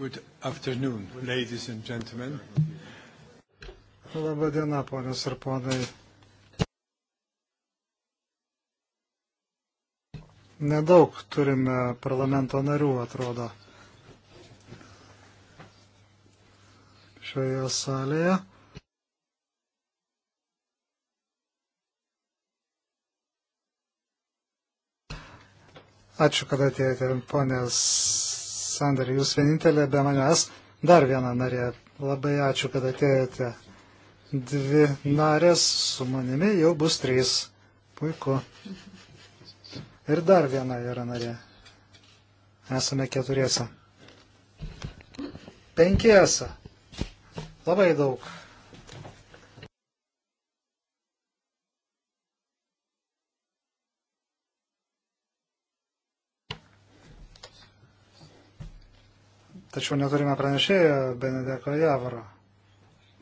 Good afternoon, ladies and gentlemen. Labą dieną, ponios ir ponai. Nedaug turime parlamento narių, atrodo, šioje salėje. Ačiū, kad atėjote, ponės Sander, jūs vienintelė be manęs, dar viena narė. Labai ačiū, kad atėjote. Dvi narės su manimi jau bus trys. Puiku. Ir dar viena yra narė. Esame keturiese. Penkiese. Labai daug. tačiau neturime pranešėjo Benedeko Javoro.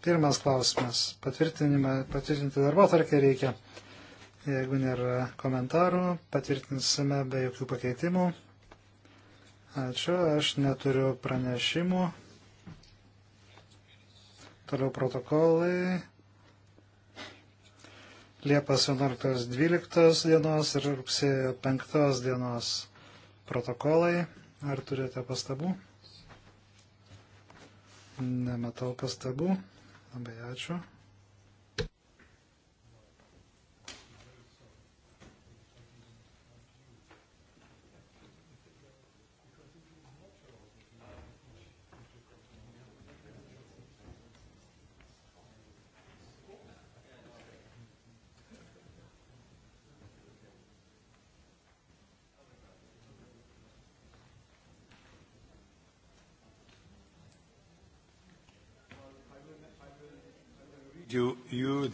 Pirmas klausimas. Patvirtinti darbo tarkį reikia. Jeigu nėra komentarų, patvirtinsime be jokių pakeitimų. Ačiū, aš neturiu pranešimų. Toliau protokolai. Liepas 11.12 dienos ir rugsėjo 5 dienos protokolai. Ar turite pastabų? Nematau pastabų. Labai ačiū.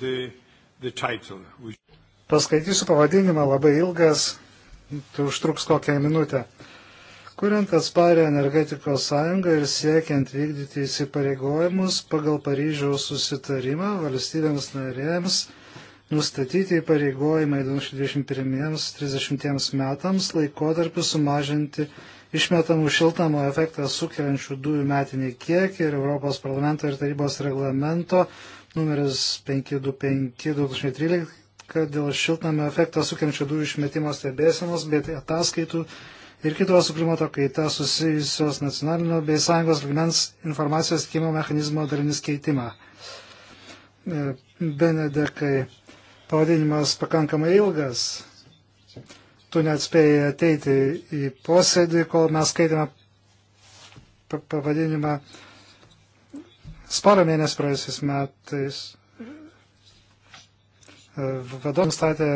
the, the title. Which... Paskaitysiu pavadinimą, labai ilgas, tai užtruks kokią minutę. Kuriant atsparę energetikos sąjungą ir siekiant vykdyti įsipareigojimus pagal Paryžiaus susitarimą valstybėms narėms, nustatyti įpareigojimai 2021-2030 metams laikotarpiu sumažinti išmetamų šiltamo efektą sukeliančių dujų metinį kiekį ir Europos parlamento ir tarybos reglamento numeris 525-2013 dėl šiltnamio efektą sukeliančių dujų išmetimo stebėsenos bei ataskaitų ir kitos su klimato kaita susijusios nacionalinio bei sąjungos lygmens informacijos teikimo mechanizmo dalinis keitimą. E, Benedekai, pavadinimas pakankamai ilgas. Tu neatspėjai ateiti į posėdį, kol mes skaitėme pavadinimą. Pa Spalio mėnesį praėjusiais metais e, vadovas nustatė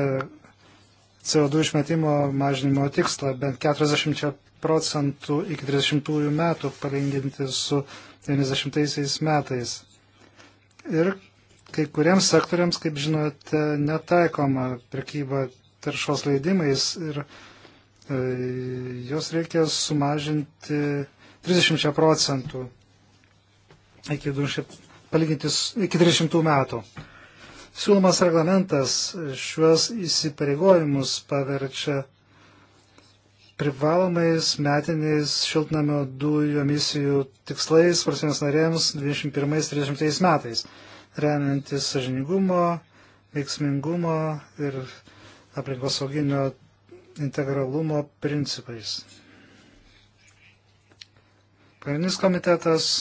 CO2 išmetimo mažinimo tikslą bent 40 procentų iki 30 metų palyginti su 90 metais. Ir kai kuriems sektoriams, kaip žinote, netaikoma prekyba taršos leidimais ir e, jos reikia sumažinti 30 procentų iki, 200, palyginti, iki 30 metų. Siūlomas reglamentas šiuos įsipareigojimus paverčia privalomais metiniais šiltnamio dujų emisijų tikslais valstybės narėms 21-30 metais, remiantis sažiningumo, veiksmingumo ir aplinkosauginio integralumo principais. Pagrindinis komitetas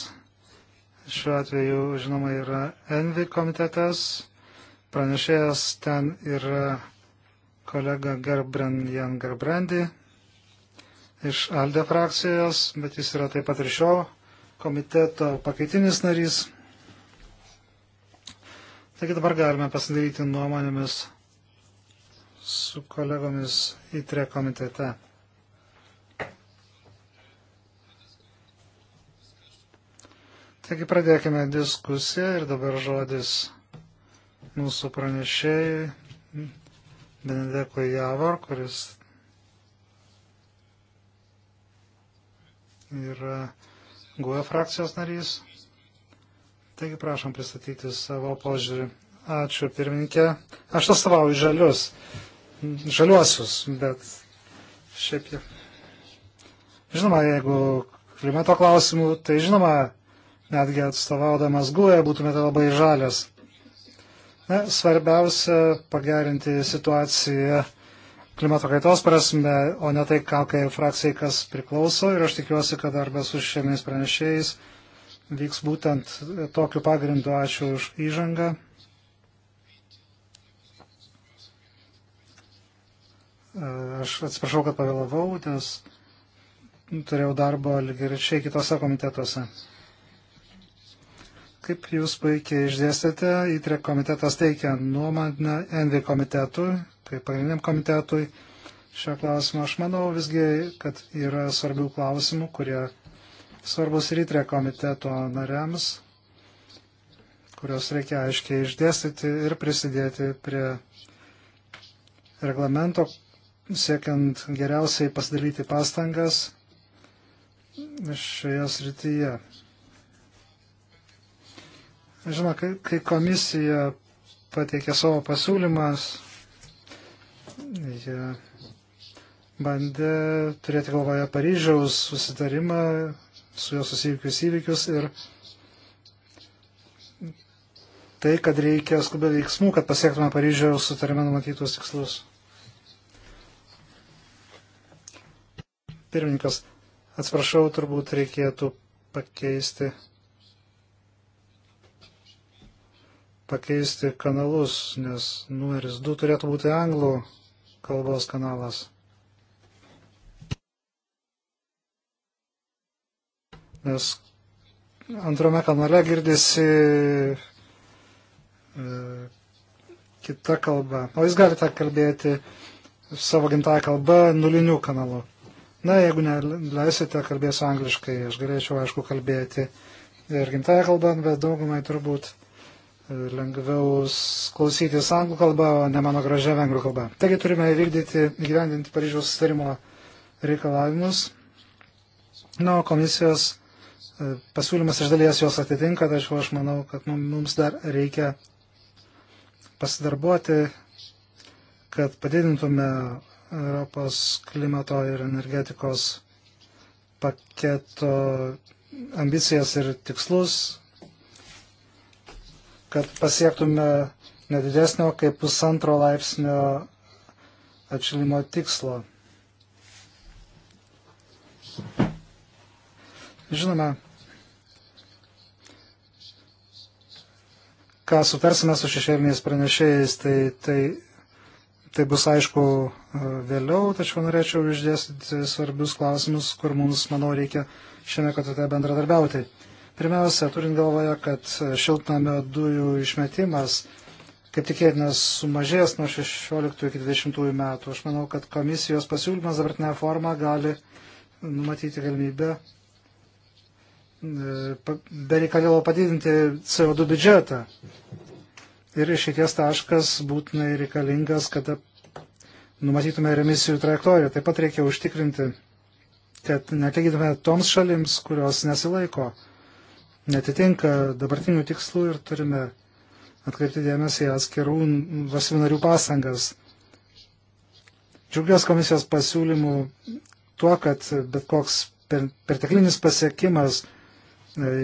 Šiuo atveju, žinoma, yra Envi komitetas. Pranešėjas ten yra kolega Gerbrand Jan Gerbrandi iš Alde frakcijos, bet jis yra taip pat ir šio komiteto pakaitinis narys. Taigi dabar galime pasidaryti nuomonėmis su kolegomis įtre komitete. Taigi pradėkime diskusiją ir dabar žodis mūsų pranešėjai Benedekui Javor, kuris yra GUE frakcijos narys. Taigi prašom pristatyti savo požiūrį. Ačiū pirmininkė. Aš atstovauju žalius, žaliuosius, bet šiaip jau. Žinoma, jeigu klimato klausimų, tai žinoma, netgi atstovaudamas GUE būtumėte tai labai žalias. Na, svarbiausia pagerinti situaciją klimato kaitos prasme, o ne tai, kokiai frakcijai kas priklauso. Ir aš tikiuosi, kad darbas su šiandienis pranešėjais vyks būtent tokiu pagrindu. Ačiū už įžangą. Aš atsiprašau, kad pavėlavau, nes turėjau darbo lygiai ir šiai kitose komitetuose. Kaip jūs puikiai išdėstėte, ITRE komitetas teikia nuomonę ENVI komitetui, kaip pagrindiniam komitetui šio klausimo. Aš manau visgi, kad yra svarbių klausimų, kurie svarbus ir ITRE komiteto nariams, kurios reikia aiškiai išdėstyti ir prisidėti prie reglamento, siekiant geriausiai pasidalyti pastangas šioje srityje. Žinoma, kai komisija pateikė savo pasiūlymas, jie bandė turėti galvoje Paryžiaus susitarimą, su juo susivykius įvykius ir tai, kad reikia skubio veiksmų, kad pasiektume Paryžiaus sutarime numatytus tikslus. Pirmininkas, atsiprašau, turbūt reikėtų pakeisti pakeisti kanalus, nes numeris 2 turėtų būti anglų kalbos kanalas. Nes antrame kanale girdisi e, kita kalba. O jūs galite kalbėti savo gimtąją kalbą nuliniu kanalu. Na, jeigu neleisite, kalbėsiu angliškai. Aš galėčiau, aišku, kalbėti ir gimtąją kalbą, bet daugumai turbūt uh, lengviau klausytis anglų kalbą, o ne mano gražia vengrų kalba. Taigi turime vykdyti, gyvendinti Paryžiaus sutarimo reikalavimus. Na, nu, komisijos e, pasiūlymas iš dalies juos atitinka, tačiau aš manau, kad mums dar reikia pasidarbuoti, kad padidintume Europos klimato ir energetikos paketo ambicijas ir tikslus, kad pasiektume nedidesnio kaip pusantro laipsnio atšilimo tikslo. Žinoma, ką sutarsime su šešėliniais pranešėjais, tai, tai, tai bus aišku e, vėliau, tačiau norėčiau išdėstyti svarbius klausimus, kur mums, manau, reikia šiame katete bendradarbiauti. Pirmiausia, turint galvoje, kad šiltnamio dujų išmetimas kaip tikėtinas sumažės nuo 16 iki 20 metų. Aš manau, kad komisijos pasiūlymas dabartinė forma gali numatyti galimybę e, be reikalėlo padidinti CO2 biudžetą. Ir išeities taškas būtinai reikalingas, kad numatytume ir emisijų trajektoriją. Taip pat reikia užtikrinti, kad netlygytume toms šalims, kurios nesilaiko netitinka dabartinių tikslų ir turime atkreipti dėmesį atskirų valstybių narių pastangas. Džiaugiuosi komisijos pasiūlymų tuo, kad bet koks perteklinis pasiekimas e,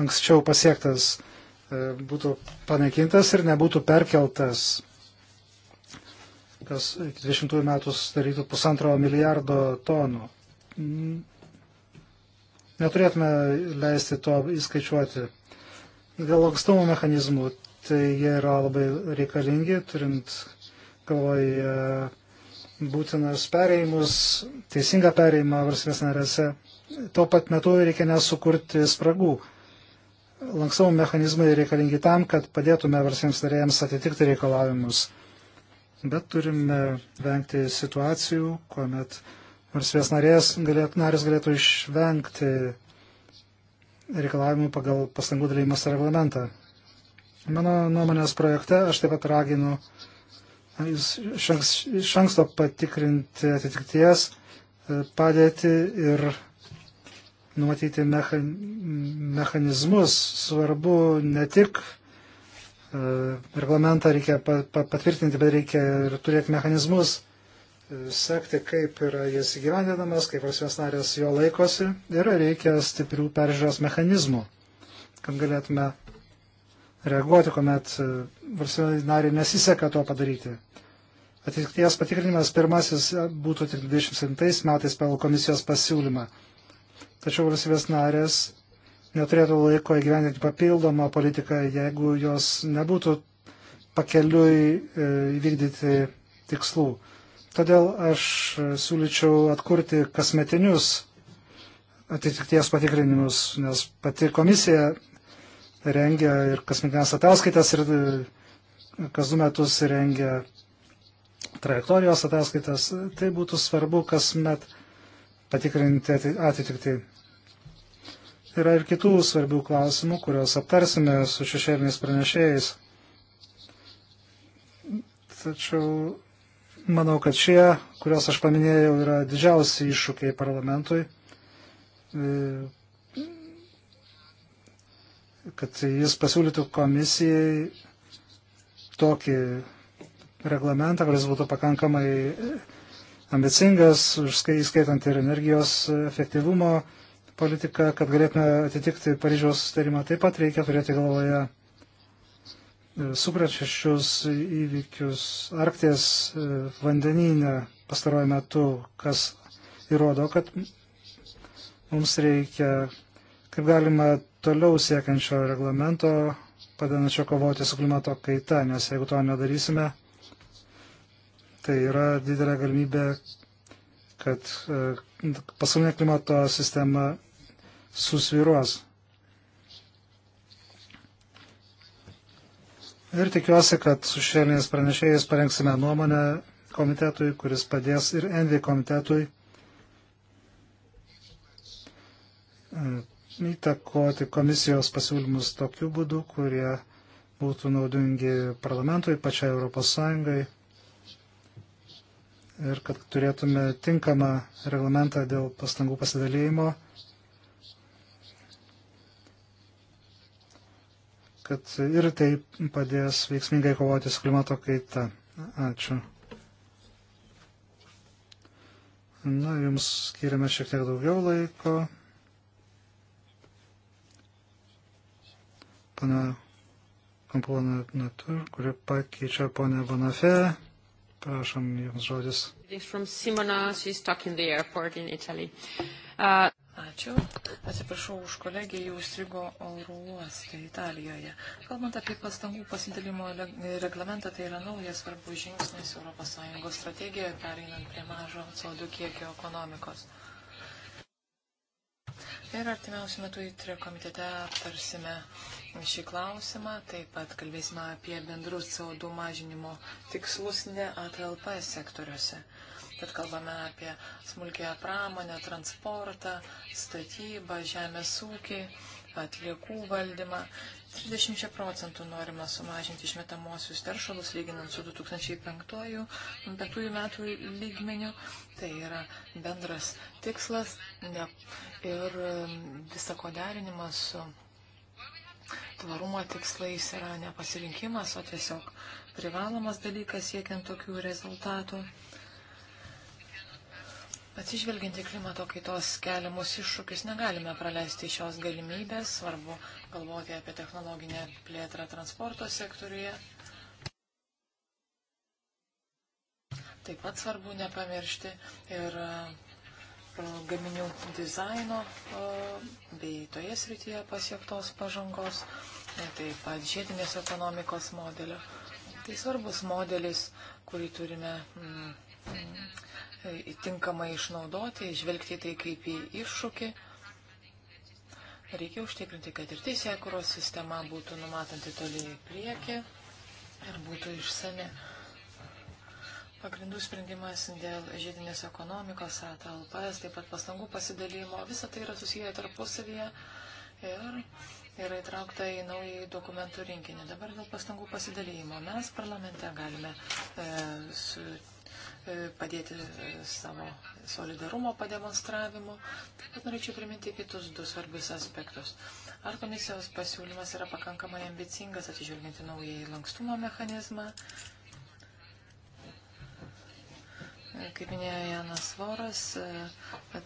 anksčiau pasiektas e, būtų panaikintas ir nebūtų perkeltas, kas iki 20 metų sudarytų pusantro milijardo tonų. Mm. Neturėtume leisti to įskaičiuoti. Dėl lankstumo mechanizmų, tai jie yra labai reikalingi, turint galvoje būtinas pereimus, teisingą pereimą valstybės narėse. Tuo pat metu reikia nesukurti spragų. Lankstumo mechanizmai reikalingi tam, kad padėtume valstybėms narėjams atitikti reikalavimus. Bet turime vengti situacijų, kuomet valstybės narės galėtų, narės galėtų išvengti reikalavimų pagal pastangų dalymas reglamentą. Mano nuomonės projekte aš taip pat raginu jūs šanks, iš anksto patikrinti atitikties e, padėti ir numatyti mechanizmus. Svarbu ne tik e, reglamentą reikia patvirtinti, bet reikia ir turėti mechanizmus sekti, kaip yra jis įgyvendinamas, kaip valstybės narės jo laikosi ir reikia stiprių peržiūros mechanizmų, kad galėtume reaguoti, kuomet e, valstybės narė nesiseka to padaryti. Atitikties patikrinimas pirmasis e, būtų tik 27 metais pagal komisijos pasiūlymą. Tačiau valstybės narės neturėtų laiko įgyvendinti papildomą politiką, jeigu jos nebūtų pakeliui e, įvykdyti tikslų. Todėl aš siūlyčiau atkurti kasmetinius atitikties patikrinimus, nes pati komisija rengia ir kasmetinės ataskaitas ir e, kas du metus rengia trajektorijos ataskaitas. Tai būtų svarbu kasmet patikrinti atitikti. Yra ir kitų svarbių klausimų, kuriuos aptarsime su šešėliniais pranešėjais. Tačiau Manau, kad šie, kuriuos aš paminėjau, yra didžiausi iššūkiai parlamentui, e, kad jis pasiūlytų komisijai tokį reglamentą, kuris būtų pakankamai ambicingas, skaitant ir energijos efektyvumo politiką, kad galėtume atitikti Paryžiaus sustarimą. Taip pat reikia turėti galvoje suprečius įvykius Arkties e, vandenyne pastaruoju metu, kas įrodo, kad mums reikia kaip galima toliau siekiančio reglamento, padedančio kovoti su klimato kaita, nes jeigu to nedarysime, tai yra didelė galimybė, kad e, pasaulinė klimato sistema susviruos. Ir tikiuosi, kad su šėliniais pranešėjais parengsime nuomonę komitetui, kuris padės ir Envi komitetui mm, įtakoti komisijos pasiūlymus tokiu būdu, kurie būtų naudingi parlamentui, pačiai Europos Sąjungai ir kad turėtume tinkamą reglamentą dėl pastangų pasidalymo kad ir tai padės veiksmingai kovoti su klimato kaita. Ačiū. Na, jums skiriame šiek tiek daugiau laiko. Pana Kampulana Natur, kuri pakeičia ponę Bonafė. Prašom, jums žodis. Uh... Ačiū. Atsiprašau už kolegiją, jau užstrigo oro uostai Italijoje. Kalbant apie pastangų pasidalimo reglamentą, tai yra naujas svarbus žingsnis ES strategijoje, pereinant prie mažo CO2 kiekio ekonomikos. Ir artimiausiu metu įtrio komitete aptarsime šį klausimą, taip pat kalbėsime apie bendrus CO2 mažinimo tikslus ne ATLP sektoriuose. Tad kalbame apie smulkėją pramonę, transportą, statybą, žemės ūkį, atliekų valdymą. 30 procentų norima sumažinti išmetamosius teršalus lyginant su 2005 metų lygmeniu. Tai yra bendras tikslas ne, ir um, visako derinimas su tvarumo tikslais yra nepasirinkimas, o tiesiog privalomas dalykas siekiant tokių rezultatų. Atsižvelginti klimato kaitos keliamus iššūkius negalime praleisti šios galimybės, svarbu galvoti apie technologinę plėtrą transporto sektoriuje. Taip pat svarbu nepamiršti ir e, gaminių dizaino e, bei toje srityje pasiektos pažangos, e, taip pat žiedinės ekonomikos modelio. Tai svarbus modelis, kurį turime. Mm, mm, tinkamai išnaudoti, žvelgti tai kaip į iššūkį. Reikia užtikrinti, kad ir teisėkuros sistema būtų numatanti toliai į priekį ir būtų išsame. Pagrindų sprendimas dėl žiedinės ekonomikos, atalpas, taip pat pastangų pasidalymo, visa tai yra susiję tarpusavyje ir yra įtraukta į naują dokumentų rinkinį. Dabar dėl pastangų pasidalymo mes parlamente galime e, su E, padėti e, savo solidarumo pademonstravimu. Taip pat norėčiau priminti kitus du svarbius aspektus. Ar komisijos pasiūlymas yra pakankamai ambicingas atsižvelgiant į naująjį lankstumo mechanizmą? E, kaip minėjo Janas Voras,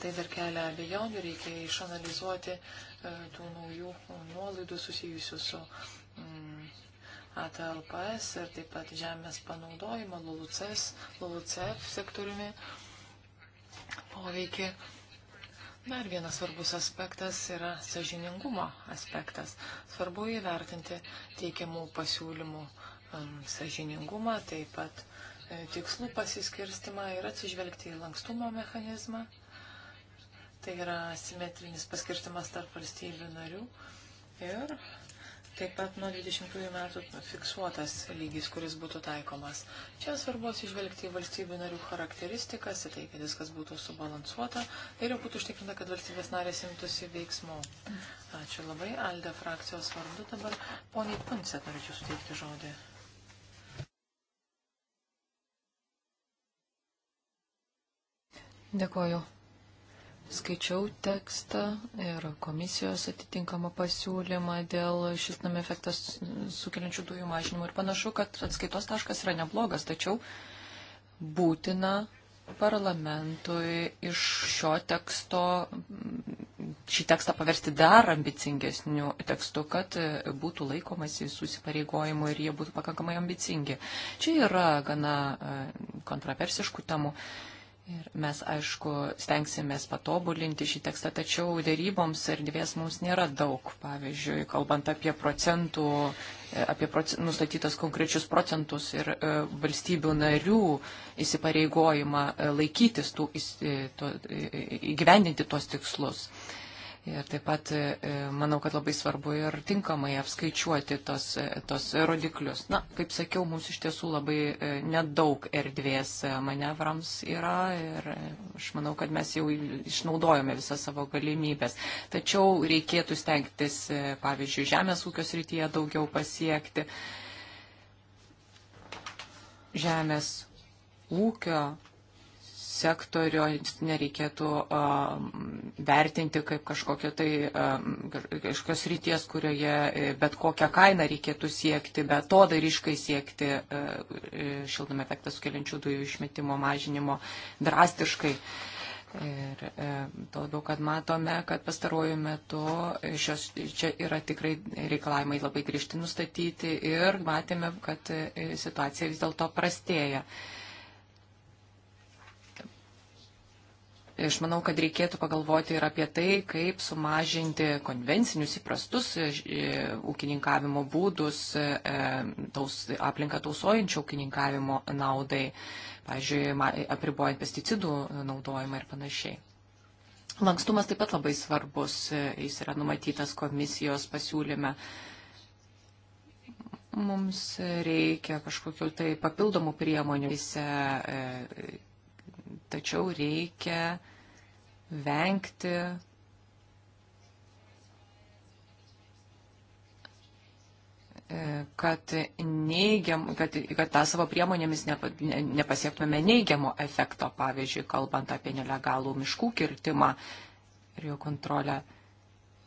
tai dar kelia abejonių, reikia išanalizuoti tų naujų nuolaidų susijusių su mm, ATLPS ir taip pat žemės panaudojimo LULUCES, LULUCEF sektoriumi poveikį. Dar vienas svarbus aspektas yra sažiningumo aspektas. Svarbu įvertinti teikiamų pasiūlymų um, sažiningumą, taip pat e, tikslų pasiskirstimą ir atsižvelgti į lankstumo mechanizmą. Tai yra simetrinis paskirtimas tarp valstybių narių. Ir Taip pat nuo 20 metų fiksuotas lygis, kuris būtų taikomas. Čia svarbu atsižvelgti į valstybių narių charakteristikas, į tai, kad viskas būtų subalansuota ir jau būtų užtikrinta, kad valstybės narės imtųsi veiksmų. Ačiū labai. Alde frakcijos vardu dabar poniai Punset norėčiau suteikti žodį. Dėkoju skaičiau tekstą ir komisijos atitinkamą pasiūlymą dėl šiltnamio efektas sukeliančių dujų mažinimo ir panašu, kad atskaitos taškas yra neblogas, tačiau būtina parlamentui iš šio teksto, šį tekstą paversti dar ambicingesniu tekstu, kad būtų laikomasi susipareigojimų ir jie būtų pakankamai ambicingi. Čia yra gana e, kontraversiškų temų. Uh, Ir mes, aišku, stengsimės patobulinti šį tekstą, tačiau dėryboms erdvės mums nėra daug. Pavyzdžiui, kalbant apie procentų, apie proc... nustatytas konkrečius procentus ir e, valstybių narių įsipareigojimą e, laikytis tų, e, to, e, e įgyvendinti tos tikslus. E, Ir taip pat e, e, manau, kad labai svarbu ir tinkamai apskaičiuoti tos, e, tos rodiklius. Na, kaip sakiau, mums iš tiesų labai nedaug erdvės manevrams yra ir aš manau, kad mes jau išnaudojame visas savo galimybės. Tačiau reikėtų stengtis, pavyzdžiui, žemės ūkio srityje daugiau pasiekti. Žemės ūkio sektorio nereikėtų vertinti kaip kažkokio tai, kažkokios ryties, kurioje e, bet kokią kainą reikėtų siekti, bet to dariškai siekti e, e, šildomą efektą sukeliančių dujų išmetimo mažinimo drastiškai. Ir e, to labiau, kad matome, kad pastaruoju metu šios, čia yra tikrai reikalavimai labai grįžti nustatyti ir matėme, kad situacija vis dėlto prastėja. E, Aš manau, kad reikėtų pagalvoti ir apie tai, kaip sumažinti konvencinius įprastus e, e, ūkininkavimo būdus, e, taus, aplinką tausojančio ūkininkavimo naudai, pavyzdžiui, apribojant pesticidų naudojimą ir panašiai. Lankstumas taip pat labai svarbus, jis yra numatytas komisijos pasiūlyme mums reikia kažkokiu tai papildomų priemonių. Vise, Tačiau reikia vengti e, kad, neigiam, kad, kad tą savo priemonėmis nepasiektume neigiamo efekto, pavyzdžiui, kalbant apie nelegalų miškų kirtimą ir jo kontrolę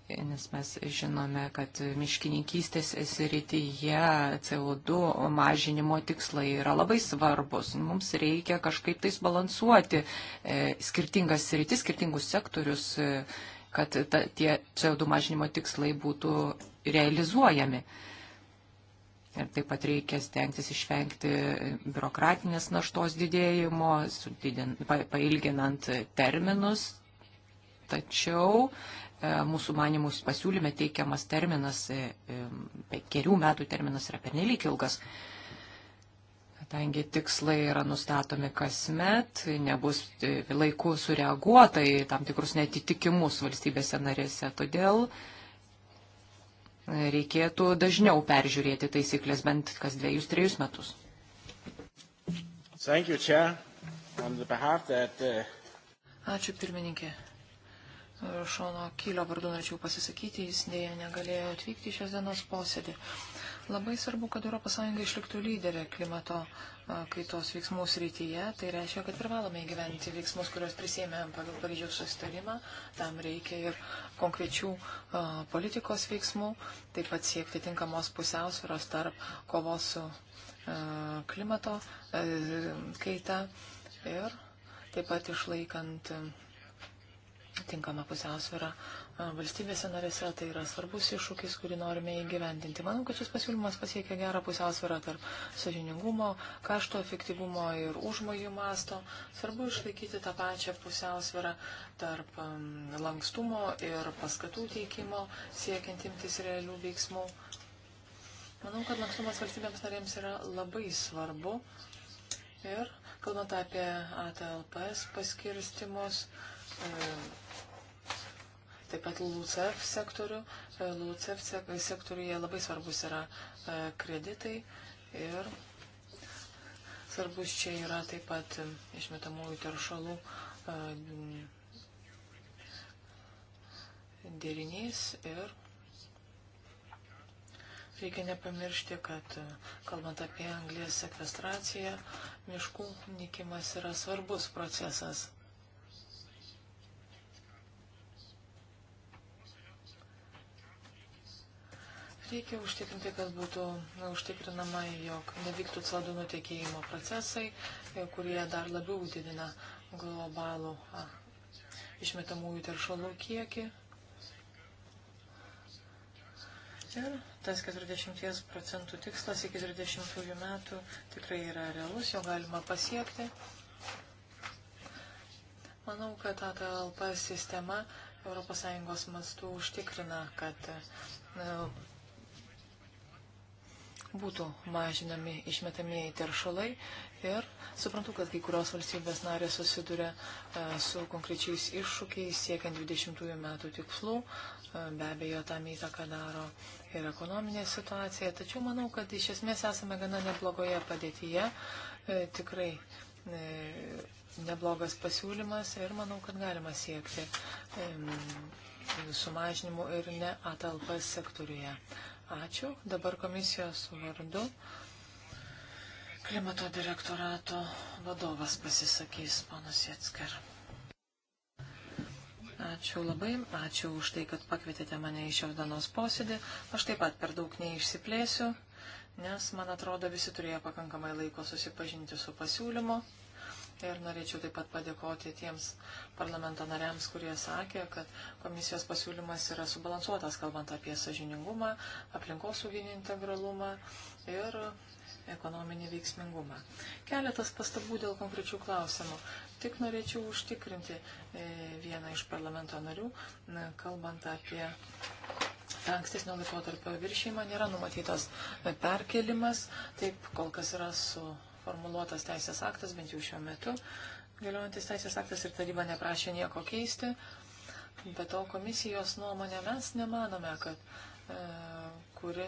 nes mes žinome, kad miškininkystės srityje CO2 mažinimo tikslai yra labai svarbus. Mums reikia kažkaip tais balansuoti e, skirtingas sritis, skirtingus sektorius, e, kad ta, tie CO2 mažinimo tikslai būtų realizuojami. Ir taip pat reikia stengtis išvengti biurokratinės naštos didėjimo, didin, pa, pailginant terminus. Tačiau E, mūsų manimus pasiūlyme teikiamas terminas, e, e, kelių metų terminas yra pernelyg ilgas, kadangi tikslai yra nustatomi kasmet, nebus laiku sureaguota į tam tikrus netitikimus valstybėse narėse, todėl reikėtų dažniau peržiūrėti taisyklės bent kas dviejus, trejus metus. Thank you, Chair. On the behalf that, uh... Ačiū pirmininkė. Šono Kylio vardu norėčiau pasisakyti, jis dėja negalėjo atvykti į šios dienos posėdį. Labai svarbu, kad ES išliktų lyderė klimato kaitos veiksmų srityje. Tai reiškia, kad privalome įgyventi veiksmus, kuriuos prisėmėm pagal Paryžiaus sustarimą. Tam reikia ir konkrečių a, politikos veiksmų, taip pat siekti tinkamos pusiausvėros tarp kovos su a, klimato a, kaita ir taip pat išlaikant. A, tinkamą pusiausvyrą e, valstybėse narėse. Tai yra svarbus iššūkis, kurį norime įgyvendinti. Manau, kad šis pasiūlymas pasiekia gerą pusiausvyrą tarp sažiningumo, kašto efektyvumo ir užmojų masto. Svarbu išlaikyti tą pačią pusiausvyrą tarp lankstumo ir paskatų teikimo, siekiant imtis realių veiksmų. Manau, kad lankstumas valstybėms narėms yra labai svarbu. Ir kalbant apie ATLPS paskirstimus, e, taip pat LUCEF sektorių. E, LUCEF sektoriuje labai svarbus yra e, kreditai ir svarbus čia yra taip pat e, išmetamųjų teršalų derinys ir reikia nepamiršti, kad kalbant apie anglės sekvestraciją, miškų nikimas yra svarbus procesas. Reikia užtikrinti, kad būtų na, užtikrinama, jog nevyktų CO2 nutekėjimo procesai, e, kurie dar labiau didina globalų a, išmetamųjų teršalų kiekį. Ir tas 40 procentų tikslas iki 30 metų tikrai yra realus, jo galima pasiekti. Manau, kad ATLP sistema ES mastų užtikrina, kad e, būtų mažinami išmetamieji teršalai ir suprantu, kad kai kurios valstybės narės susiduria e, su konkrečiais iššūkiais siekiant 20 metų tikslų, e, be abejo tam įtaką daro ir ekonominė situacija, tačiau manau, kad iš esmės esame gana neblogoje padėtyje, e, tikrai neblogas pasiūlymas ir manau, kad galima siekti sumažinimų ir ne atalpas sektoriuje. Ačiū. Dabar komisijos vardu klimato direktorato vadovas pasisakys, panas Jetsker. Ačiū labai, ačiū už tai, kad pakvietėte mane į šios dienos posėdį. Aš taip pat per daug neišsiplėsiu, nes, man atrodo, visi turėjo pakankamai laiko susipažinti su pasiūlymu. Tai ir norėčiau taip pat padėkoti tiems parlamento nariams, kurie sakė, kad komisijos pasiūlymas yra subalansuotas, kalbant apie sažiningumą, aplinkosauginį integralumą ir ekonominį veiksmingumą. Keletas pastabų dėl konkrečių klausimų. Tik norėčiau užtikrinti e, vieną iš parlamento narių, kalbant apie ankstesnio laikotarpio viršymą nėra numatytas perkelimas, taip kol kas yra su formuluotas teisės aktas, bent jau šiuo metu galiojantis teisės aktas ir taryba neprašė nieko keisti. Be to komisijos nuomonė mes nemanome, kad e, kuri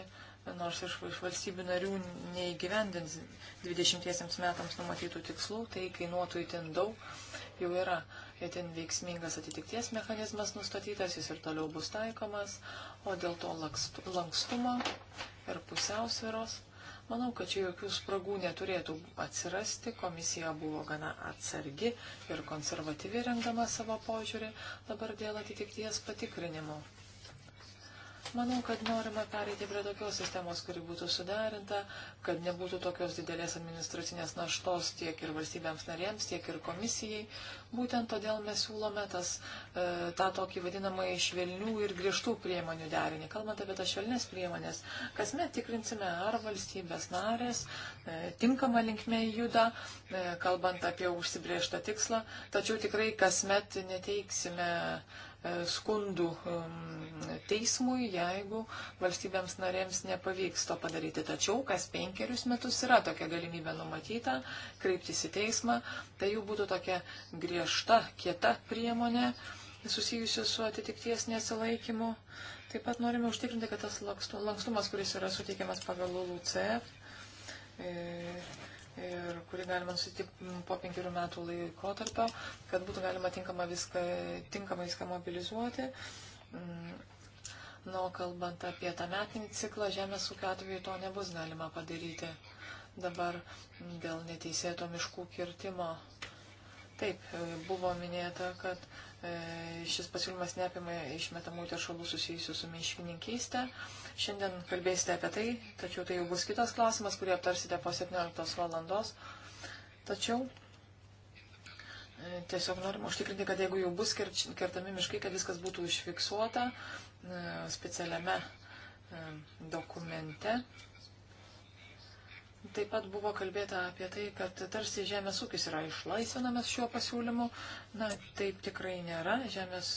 nors iš, iš valstybių narių neįgyvendins 20 metams numatytų tikslų, tai kainuotų įtin daug, jau yra įtin veiksmingas atitikties mechanizmas nustatytas, jis ir toliau bus taikomas, o dėl to lankstumo ir pusiausviros Manau, kad čia jokių spragų neturėtų atsirasti. Komisija buvo gana atsargi ir konservatyvi rengdama savo požiūrį dabar dėl atitikties patikrinimo. Manau, kad norima pereiti prie tokios sistemos, kuri būtų suderinta, kad nebūtų tokios didelės administracinės naštos tiek ir valstybėms narėms, tiek ir komisijai. Būtent todėl mes siūlome tas, e, tą tokį vadinamą švelnių ir griežtų priemonių derinį. Kalbant apie tas švelnes priemonės, kasmet tikrinsime, ar valstybės narės e, tinkama linkme juda, e, kalbant apie užsibriežtą tikslą, tačiau tikrai kasmet neteiksime E, skundų e, teismui, jeigu valstybėms narėms nepavyks to padaryti. Tačiau kas penkerius metus yra tokia galimybė numatyta kreiptis į teismą. Tai jau būtų tokia griežta, kieta priemonė susijusi su atitikties nesilaikymu. Taip pat norime užtikrinti, kad tas lankstumas, kuris yra suteikiamas pagal LUCF, e, ir kurį galima susitikti po penkerių metų laikotarpio, kad būtų galima tinkamą viską, tinkamai viską mobilizuoti. Mm. Na, o kalbant apie tą metinį ciklą, žemės ūkio atveju to nebus galima padaryti. Dabar dėl neteisėto miškų kirtimo. Taip, buvo minėta, kad E, šis pasiūlymas neapima išmetamų teršalų susijusių su miškininkystė. Šiandien kalbėsite apie tai, tačiau tai jau bus kitas klausimas, kurį aptarsite po 17 valandos. Tačiau e, tiesiog norim užtikrinti, kad jeigu jau bus kertami miškai, kad viskas būtų užfiksuota e, specialiame dokumente. Taip pat buvo kalbėta apie tai, kad tarsi žemės ūkis yra išlaisvinamas šiuo pasiūlymu. Na, taip tikrai nėra. Žemės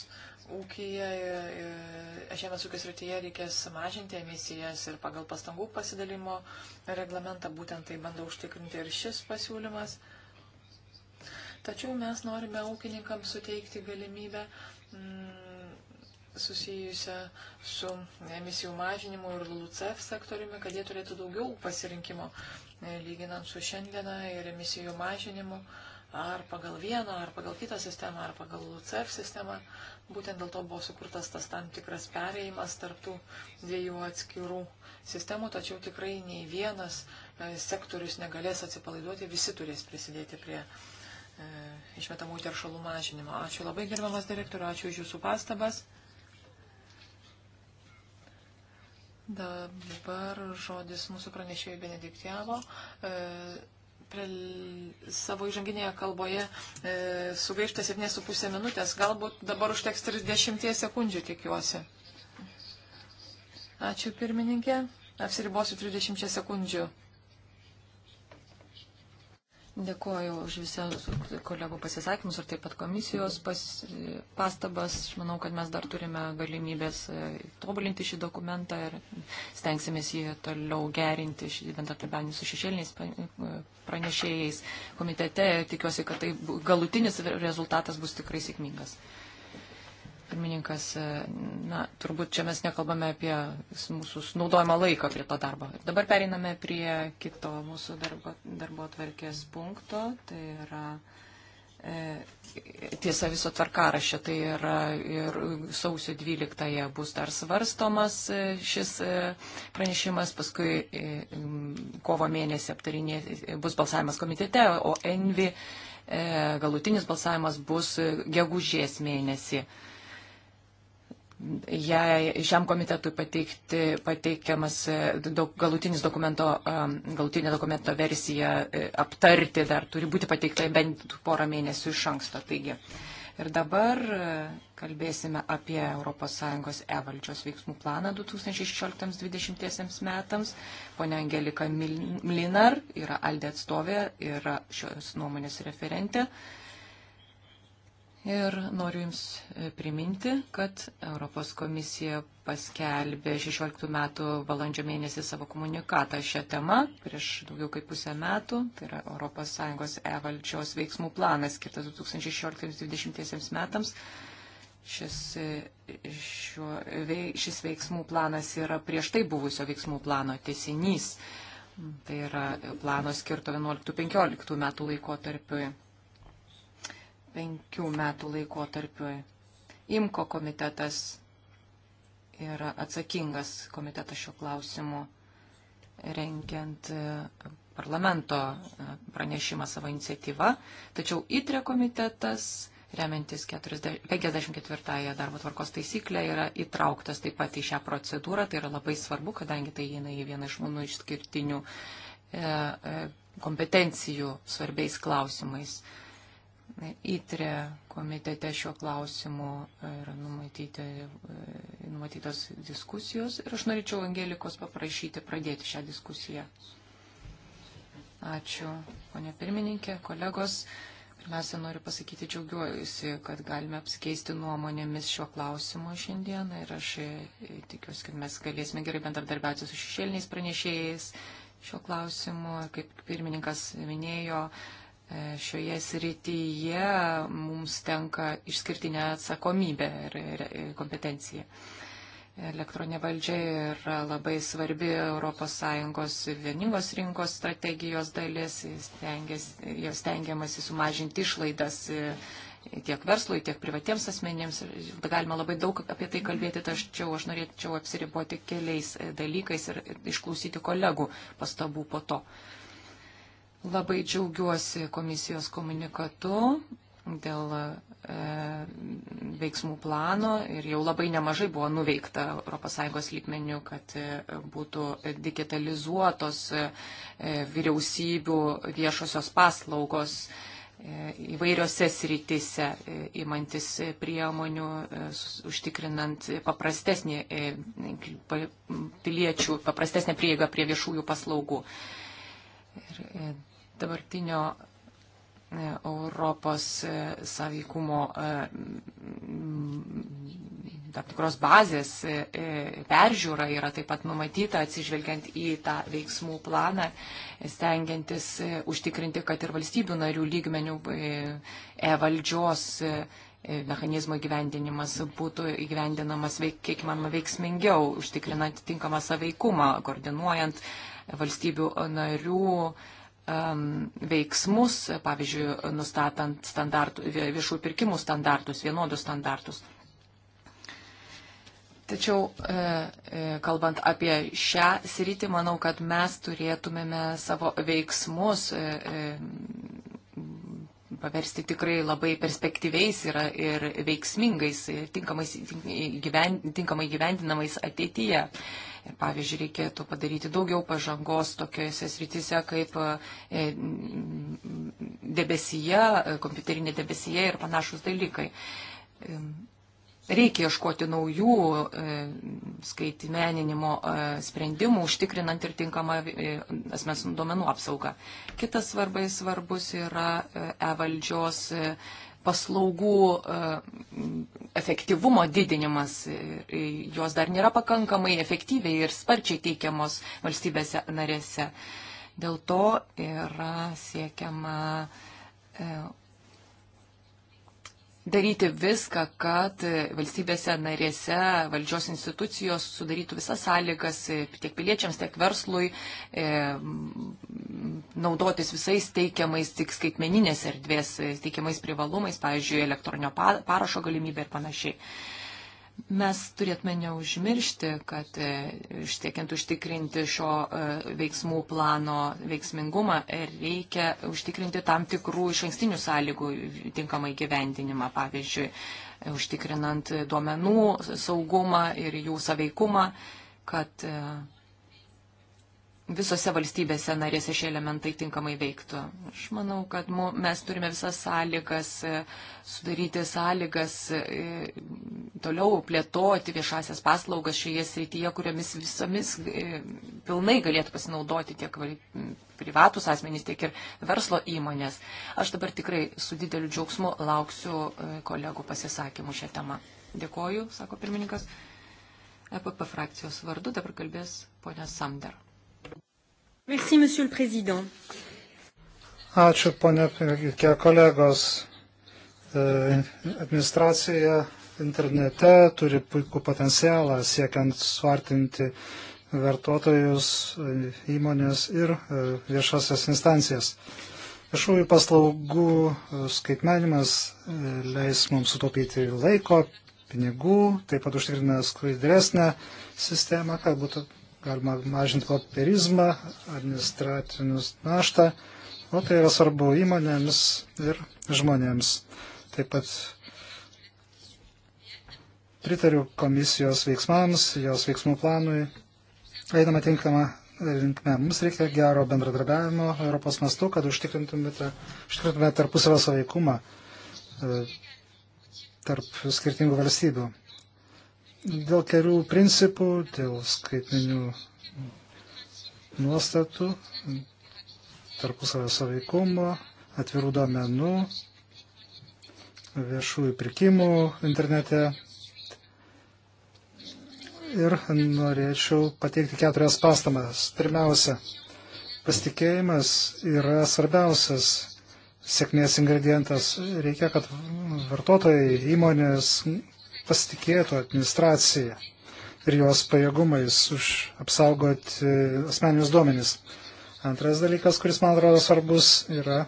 ūkija, e, žemės ūkis rytyje reikės mažinti emisijas ir pagal pastangų pasidalimo reglamentą būtent tai bando užtikrinti ir šis pasiūlymas. Tačiau mes norime ūkininkams suteikti galimybę mm, susijusią su emisijų mažinimu ir LUCEF sektoriumi, kad jie turėtų daugiau pasirinkimo e, lyginant su šiandieną ir emisijų mažinimu ar pagal vieną, ar pagal kitą sistemą, ar pagal LUCEF sistemą. Būtent dėl to buvo sukurtas tas tam tikras perėjimas tarptų dviejų atskirų sistemų, tačiau tikrai nei vienas e, sektorius negalės atsipalaiduoti, visi turės prisidėti prie e, išmetamų teršalų mažinimo. Ačiū labai gerbiamas direktoriu, ačiū už Jūsų pastabas. Dabar žodis mūsų pranešėjai Benediktiavo. E, Pre savo įžanginėje kalboje e, sugaišta 7,5 minutės. Galbūt dabar užteks 30 sekundžių, tikiuosi. Ačiū pirmininkė. Apsiribosiu 30 sekundžių. Dėkuoju už visus kolegų pasisakymus ir taip pat komisijos pas, pastabas. Aš manau, kad mes dar turime galimybės e, tobulinti šį dokumentą ir stengsimės jį toliau gerinti, bendratarbiavimą su šešėliniais e, pranešėjais komitete. Tikiuosi, kad tai galutinis rezultatas bus tikrai sėkmingas. Pirmininkas, e, na, turbūt čia mes nekalbame apie mūsų naudojimą laiką prie to darbo. Dabar periname prie kito mūsų darbo, darbo tvarkės punkto. Tai yra e, tiesa viso tvarkarašio, tai yra ir sausio 12-ąją bus dar svarstomas e, šis pranešimas, paskui kovo mėnesį aptarinė, bus balsavimas komitete, o Envi galutinis balsavimas bus gegužės mėnesį jei šiam komitetui pateikti, pateikiamas e, daug, galutinis dokumento, e, galutinė dokumento versija e, aptarti dar turi būti pateikta bent porą mėnesių iš anksto. Taigi. Ir dabar kalbėsime apie ES e-valdžios veiksmų planą 2016-2020 metams. Pone Angelika Mlinar yra Aldė atstovė, yra šios nuomonės referentė. Ir noriu Jums e, priminti, kad Europos komisija paskelbė 16 metų balandžio mėnesį savo komunikatą šią temą prieš daugiau kaip pusę metų. Tai yra ES e-valdžios veiksmų planas skirtas 2016-2020 metams. Šis, e, šiuo, šis veiksmų planas yra prieš tai buvusio veiksmų plano tesinys. Tai yra plano skirto 11-15 metų laikotarpiui penkių metų laikotarpiui. IMKO komitetas yra atsakingas komitetas šiuo klausimu, renkiant e, parlamento e, pranešimą savo iniciatyvą, tačiau ITRE komitetas, remiantis 54 darbo tvarkos taisyklę, yra įtrauktas taip pat į šią procedūrą. Tai yra labai svarbu, kadangi tai eina į vieną iš mūsų išskirtinių e, kompetencijų svarbiais klausimais įtrė komitete šiuo klausimu yra numatyti, e, numatytos diskusijos ir aš norėčiau Angelikos paprašyti pradėti šią diskusiją. Ačiū, ponė pirmininkė, kolegos. Pirmiausia, noriu pasakyti, džiaugiuosi, kad galime apsikeisti nuomonėmis šiuo klausimu šiandieną ir aš e, tikiuosi, kad mes galėsime gerai bendradarbiauti su šešėliniais pranešėjais šiuo klausimu. Kaip pirmininkas minėjo, E, šioje srityje mums tenka išskirtinė atsakomybė ir kompetencija. Elektroninė valdžia yra labai svarbi ES vieningos rinkos strategijos dalis, jos tengiamasi sumažinti išlaidas e, tiek verslui, tiek privatiems asmenėms. Galima labai daug apie tai kalbėti, tačiau aš norėčiau apsiriboti keliais e, dalykais ir išklausyti kolegų pastabų po to. Uh, Labai džiaugiuosi komisijos komunikatu dėl e, veiksmų plano ir jau labai nemažai buvo nuveikta ES lygmenių, kad e, būtų digitalizuotos e, vyriausybių viešosios paslaugos e, įvairiose srityse, įmantis e, priemonių, e, užtikrinant paprastesnį piliečių, paprastesnę prieigą prie viešųjų paslaugų. Ir dabartinio e, Europos e, savykumo e, tam tikros bazės peržiūra yra taip pat numatyta atsižvelgiant į tą veiksmų planą, stengiantis užtikrinti, kad ir valstybių narių lygmenių e-valdžios mechanizmo įgyvendinimas būtų įgyvendinamas veik, kiek įmanoma veiksmingiau, užtikrinant tinkamą saveikumą, koordinuojant valstybių narių Um, veiksmus, pavyzdžiui, nustatant standartų, viešų pirkimų standartus, vienodus standartus. Tačiau, e, e, kalbant apie šią sritį, manau, kad mes turėtumėme savo veiksmus e, paversti tikrai labai perspektyviais ir, ir veiksmingais, tinkamai gyvendinamais ateityje. Ir pavyzdžiui, reikėtų padaryti daugiau pažangos tokiuose srityse kaip e, debesyje, e, kompiuterinė debesyje ir panašus dalykai. Reikia ieškoti naujų e, skaitmeninimo sprendimų, užtikrinant ir tinkamą asmens duomenų apsaugą. Kitas svarbai svarbus yra e-valdžios paslaugų e, efektyvumo didinimas, e, e, jos dar nėra pakankamai efektyviai ir sparčiai teikiamos valstybėse narėse. Dėl to yra siekiama daryti viską, kad valstybėse narėse valdžios institucijos sudarytų visas sąlygas e, tiek piliečiams, tiek verslui e, naudotis visais teikiamais tik skaitmeninės erdvės e, teikiamais privalumais, pavyzdžiui, elektroninio parašo galimybė ir panašiai. E, Mes turėtume neužmiršti, kad e, ištiekiant užtikrinti šio e, veiksmų plano veiksmingumą, e, reikia užtikrinti tam tikrų iš ankstinių sąlygų tinkamą įgyvendinimą, pavyzdžiui, užtikrinant duomenų saugumą ir jų saveikumą, kad visose valstybėse narėse šie elementai tinkamai veiktų. Aš manau, kad mu, mes turime visas sąlygas, e, sudaryti sąlygas, e, toliau plėtoti viešasias paslaugas šioje srityje, kuriomis visomis e, pilnai galėtų pasinaudoti tiek privatus asmenys, tiek ir verslo įmonės. Aš dabar tikrai su dideliu džiaugsmu lauksiu kolegų pasisakymų šią temą. Dėkoju, sako pirmininkas. EPP frakcijos vardu dabar kalbės ponia Samder. Merci, monsieur le président. Ačiū, ponė pirmininkė, kolegos. E, administracija internete turi puikų potencialą siekiant suartinti vartotojus, įmonės ir e, viešasias instancijas. Viešųjų paslaugų e, skaitmenimas leis mums sutaupyti laiko, pinigų, taip pat užtikrina skaidresnę sistemą, kad būtų galima mažinti popierizmą, administratinius naštą, o tai yra svarbu įmonėms ir žmonėms. Taip pat pritariu komisijos veiksmams, jos veiksmų planui, einama tinkama linkme. Mums reikia gero bendradarbiavimo Europos mastu, kad užtikrintumėte, užtikrintumėte tarpusavę saveikumą e, tarp skirtingų valstybių dėl kelių principų, dėl skaitminių nuostatų, tarpusavio saveikumo, atvirų domenų, viešųjų pirkimų internete. Ir norėčiau pateikti keturias pastamas. Pirmiausia, pasitikėjimas yra svarbiausias sėkmės ingredientas. Reikia, kad vartotojai, įmonės, pasitikėtų administracija ir jos pajėgumais už apsaugoti asmeninius duomenys. Antras dalykas, kuris man atrodo svarbus, yra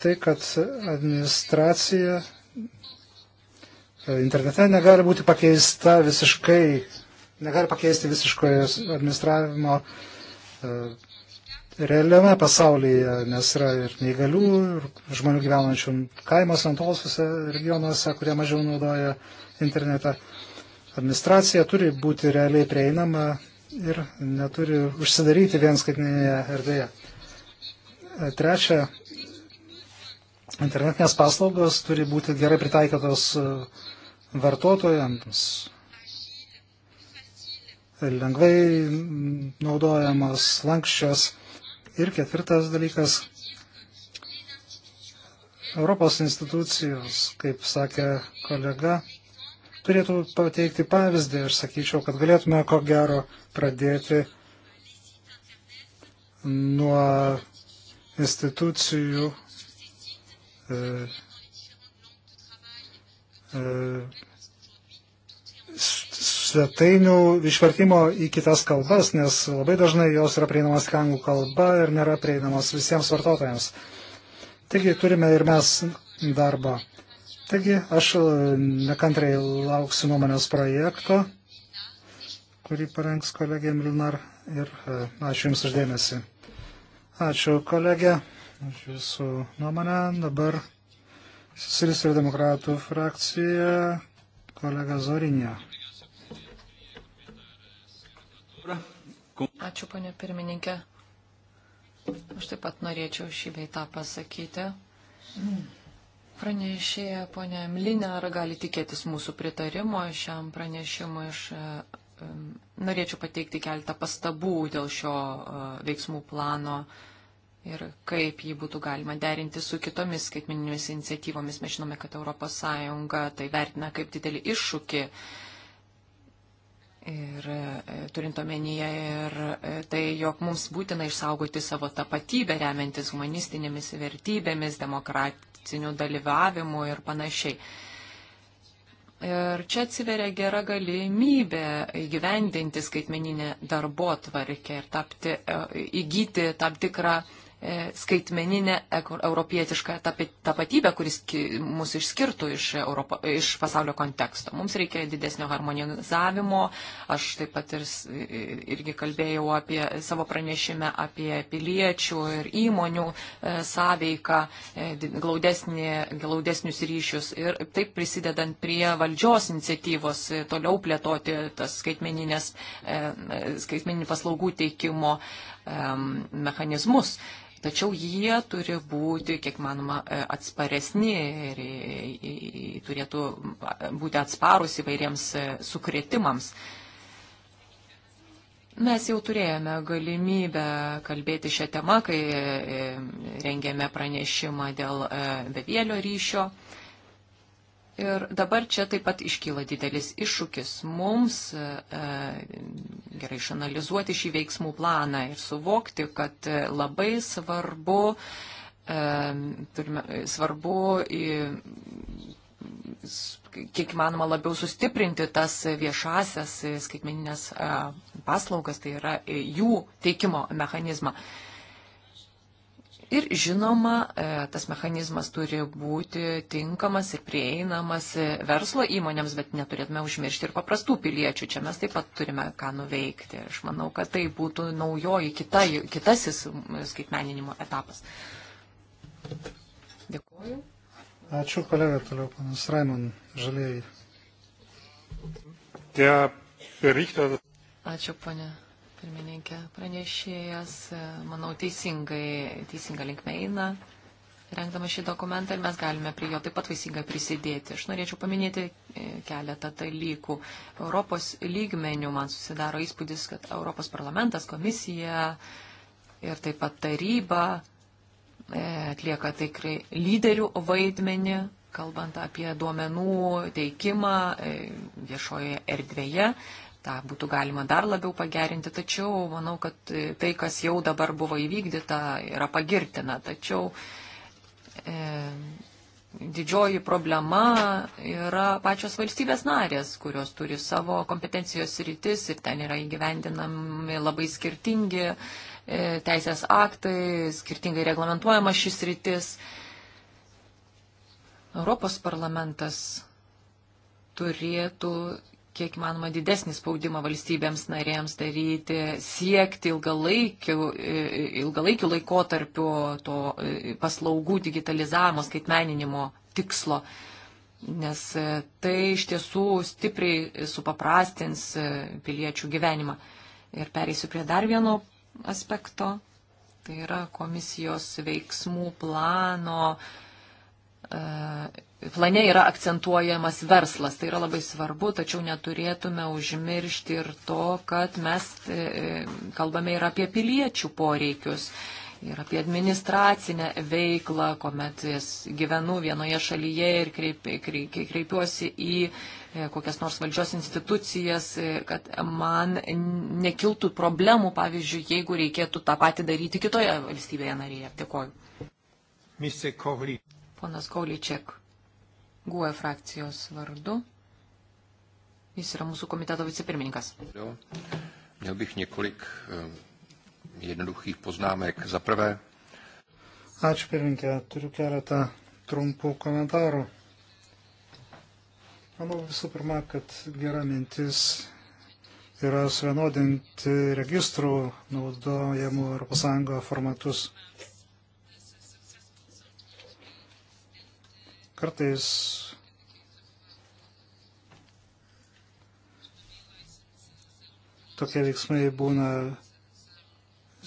tai, kad administracija e, internete negali būti pakeista visiškai, negali pakeisti visiškojo administravimo e, realiame pasaulyje, nes yra ir neįgalių, ir žmonių gyvenančių kaimas antolosiuose regionuose, kurie mažiau naudoja internetą. Administracija turi būti realiai prieinama ir neturi užsidaryti vien skaitinėje erdvėje. Trečia, internetinės paslaugos turi būti gerai pritaikytos vartotojams, lengvai naudojamos, lankščios Ir ketvirtas dalykas. Europos institucijos, kaip sakė kolega, turėtų pateikti pavyzdį. Aš sakyčiau, kad galėtume ko gero pradėti nuo institucijų e, e, svetainių išvertimo į kitas kalbas, nes labai dažnai jos yra prieinamos tik anglų kalba ir nėra prieinamos visiems vartotojams. Taigi turime ir mes darbą. Taigi aš e, nekantrai lauksiu nuomonės projekto, kurį parengs kolegė Milnar ir e, ačiū Jums uždėmesi. Ačiū kolegė už Jūsų nuomonę. Dabar Socialistų ir demokratų frakcija kolega Zorinė. Ačiū, ponė pirmininkė. Aš taip pat norėčiau šį beitą pasakyti. Pranešėja ponė Mlinė, ar gali tikėtis mūsų pritarimo šiam pranešimui? Aš e, norėčiau pateikti keletą pastabų dėl šio e, veiksmų plano ir kaip jį būtų galima derinti su kitomis skaitmeninėmis iniciatyvomis. Mes žinome, kad ES tai vertina kaip didelį iššūkį Ir e, turint omenyje ir e, tai, jog mums būtina išsaugoti savo tapatybę, remiantis humanistinėmis vertybėmis, demokratiniu dalyvavimu ir panašiai. Ir čia atsiveria gera galimybė įgyvendinti skaitmeninę darbo tvarkę ir tapti, e, įgyti tam tikrą E, skaitmeninę europietišką tapatybę, kuris mus išskirtų iš, Europo, iš pasaulio konteksto. Mums reikia didesnio harmonizavimo. Aš taip pat ir, irgi kalbėjau apie savo pranešime apie piliečių ir įmonių e, sąveiką, e, glaudesnį, glaudesnius ryšius ir taip prisidedant prie valdžios iniciatyvos toliau plėtoti tas skaitmeninės, skaitmeninį paslaugų teikimo mechanizmus. Tačiau jie turi būti, kiek manoma, e, atsparesni ir e, e, turėtų būti atsparus įvairiems sukretimams. Mes jau turėjome galimybę kalbėti šią temą, kai rengėme pranešimą dėl bevėlio ryšio. Ir dabar čia taip pat iškyla didelis iššūkis mums e, e gerai išanalizuoti šį veiksmų planą ir suvokti, kad e, labai svarbu, e, turime, e, svarbu į, kiek manoma labiau sustiprinti tas viešasias skaitmeninės paslaugas, tai yra jų teikimo mechanizmą. E, Ir žinoma, e, tas mechanizmas turi būti tinkamas ir prieinamas e, verslo įmonėms, bet neturėtume užmiršti ir paprastų piliečių. Čia mes taip pat turime ką nuveikti. Aš manau, kad tai būtų naujoji kita, kitasis skaitmeninimo etapas. Dėkuoju. Ačiū kolega, toliau panas Raimon, žalėjai. Ačiū, ponė pirmininkė, pranešėjas, manau, teisingai, teisinga linkme eina, rengdama šį dokumentą ir mes galime prie jo taip pat vaisingai prisidėti. Aš norėčiau paminėti e, keletą dalykų. Europos lygmenių man susidaro įspūdis, kad Europos parlamentas, komisija ir taip pat taryba e, atlieka tikrai lyderių vaidmenį, kalbant apie duomenų teikimą e, viešoje erdvėje tą būtų galima dar labiau pagerinti, tačiau manau, kad tai, kas jau dabar buvo įvykdyta, yra pagirtina. Tačiau e, didžioji problema yra pačios valstybės narės, kurios turi savo kompetencijos rytis ir ten yra įgyvendinami labai skirtingi e, teisės aktai, skirtingai reglamentuojama šis rytis. Europos parlamentas turėtų kiek manoma didesnį spaudimą valstybėms narėms daryti, siekti ilgalaikių, ilgalaikių laikotarpių to paslaugų digitalizavimo, skaitmeninimo tikslo. Nes e, tai iš tiesų stipriai supaprastins e, piliečių gyvenimą. Ir pereisiu prie dar vieno aspekto, tai yra komisijos veiksmų plano uh, E, plane yra akcentuojamas verslas. Tai yra labai svarbu, tačiau neturėtume užmiršti ir to, kad mes e, e, kalbame ir apie piliečių poreikius. Ir apie administracinę veiklą, kuomet gyvenu vienoje šalyje ir kreip, kreip, kreipiuosi į kokias nors valdžios institucijas, kad man nekiltų problemų, pavyzdžiui, jeigu reikėtų tą patį daryti kitoje valstybėje narėje. Dėkoju. Mr. Kohli. Ponas Kaulyčiek, guoja e frakcijos vardu. Jis yra mūsų komiteto vicepirmininkas. Měl bych několik eh, jednoduchých poznámek. Za prvé. Ačiū pirmininkė, turiu keletą trumpų komentarų. Manau visų pirma, kad gera mintis yra suvienodinti registrų naudojamų ES formatus. Kartais tokie veiksmai būna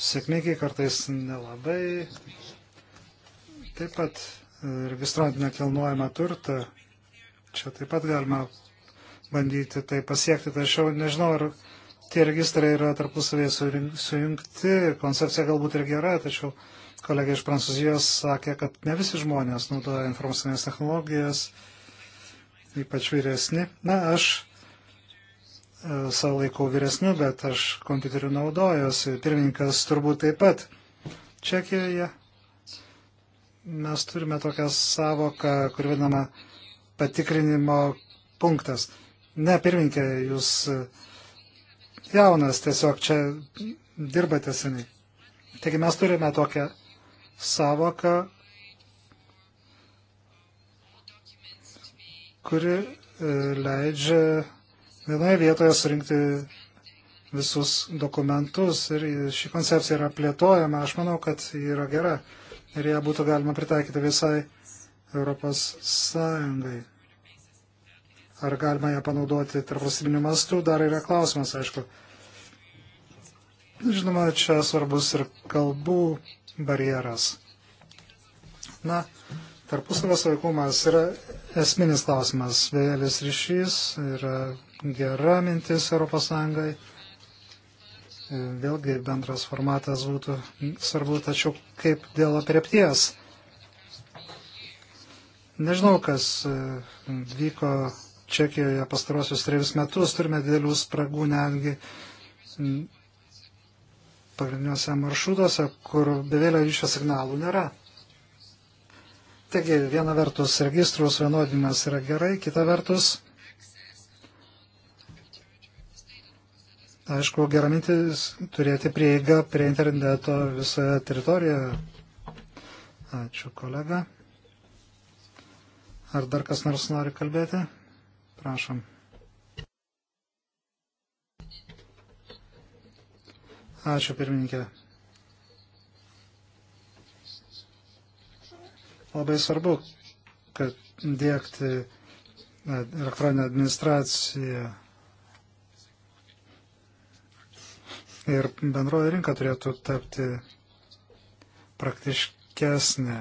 sėkmingai, kartais nelabai. Taip pat registruojant nekilnojamą turtą, čia taip pat galima bandyti tai pasiekti, tačiau nežinau, ar tie registrai yra tarpusavėje sujungti, koncepcija galbūt ir gera, tačiau Kolegai iš Prancūzijos sakė, kad ne visi žmonės naudoja informacinės technologijas, ypač vyresni. Na, aš e, savo laikau vyresniu, bet aš kompiuteriu naudojuosi. Pirmininkas turbūt taip pat. Čekijoje mes turime tokią savoką, kur vadinama patikrinimo punktas. Ne, pirmininkė, jūs e, jaunas, tiesiog čia dirbate seniai. Taigi mes turime tokią savoka, kuri e, leidžia vienoje vietoje surinkti visus dokumentus ir ši koncepcija yra plėtojama. Aš manau, kad ji yra gera ir ją būtų galima pritaikyti visai Europos Sąjungai. Ar galima ją panaudoti tarp valstybinių mastų, dar yra klausimas, aišku. Žinoma, čia svarbus ir kalbų barjeras. Na, tarpusavio saugumas yra esminis klausimas. Vėlis ryšys yra gera mintis ES. Vėlgi bendras formatas būtų svarbu, tačiau kaip dėl apriepties. Nežinau, kas e, vyko Čekijoje pastarosius trejus metus, turime didelių spragų netgi pagrindiniuose maršrutuose, kur bevėlio ryšio signalų nėra. Taigi, viena vertus, registrų suvienodinimas yra gerai, kita vertus, aišku, gera mintis turėti prieigą prie interneto visoje teritorijoje. Ačiū, kolega. Ar dar kas nors nori kalbėti? Prašom. Ačiū, pirmininkė. Labai svarbu, kad dėkti elektroninę administraciją ir bendroji rinka turėtų tapti praktiškesnė,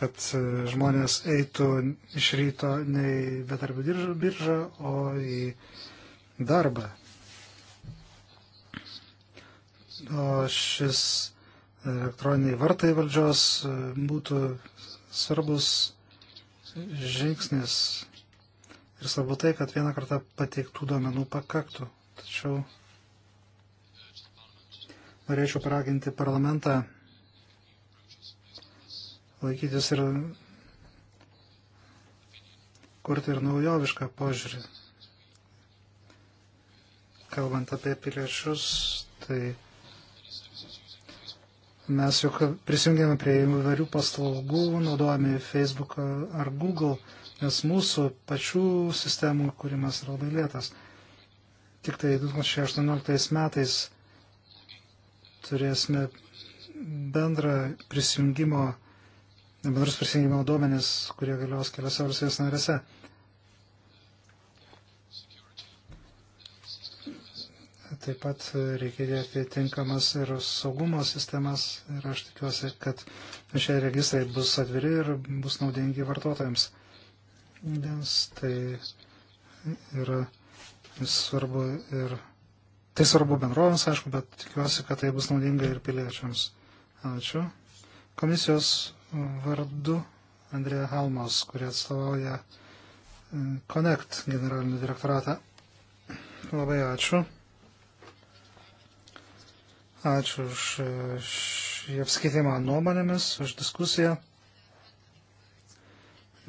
kad žmonės eitų iš ryto ne į betarbių biržą, o į darbą o šis elektroniniai vartai valdžios būtų svarbus žingsnis ir svarbu tai, kad vieną kartą pateiktų duomenų pakaktų. Tačiau norėčiau paraginti parlamentą laikytis ir kurti ir naujovišką požiūrį. Kalbant apie piliečius, tai Mes juk prisijungėme prie įvairių paslaugų, naudojame Facebook ar Google, nes mūsų pačių sistemų kūrimas yra labai lėtas. Tik tai 2018 metais turėsime bendrą prisijungimo, bendrus prisijungimo duomenis, kurie galios keliose valstybės narėse. Taip pat reikia dėti tinkamas ir saugumo sistemas ir aš tikiuosi, kad šie registrai bus atviri ir bus naudingi vartotojams, nes tai yra svarbu ir tai svarbu bendrovėms, aišku, bet tikiuosi, kad tai bus naudinga ir piliečiams. Ačiū. Komisijos vardu Andrėja Halmos, kurie atstovauja Connect generalinį direktoratą. Labai ačiū. Ačiū už e, šį apskaitimą nuomonėmis, už diskusiją.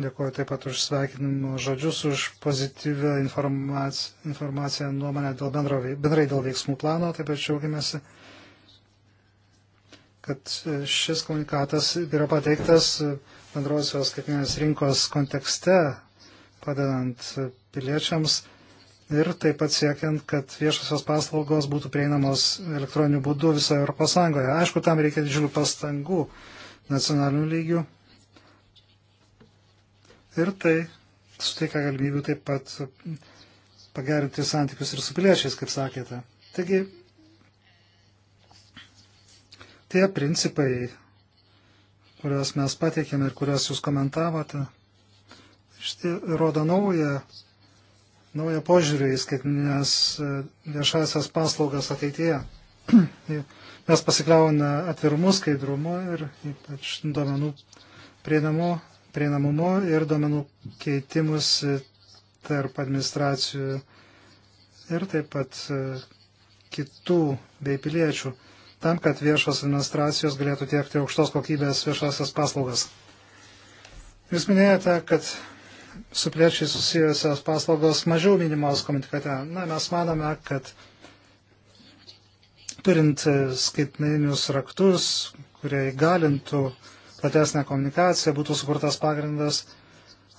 Dėkuoju taip pat už sveikinimo žodžius, už pozityvę informaciją, informaciją nuomonę dėl bendro, bendrai dėl veiksmų plano, taip pat šiaugiamėsi, kad e, šis komunikatas yra pateiktas e, bendrosios skaitminės rinkos kontekste, padedant piliečiams ir taip pat siekiant, kad viešosios paslaugos būtų prieinamos elektroniniu būdu visoje Europos Sąjungoje. Aišku, tam reikia didžiulių pastangų nacionalinių lygių. Ir tai suteikia galimybių taip pat pagerinti santykius ir su piliečiais, kaip sakėte. Taigi, tie principai, kuriuos mes pateikėme ir kuriuos jūs komentavote, iš tie rodo naują naują požiūrį į skaitminės e, viešasias paslaugas ateityje. Mes pasikliaujame atvirumu, skaidrumu ir ypač duomenų prieinamu, prieinamumu ir duomenų keitimus tarp administracijų ir taip pat e, kitų bei piliečių, tam, kad viešos administracijos galėtų tiekti aukštos kokybės viešasias paslaugas. Jūs minėjote, kad su piliečiai susijusios paslaugos mažiau minimos komunikate. Na, mes manome, kad turint skaitmeninius raktus, kurie įgalintų platesnę komunikaciją, būtų sukurtas pagrindas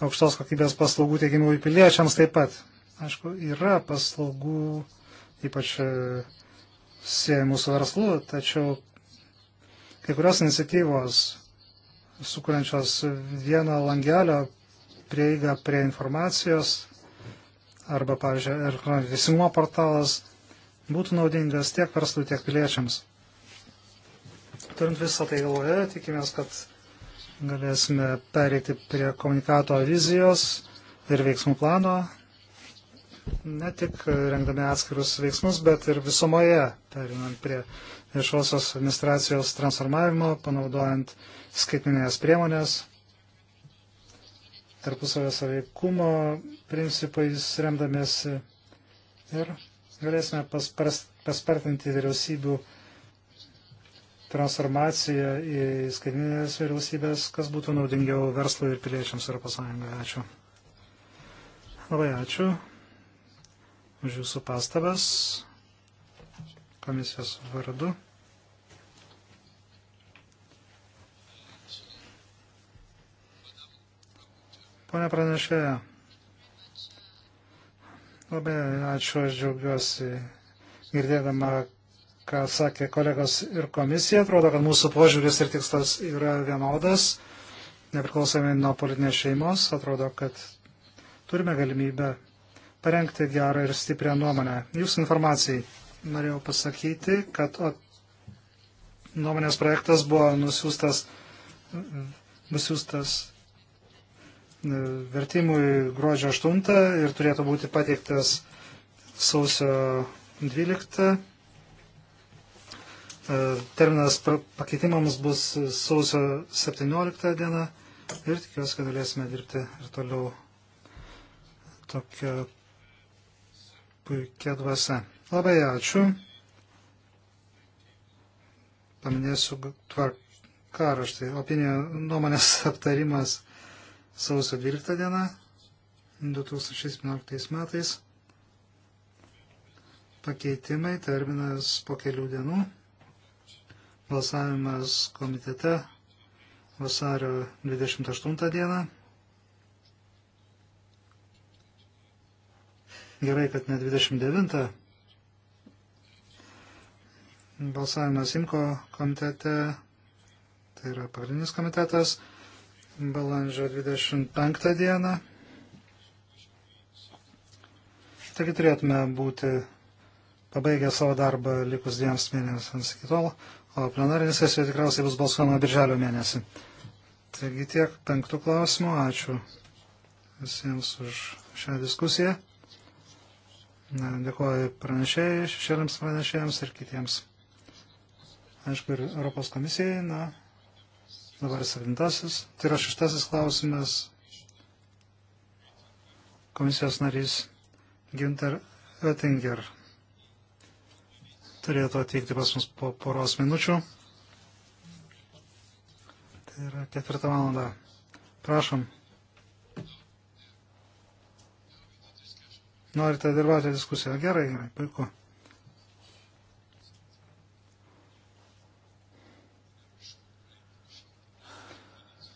aukštos kokybės paslaugų teikimui piliečiams taip pat. Aišku, yra paslaugų, ypač e, siejamų su verslu, tačiau kai kurios iniciatyvos, sukuriančios vieną langelio prieiga prie informacijos arba, pavyzdžiui, elektroninio teisingumo portalas būtų naudingas tiek verslui, tiek piliečiams. Turint visą tai galvoje, tikimės, kad galėsime pereiti prie komunikato vizijos ir veiksmų plano, ne tik rengdami atskirus veiksmus, bet ir visumoje, perinant prie viešosios administracijos transformavimo, panaudojant skaitminės priemonės, tarpusavio saveikumo principais remdamėsi ir galėsime paspars, paspartinti vyriausybių transformaciją į skaitminės vyriausybės, kas būtų naudingiau verslui ir piliečiams Europos Sąjungoje. Ačiū. Labai ačiū už Jūsų pastabas komisijos vardu. Pone pranešėja, labai ačiū, aš džiaugiuosi girdėdama, ką sakė kolegos ir komisija. Atrodo, kad mūsų požiūris ir tikslas yra vienodas, nepriklausomai nuo politinės šeimos. Atrodo, kad turime galimybę parengti gerą ir stiprią nuomonę. Jūsų informacijai norėjau pasakyti, kad o, nuomonės projektas buvo nusiųstas, nusiųstas vertimui gruodžio 8 ir turėtų būti pateiktas sausio 12. E, terminas pakeitimams bus sausio 17 diena ir tikiuosi, kad galėsime dirbti ir toliau tokia puikia dvasia. Labai ačiū. Paminėsiu tvarkaraštį. Opinijų nuomonės aptarimas sausio 12 dieną 2017 metais. Pakeitimai terminas po kelių dienų. Balsavimas komitete vasario 28 dieną. Gerai, kad ne 29. Balsavimas Imko komitete, tai yra pagrindinis komitetas, balandžio 25 dieną. Taigi turėtume būti pabaigę savo darbą likus dviems mėnesiams iki tol, o plenarinė sesija tikriausiai bus balsuojama birželio mėnesį. Taigi tiek penktų klausimų. Ačiū visiems už šią diskusiją. Dėkuoju pranešėjai, šešėliams pranešėjams ir kitiems. Aišku, ir Europos komisijai. Na, Dabar septintasis, tai yra šeštasis klausimas. Komisijos narys Ginter Oettinger turėtų atvykti pas mus po poros minučių. Tai yra ketvirtą valandą. Prašom. Norite dalyvauti diskusijoje? Gerai, gerai, puiku.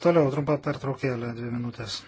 Toliau trumpa pertraukėlė, dvi minutės.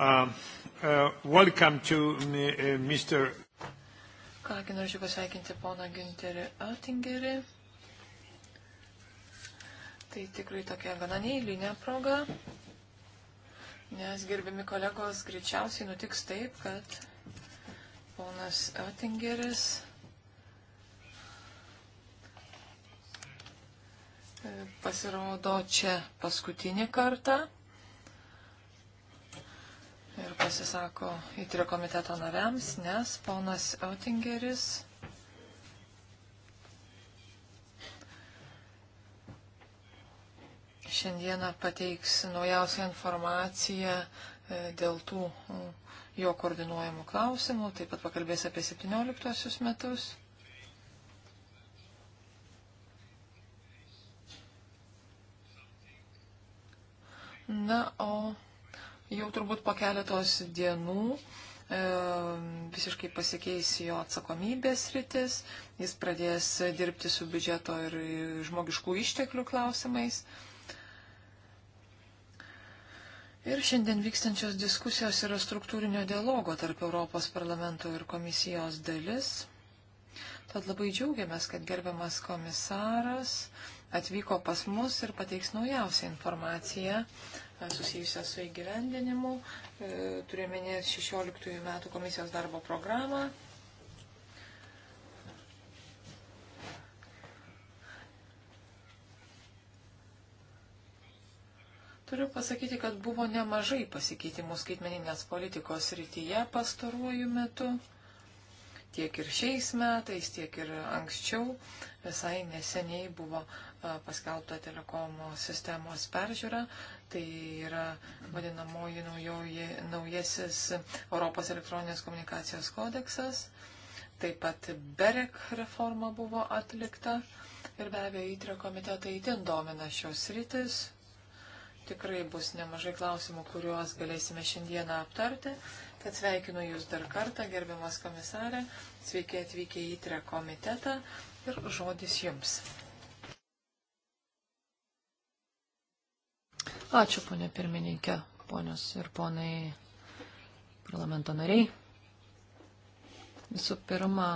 Uh, uh, welcome to uh, Mr. Kągi norėčiau pasveikinti poną Günterį Oettingerį. Tai tikrai tokia gana neįlinė proga, nes gerbiami kolegos greičiausiai nutiks taip, kad ponas Oettingeris e, pasirodo čia paskutinį kartą pasisako įtrio komiteto nariams, nes ponas Oettingeris šiandieną pateiks naujausią informaciją e, dėl tų jo koordinuojamų klausimų, taip pat pakalbės apie 17 metus. keletos dienų e, visiškai pasikeis jo atsakomybės rytis, jis pradės dirbti su biudžeto ir žmogiškų išteklių klausimais. Ir šiandien vykstančios diskusijos yra struktūrinio dialogo tarp Europos parlamento ir komisijos dalis. Tad labai džiaugiamės, kad gerbiamas komisaras atvyko pas mus ir pateiks naujausią informaciją susijusią su įgyvendinimu. E, Turėminė 16 metų komisijos darbo programą. Turiu pasakyti, kad buvo nemažai pasikeitimų skaitmeninės politikos rytyje pastaruoju metu. Tiek ir šiais metais, tiek ir anksčiau. Visai neseniai buvo paskelbta telekomo sistemos peržiūra. Tai yra vadinamoji naujoji, naujasis Europos elektroninės komunikacijos kodeksas. Taip pat BEREK reforma buvo atlikta ir be abejo įtrio komitetai įtin domina šios rytis. Tikrai bus nemažai klausimų, kuriuos galėsime šiandieną aptarti. Tad sveikinu Jūs dar kartą, gerbiamas komisarė. Sveiki atvykę į įtrio komitetą ir žodis Jums. Ačiū, ponė pirmininkė, ponios ir ponai parlamento nariai. Visų pirma,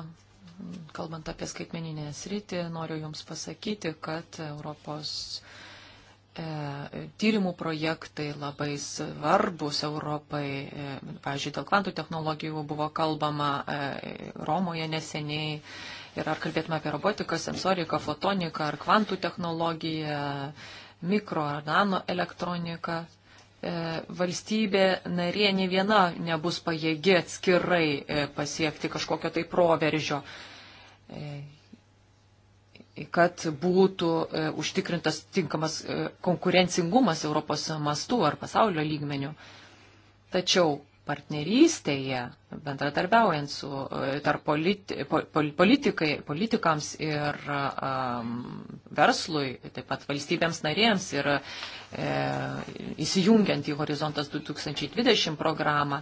kalbant apie skaitmeninę sritį, noriu Jums pasakyti, kad Europos e, tyrimų projektai labai svarbus Europai. E, pavyzdžiui, dėl kvantų technologijų buvo kalbama e, Romoje neseniai. Ir ar kalbėtume apie robotiką, sensoriką, fotoniką ar kvantų technologiją. E, mikro ar nano elektroniką, e, valstybė narė ne viena nebus pajėgi atskirai e, pasiekti kažkokio tai proveržio, e, kad būtų užtikrintas tinkamas konkurencingumas Europos mastų ar pasaulio lygmenių. Tačiau partnerystėje, bendradarbiaujant su e, tarp politi, pol, politikai, politikams ir um, verslui, taip pat valstybėms narėms ir e, įsijungiant į Horizontas 2020 programą,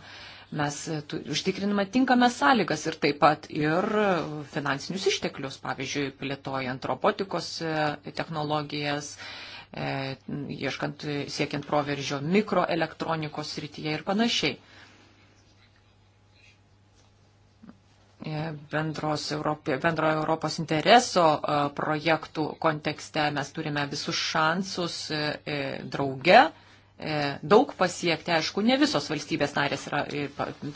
mes e, tu, užtikriname tinkamas sąlygas ir taip pat ir finansinius išteklius, pavyzdžiui, plėtojant robotikos e, technologijas. E, ieškant, siekiant proveržio mikroelektronikos srityje ir panašiai. E, bendros Europė, bendrojo Europos intereso e, projektų kontekste mes turime visus šansus e, drauge daug pasiekti. Aišku, ne visos valstybės narės yra,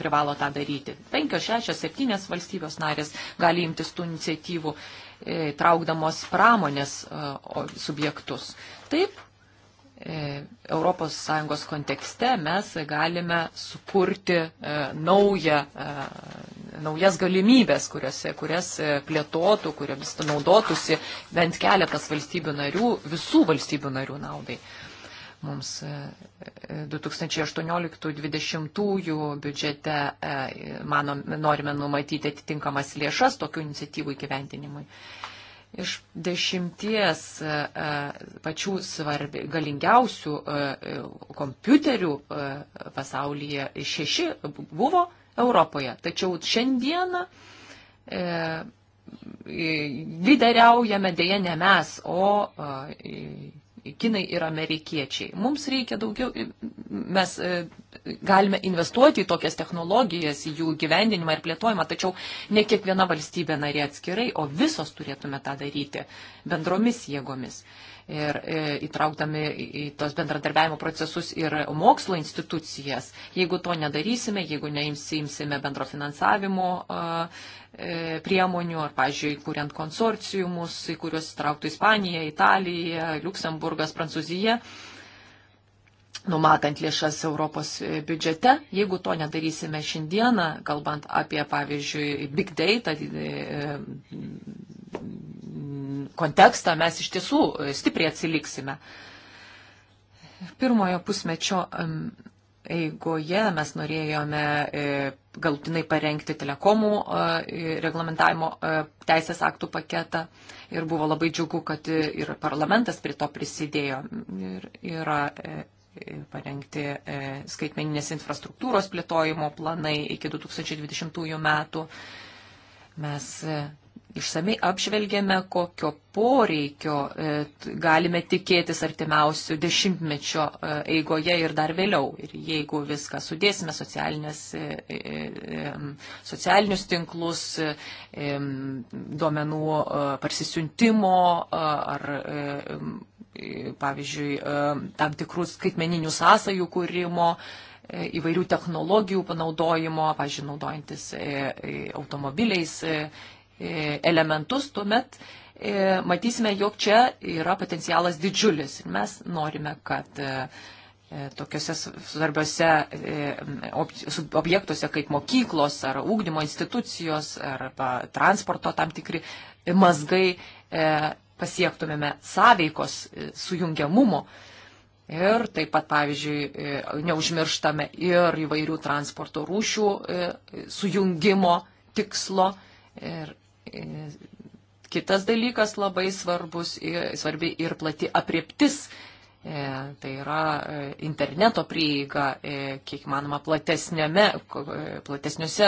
privalo tą daryti. Penkios, šešios, septynės valstybės narės gali imtis tų iniciatyvų, traukdamos pramonės subjektus. Taip, ES kontekste mes galime sukurti e, naują, e, naujas galimybės, kurias, kurias e, plėtotų, kuriamis naudotųsi bent keletas valstybių narių, visų valstybių narių naudai. Mums 2018-2020 biudžete manom, norime numatyti atitinkamas lėšas tokių iniciatyvų įgyvendinimui. Iš dešimties e, e, pačių svarbi, galingiausių e, kompiuterių pasaulyje šeši buvo Europoje. Tačiau šiandieną lyderiaujame dėje ne mes, o kinai ir amerikiečiai. Mums reikia daugiau, mes galime investuoti į tokias technologijas, į jų gyvendinimą ir plėtojimą, tačiau ne kiekviena valstybė narė atskirai, o visos turėtume tą daryti bendromis jėgomis. Ir e, įtraukdami į tos bendradarbiavimo procesus ir mokslo institucijas. Jeigu to nedarysime, jeigu neimsime bendro finansavimo e, e, priemonių, ar, pavyzdžiui, kuriant konsorciumus, į kuriuos įtrauktų Ispanija, Italija, Luksemburgas, Prancūzija, numatant lėšas Europos biudžete. Jeigu to nedarysime šiandieną, kalbant apie, pavyzdžiui, big data e, kontekstą, mes iš tiesų stipriai atsiliksime. Pirmojo pusmečio eigoje mes norėjome e, galutinai parengti telekomų e, reglamentavimo teisės aktų paketą ir buvo labai džiugu, kad ir parlamentas prie to prisidėjo. Ir yra parengti e, skaitmeninės infrastruktūros plėtojimo planai iki 2020 metų. Mes e, išsamei apžvelgėme, kokio poreikio e, galime tikėtis artimiausių dešimtmečio eigoje ir dar vėliau. Ir jeigu viską sudėsime, socialinius tinklus, duomenų parsisiuntimo ar pavyzdžiui, e, tam tikrų skaitmeninių sąsajų kūrimo, e, įvairių technologijų panaudojimo, pavyzdžiui, naudojantis e, automobiliais elementus, tuomet matysime, jog čia yra potencialas didžiulis. Ir mes norime, kad tokiuose svarbiuose objektuose kaip mokyklos ar ūkdymo institucijos ar transporto tam tikri mazgai pasiektumėme sąveikos e, sujungiamumo. Ir taip pat, pavyzdžiui, e, neužmirštame ir įvairių transporto rūšių e, sujungimo tikslo. Ir kitas dalykas labai svarbus, svarbi ir plati apriptis. Tai yra interneto prieiga, kiek manoma, platesniuose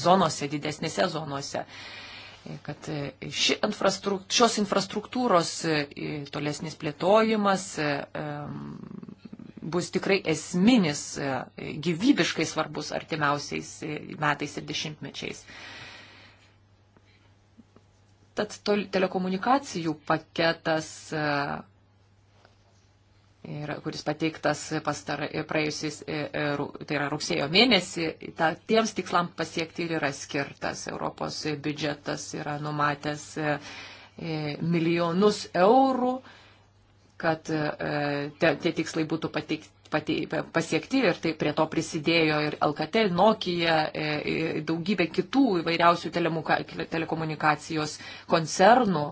zonose, didesnėse zonose kad e, ši infrastruktūros, šios infrastruktūros e, tolesnis plėtojimas e, bus tikrai esminis, gyvybiškai svarbus artimiausiais metais ir dešimtmečiais. Tad telekomunikacijų paketas ir, kuris pateiktas pastar, praėjusiais, e, e, tai yra rugsėjo mėnesį, ta, tiems tikslam pasiekti ir yra skirtas. Europos biudžetas yra numatęs e, milijonus eurų, kad tie, tie tikslai būtų pateikti pasiekti ir tai prie to prisidėjo ir Alcatel, Nokia, daugybė kitų įvairiausių telekomunikacijos koncernų,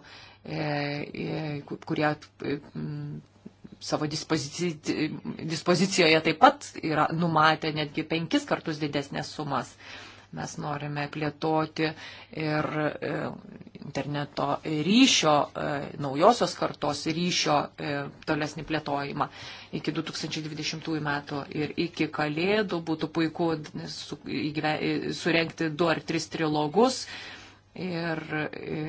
kurie savo dispozici... dispozicijoje taip pat yra numatę netgi penkis kartus didesnės sumas. Mes norime plėtoti ir e, interneto ryšio, e, naujosios kartos ryšio e, tolesnį plėtojimą iki 2020 metų ir iki kalėdų būtų puiku surenkti du ar tris trilogus ir e,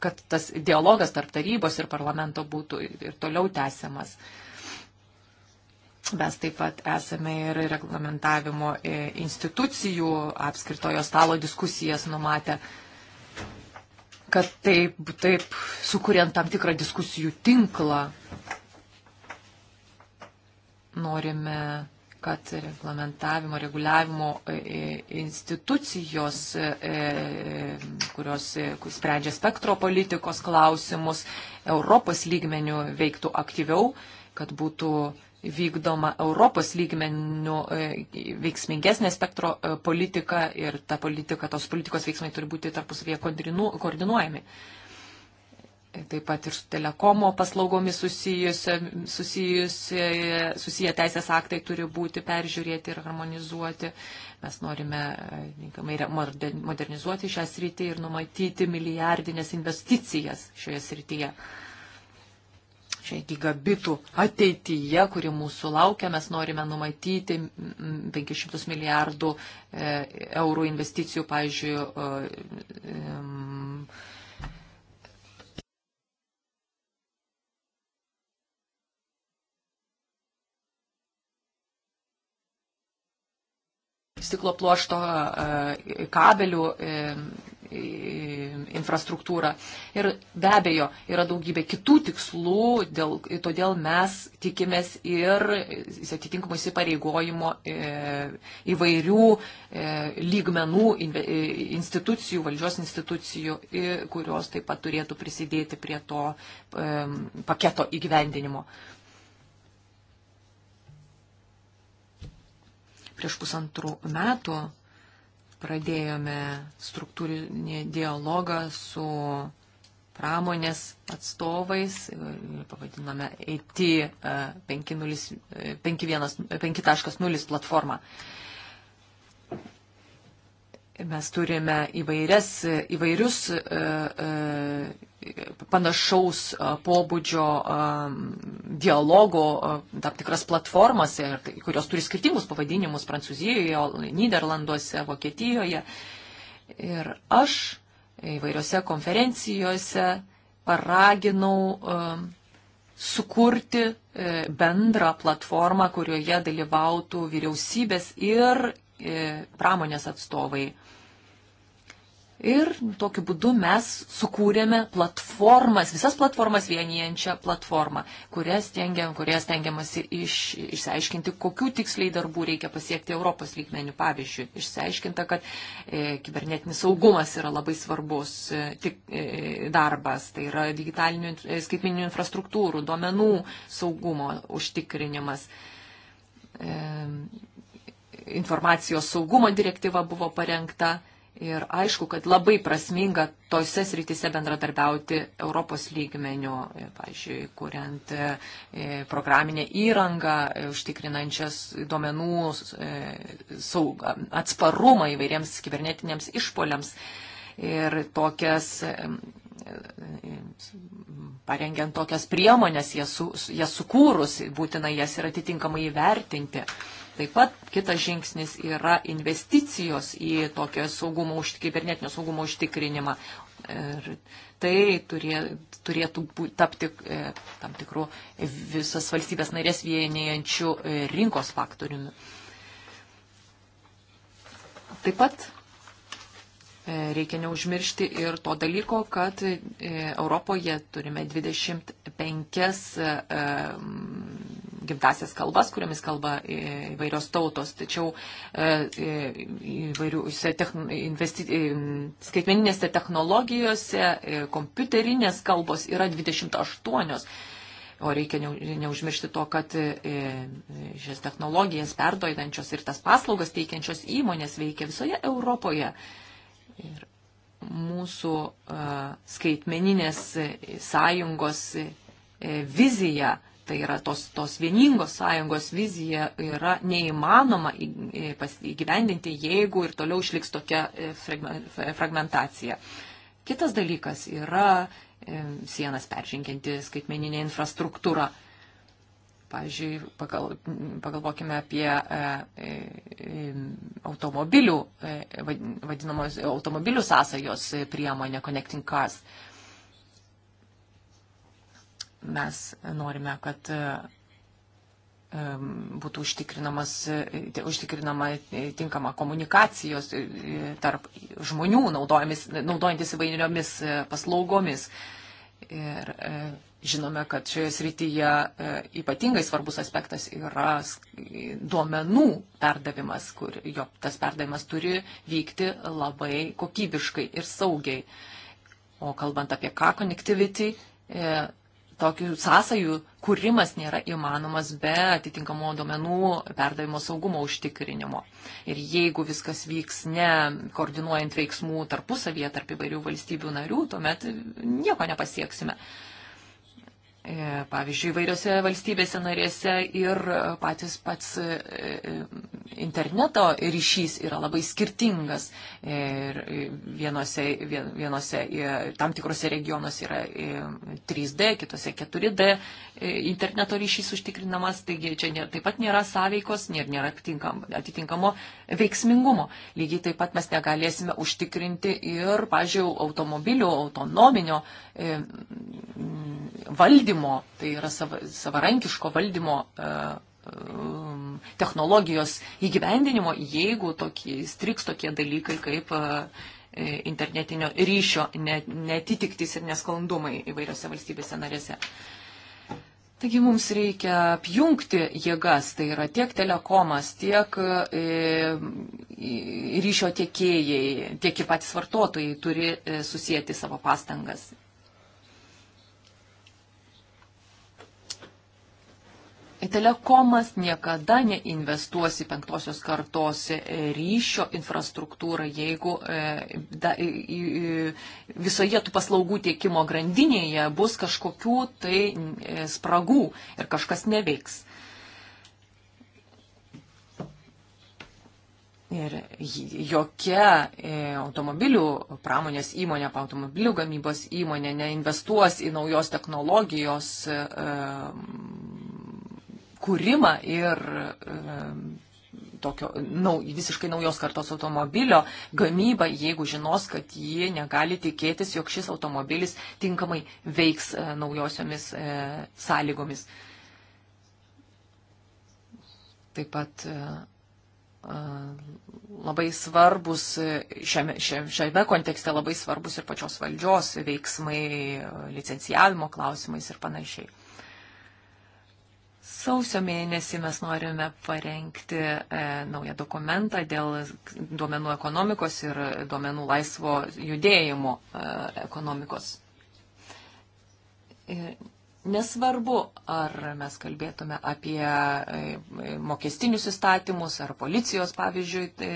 kad tas dialogas tarp tarybos ir parlamento būtų ir toliau tęsiamas. Mes taip pat esame ir reglamentavimo e, institucijų apskritojo stalo diskusijas numatę, kad taip, taip sukuriant tam tikrą diskusijų tinklą norime kad reglamentavimo, reguliavimo e, e, institucijos, e, kurios sprendžia spektro politikos klausimus, Europos lygmenių veiktų aktyviau, kad būtų vykdoma Europos lygmenių veiksmingesnė spektro politika ir ta politika, tos politikos veiksmai turi būti tarpusavėje koordinuojami taip pat ir su telekomo paslaugomis susijusia, susijusia, susiję teisės aktai turi būti peržiūrėti ir harmonizuoti. Mes norime e, tinkamai modernizuoti šią sritį ir numatyti milijardinės investicijas šioje srityje. Šiai gigabitų ateityje, kuri mūsų laukia, mes norime numatyti 500 milijardų e, eurų investicijų, pavyzdžiui, e, stiklo pluošto e, kabelių e, e, infrastruktūrą. Ir be abejo, yra daugybė kitų tikslų, dėl, todėl mes tikimės ir atitinkamų įsipareigojimo įvairių lygmenų institucijų, valdžios institucijų, kurios taip pat turėtų prisidėti prie to paketo įgyvendinimo. Prieš pusantrų metų pradėjome struktūrinį dialogą su pramonės atstovais, pavadiname IT 5.0 platformą. Mes turime įvairias, įvairius e, e, panašaus e, pobūdžio dialogo tam tikras platformas, tai, kurios turi skirtingus pavadinimus Prancūzijoje, Niderlanduose, Vokietijoje. Ir aš įvairiose konferencijose paraginau sukurti bendrą platformą, kurioje dalyvautų vyriausybės ir E, pramonės atstovai. Ir tokiu būdu mes sukūrėme platformas, visas platformas vienijančią platformą, kurias tengiam, kurias tengiamasi iš, išsiaiškinti, kokių tiksliai darbų reikia pasiekti Europos lygmenių. Pavyzdžiui, išsiaiškinta, kad e, kibernetinis saugumas yra labai svarbus e, tik, e, darbas, tai yra digitalinių e, skaitmeninių infrastruktūrų, duomenų saugumo užtikrinimas. E, informacijos saugumo direktyva buvo parengta ir aišku, kad labai prasminga tose srityse bendradarbiauti Europos lygmenių, pavyzdžiui, kuriant e, programinę įrangą, e, užtikrinančias duomenų e, saugą, atsparumą įvairiems kibernetiniams išpoliams ir tokias parengiant tokias priemonės, jas, jas sukūrus, būtina jas ir atitinkamai įvertinti. Taip pat kitas žingsnis yra investicijos į tokią saugumo, kibernetinio saugumo užtikrinimą. Ir tai turė, turėtų tapti e, tam tikrų visas valstybės narės vienėjančių e, rinkos faktoriumi. Taip pat e, reikia neužmiršti ir to dalyko, kad e, Europoje turime 25 gimtasias kalbas, kuriomis kalba e, įvairios tautos, tačiau e, e, įvairiuose techn... investi... skaitmeninėse technologijose kompiuterinės kalbos yra 28. O reikia neužmiršti to, kad šias technologijas perdoidančios ir tas paslaugas teikiančios įmonės veikia visoje Europoje. Ir mūsų skaitmeninės sąjungos vizija tai yra tos, tos vieningos sąjungos vizija yra neįmanoma įgyvendinti, jeigu ir toliau išliks tokia e, fragmentacija. Kitas dalykas yra e, sienas peržengianti skaitmeninė infrastruktūra. Pavyzdžiui, pagal, pagalvokime apie e, e, automobilių, e, vadinamos automobilių sąsajos e, priemonę Connecting Cars. E, Mes norime, kad e, būtų e, užtikrinama e, tinkama komunikacijos tarp žmonių naudojantis įvairiomis paslaugomis. Ir žinome, kad šioje srityje ypatingai svarbus aspektas yra duomenų perdavimas, kur jo tas perdavimas turi vykti labai kokybiškai ir saugiai. O kalbant apie ką connectivity, tokių sąsajų kūrimas nėra įmanomas be atitinkamo duomenų perdavimo saugumo užtikrinimo. Ir jeigu viskas vyks ne koordinuojant veiksmų tarpusavyje tarp įvairių valstybių narių, tuomet nieko nepasieksime. Uh, E, pavyzdžiui, įvairiose valstybėse narėse ir patys pats e, e, interneto ryšys yra labai skirtingas. Ir vienose, vienose tam tikrose regionuose yra 3D, kitose 4D interneto ryšys užtikrinamas, taigi čia nėra, taip pat nėra sąveikos, nėra, nėra atitinkam, atitinkamo veiksmingumo. Lygiai taip pat mes negalėsime užtikrinti ir, pažiūrėjau, automobilių autonominio valdymo valdymo, tai yra savarankiško valdymo e, e, technologijos įgyvendinimo, jeigu tokie, striks tokie dalykai kaip e, internetinio ryšio netitiktis ir nesklandumai įvairiose valstybėse narėse. Taigi mums reikia apjungti jėgas, tai yra tiek telekomas, tiek ryšio tiekėjai, tiek ir patys vartotojai turi susijęti savo pastangas. Telekomas niekada neinvestuos į penktosios kartos e, ryšio infrastruktūrą, jeigu e, da, visoje tų paslaugų tiekimo grandinėje bus kažkokių tai e, spragų ir kažkas neveiks. Ir jokia automobilių pramonės įmonė, automobilių gamybos įmonė neinvestuos į naujos technologijos kūrimą ir tokio nau, visiškai naujos kartos automobilio gamybą, jeigu žinos, kad ji negali tikėtis, jog šis automobilis tinkamai veiks e, naujosiomis e, sąlygomis. Taip pat e, labai svarbus, šiame, šiame kontekste labai svarbus ir pačios valdžios veiksmai, licencijavimo klausimais ir panašiai. Sausio mėnesį mes norime parengti e, naują dokumentą dėl duomenų ekonomikos ir duomenų laisvo judėjimo e, ekonomikos. Ir Nesvarbu, ar mes kalbėtume apie e, e, mokestinius įstatymus ar policijos, pavyzdžiui, tai,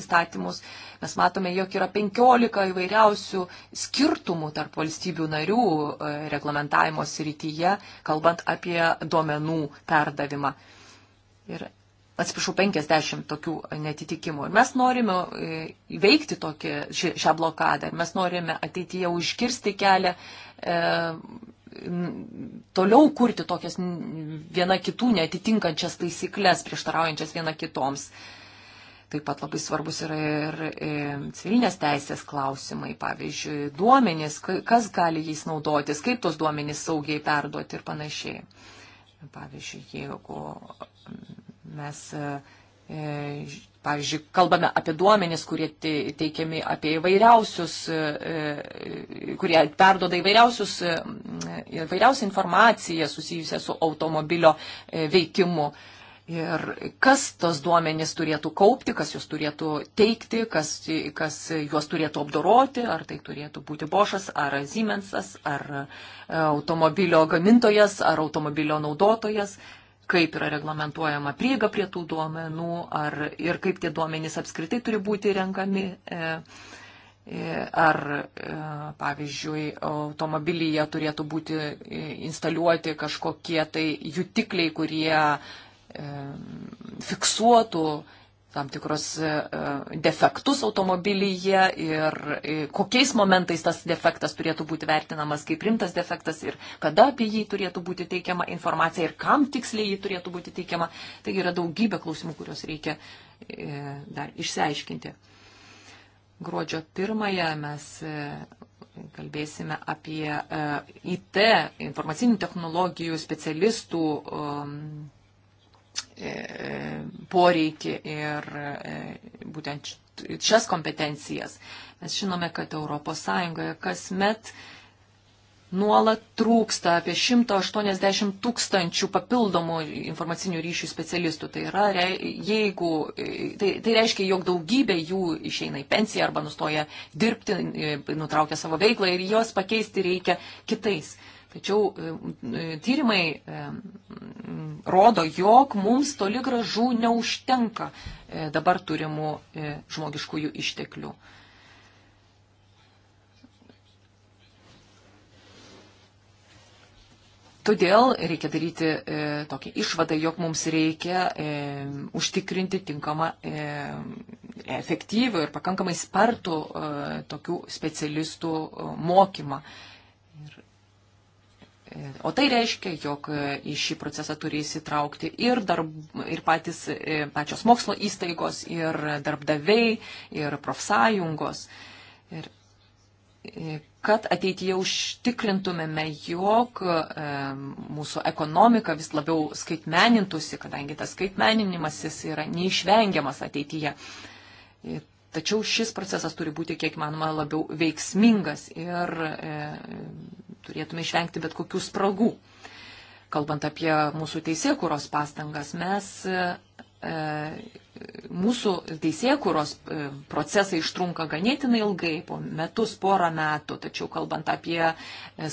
įstatymus, mes matome, jog yra penkiolika įvairiausių skirtumų tarp valstybių narių e, reglamentavimo srityje, kalbant apie duomenų perdavimą. Ir atsiprašau, 50 tokių netitikimų. Ir mes norime įveikti tokį, šią blokadą, ir mes norime ateityje užkirsti kelią e, toliau kurti tokias viena kitų netitinkančias taisyklės, prieštaraujančias viena kitoms. Taip pat labai svarbus yra ir e, civilinės teisės klausimai, pavyzdžiui, duomenys, kas gali jais naudotis, kaip tos duomenys saugiai perduoti ir panašiai. Pavyzdžiui, jeigu mes E, pavyzdžiui, kalbame apie duomenis, kurie teikiami apie įvairiausius, e, e, kurie perdoda įvairiausius, įvairiausią informaciją susijusią su automobilio veikimu. Ir kas tos duomenys turėtų kaupti, kas juos turėtų teikti, kas, kas juos turėtų apdoroti, ar tai turėtų būti Bošas, ar Siemensas, ar automobilio gamintojas, ar automobilio naudotojas kaip yra reglamentuojama prieiga prie tų duomenų ar, ir kaip tie duomenys apskritai turi būti renkami. E, e Ar, e, pavyzdžiui, automobilyje turėtų būti e, instaliuoti kažkokie tai jutikliai, kurie fiksuotų tam tikrus e, e, defektus automobilyje ir e, kokiais momentais tas defektas turėtų būti vertinamas kaip rimtas defektas ir kada apie jį turėtų būti teikiama informacija ir kam tiksliai jį turėtų būti teikiama. Taigi yra daugybė klausimų, kuriuos reikia dar išsiaiškinti. Gruodžio pirmąją mes kalbėsime apie IT, informacinių technologijų specialistų um, E, poreikį ir e, būtent šias kompetencijas. Mes žinome, kad ES kasmet nuolat trūksta apie 180 tūkstančių papildomų informacinių ryšių specialistų. Tai, yra, jeigu, e, tai, tai reiškia, jog daugybė jų išeina į pensiją arba nustoja dirbti, nutraukia savo veiklą ir juos pakeisti reikia kitais Tačiau e, e, tyrimai e, rodo, jog mums toli gražu neužtenka dabar turimų žmogiškųjų išteklių. Todėl reikia daryti e, tokį išvadą, jog mums reikia e, užtikrinti tinkamą e, efektyvų ir pakankamai spartų e, tokių specialistų e, mokymą. E, O tai reiškia, jog e, į šį procesą turi įsitraukti ir, darb, ir patys, e, pačios mokslo įstaigos, ir darbdaviai, ir profsąjungos. Ir, e, kad ateityje užtikrintumėme, jog mūsų ekonomika vis labiau skaitmenintųsi, kadangi tas skaitmeninimas jis yra neišvengiamas ateityje. Tačiau šis procesas turi būti kiek manoma labiau veiksmingas ir e, turėtume išvengti bet kokių spragų. Kalbant apie mūsų teisėkuros pastangas, mes, e, mūsų teisėkuros e, procesai ištrunka ganėtinai ilgai, po metus, porą metų, tačiau kalbant apie e,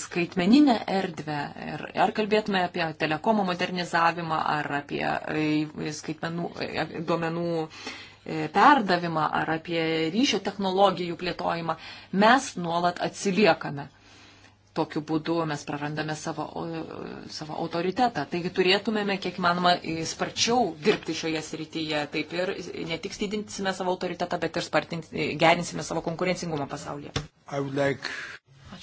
skaitmeninę erdvę, ar, ar kalbėtume apie telekomo modernizavimą, ar apie e, skaitmenų, duomenų E, perdavimą ar apie ryšio technologijų plėtojimą, mes nuolat atsiliekame. Tokiu būdu mes prarandame savo, savo autoritetą. Taigi turėtumėme, kiek manoma, sparčiau dirbti šioje srityje. Taip ir ne tik didinsime savo autoritetą, bet ir spartins, gerinsime savo konkurencingumą pasaulyje. Like...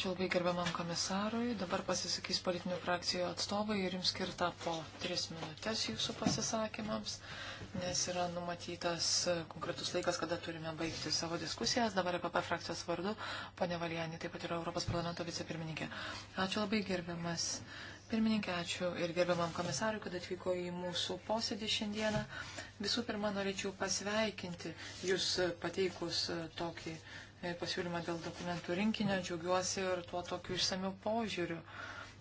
Ačiū labai gerbiamam komisarui. Dabar pasisakys politinių frakcijų atstovai ir jums skirta po tris minutės jūsų pasisakymams, nes yra numatytas konkretus laikas, kada turime baigti savo diskusijas. Dabar EPP frakcijos vardu, ponė Valijani, taip pat yra Europos parlamento vicepirmininkė. Ačiū labai gerbiamas Pirmininkė, ačiū ir gerbiamam komisarui, kad atvyko į mūsų posėdį šiandieną. Visų pirma, norėčiau pasveikinti Jūs pateikus tokį E, pasiūlymą dėl dokumentų rinkinio. Džiaugiuosi ir tuo tokiu išsamiu požiūriu,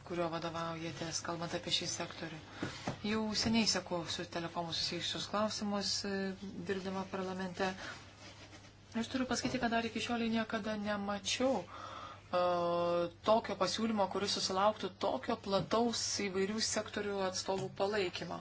kuriuo vadovaujatės, kalbant apie šį sektorių. Jau seniai sėku su telekomu susijusius klausimus e, dirbdama parlamente. Aš turiu pasakyti, kad dar iki šioliai niekada nemačiau uh, E, tokio pasiūlymo, kuris susilauktų tokio plataus įvairių sektorių atstovų palaikymo.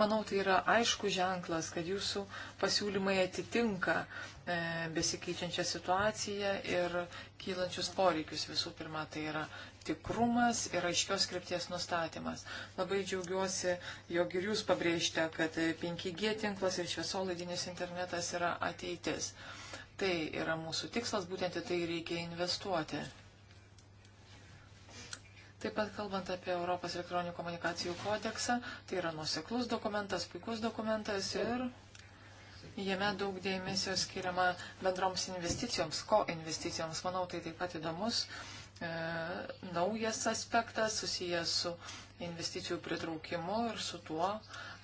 Manau, tai yra aišku ženklas, kad jūsų pasiūlymai atitinka e, besikeičiančią situaciją ir kylančius poreikius. Visų pirma, tai yra tikrumas ir aiškios skripties nustatymas. Labai džiaugiuosi, jog ir jūs pabrėžte, kad 5G tinklas ir šviesolaidinis internetas yra ateitis. Tai yra mūsų tikslas, būtent į tai reikia investuoti. Taip pat kalbant apie Europos elektroninių komunikacijų kodeksą, tai yra nuseklus dokumentas, puikus dokumentas ir jame daug dėmesio skiriama bendroms investicijoms, ko investicijoms. Manau, tai taip pat įdomus e, naujas aspektas susijęs su investicijų pritraukimu ir su tuo,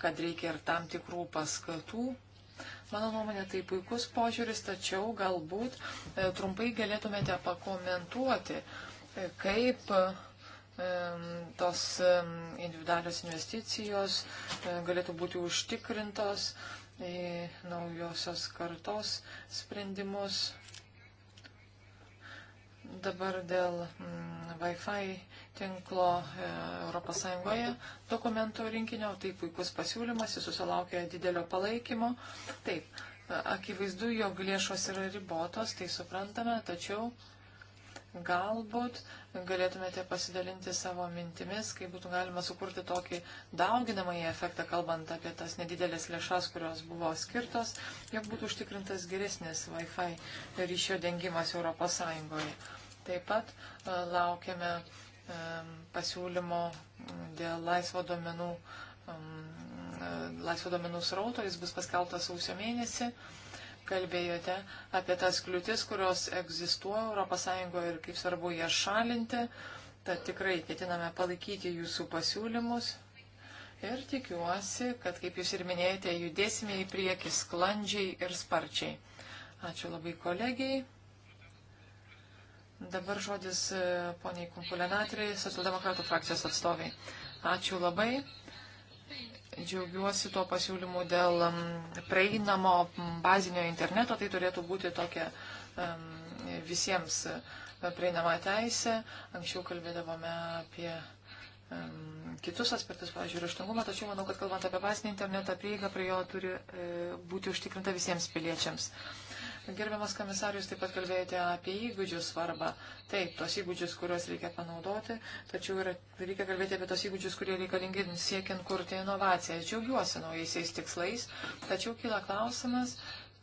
kad reikia ir tam tikrų paskatų Mano nuomonė, tai puikus požiūris, tačiau galbūt e, trumpai galėtumėte pakomentuoti, e, kaip tos individualios investicijos e, galėtų būti užtikrintos į naujosios kartos sprendimus. Dabar dėl mm, Wi-Fi tinklo ES dokumentų rinkinio, tai puikus pasiūlymas, jis susilaukė didelio palaikymo. Taip, e, akivaizdu, jog lėšos yra ribotos, tai suprantame, tačiau Galbūt galėtumėte pasidalinti savo mintimis, kaip būtų galima sukurti tokį dauginamąjį efektą, kalbant apie tas nedidelės lėšas, kurios buvo skirtos, jog būtų užtikrintas geresnis Wi-Fi ryšio dengimas ES. Taip pat e, laukiame e, pasiūlymo dėl laisvo domenų, e, laisvo domenų srauto, jis bus paskeltas sausio mėnesį kalbėjote apie tas kliūtis, kurios egzistuoja ES ir kaip svarbu jas šalinti. Tad tikrai ketiname palaikyti jūsų pasiūlymus. Ir tikiuosi, kad, kaip jūs ir minėjote, judėsime į priekį sklandžiai ir sparčiai. Ačiū labai kolegijai. Dabar žodis e, poniai Kumpulenatrai, socialdemokratų frakcijos atstoviai. Ačiū labai. Džiaugiuosi tuo pasiūlymu dėl um, praeinamo bazinio interneto, tai turėtų būti tokia um, visiems uh, prieinama teisė. Anksčiau kalbėdavome apie um, kitus aspektus, pavyzdžiui, raštingumą, tačiau manau, kad kalbant apie bazinį internetą, prieiga prie jo turi uh, būti užtikrinta visiems piliečiams. Gerbiamas komisarius, taip pat kalbėjote apie įgūdžių svarbą. Taip, tos įgūdžius, kuriuos reikia panaudoti, tačiau yra, reikia kalbėti apie tos įgūdžius, kurie reikalingi siekiant kurti inovacijas. Džiaugiuosi naujaisiais tikslais, tačiau kyla klausimas,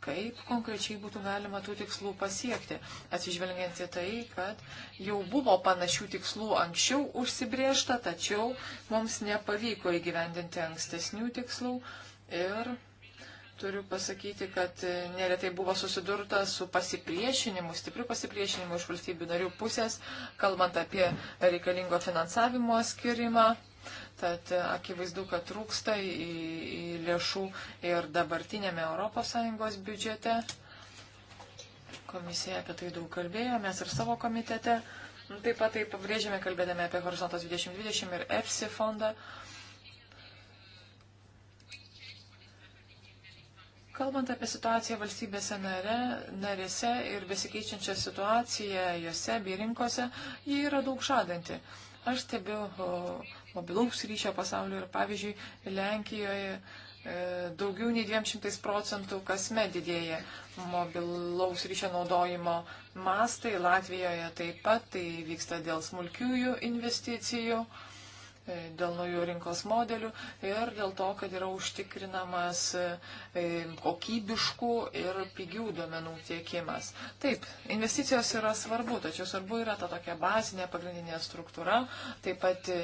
kaip konkrečiai būtų galima tų tikslų pasiekti, atsižvelgiant į tai, kad jau buvo panašių tikslų anksčiau užsibriešta, tačiau mums nepavyko įgyvendinti ankstesnių tikslų ir Turiu pasakyti, kad e, neretai buvo susidurta su pasipriešinimu, stipriu pasipriešinimu iš valstybių narių pusės, kalbant apie reikalingo finansavimo skirimą. Tad e, akivaizdu, kad trūksta į, į lėšų ir dabartinėme ES biudžete. Komisija apie tai daug kalbėjo, mes ir savo komitete. Taip pat tai pabrėžėme, kalbėdami apie Horizontas 2020 ir EFSI fondą. Uh, Kalbant apie situaciją valstybėse nare, narėse ir besikeičiančią situaciją jose bei rinkose, jie yra daug žadanti. Aš stebiu mobilaus ryšio pasaulio ir pavyzdžiui Lenkijoje e, daugiau nei 200 procentų kasmet didėja mobilaus ryšio naudojimo mastai, Latvijoje taip pat tai vyksta dėl smulkiųjų investicijų. Uh, E, dėl naujų rinkos modelių ir dėl to, kad yra užtikrinamas e, kokybiškų ir pigių duomenų tiekimas. Taip, investicijos yra svarbu, tačiau svarbu yra ta tokia bazinė pagrindinė struktūra, taip pat e,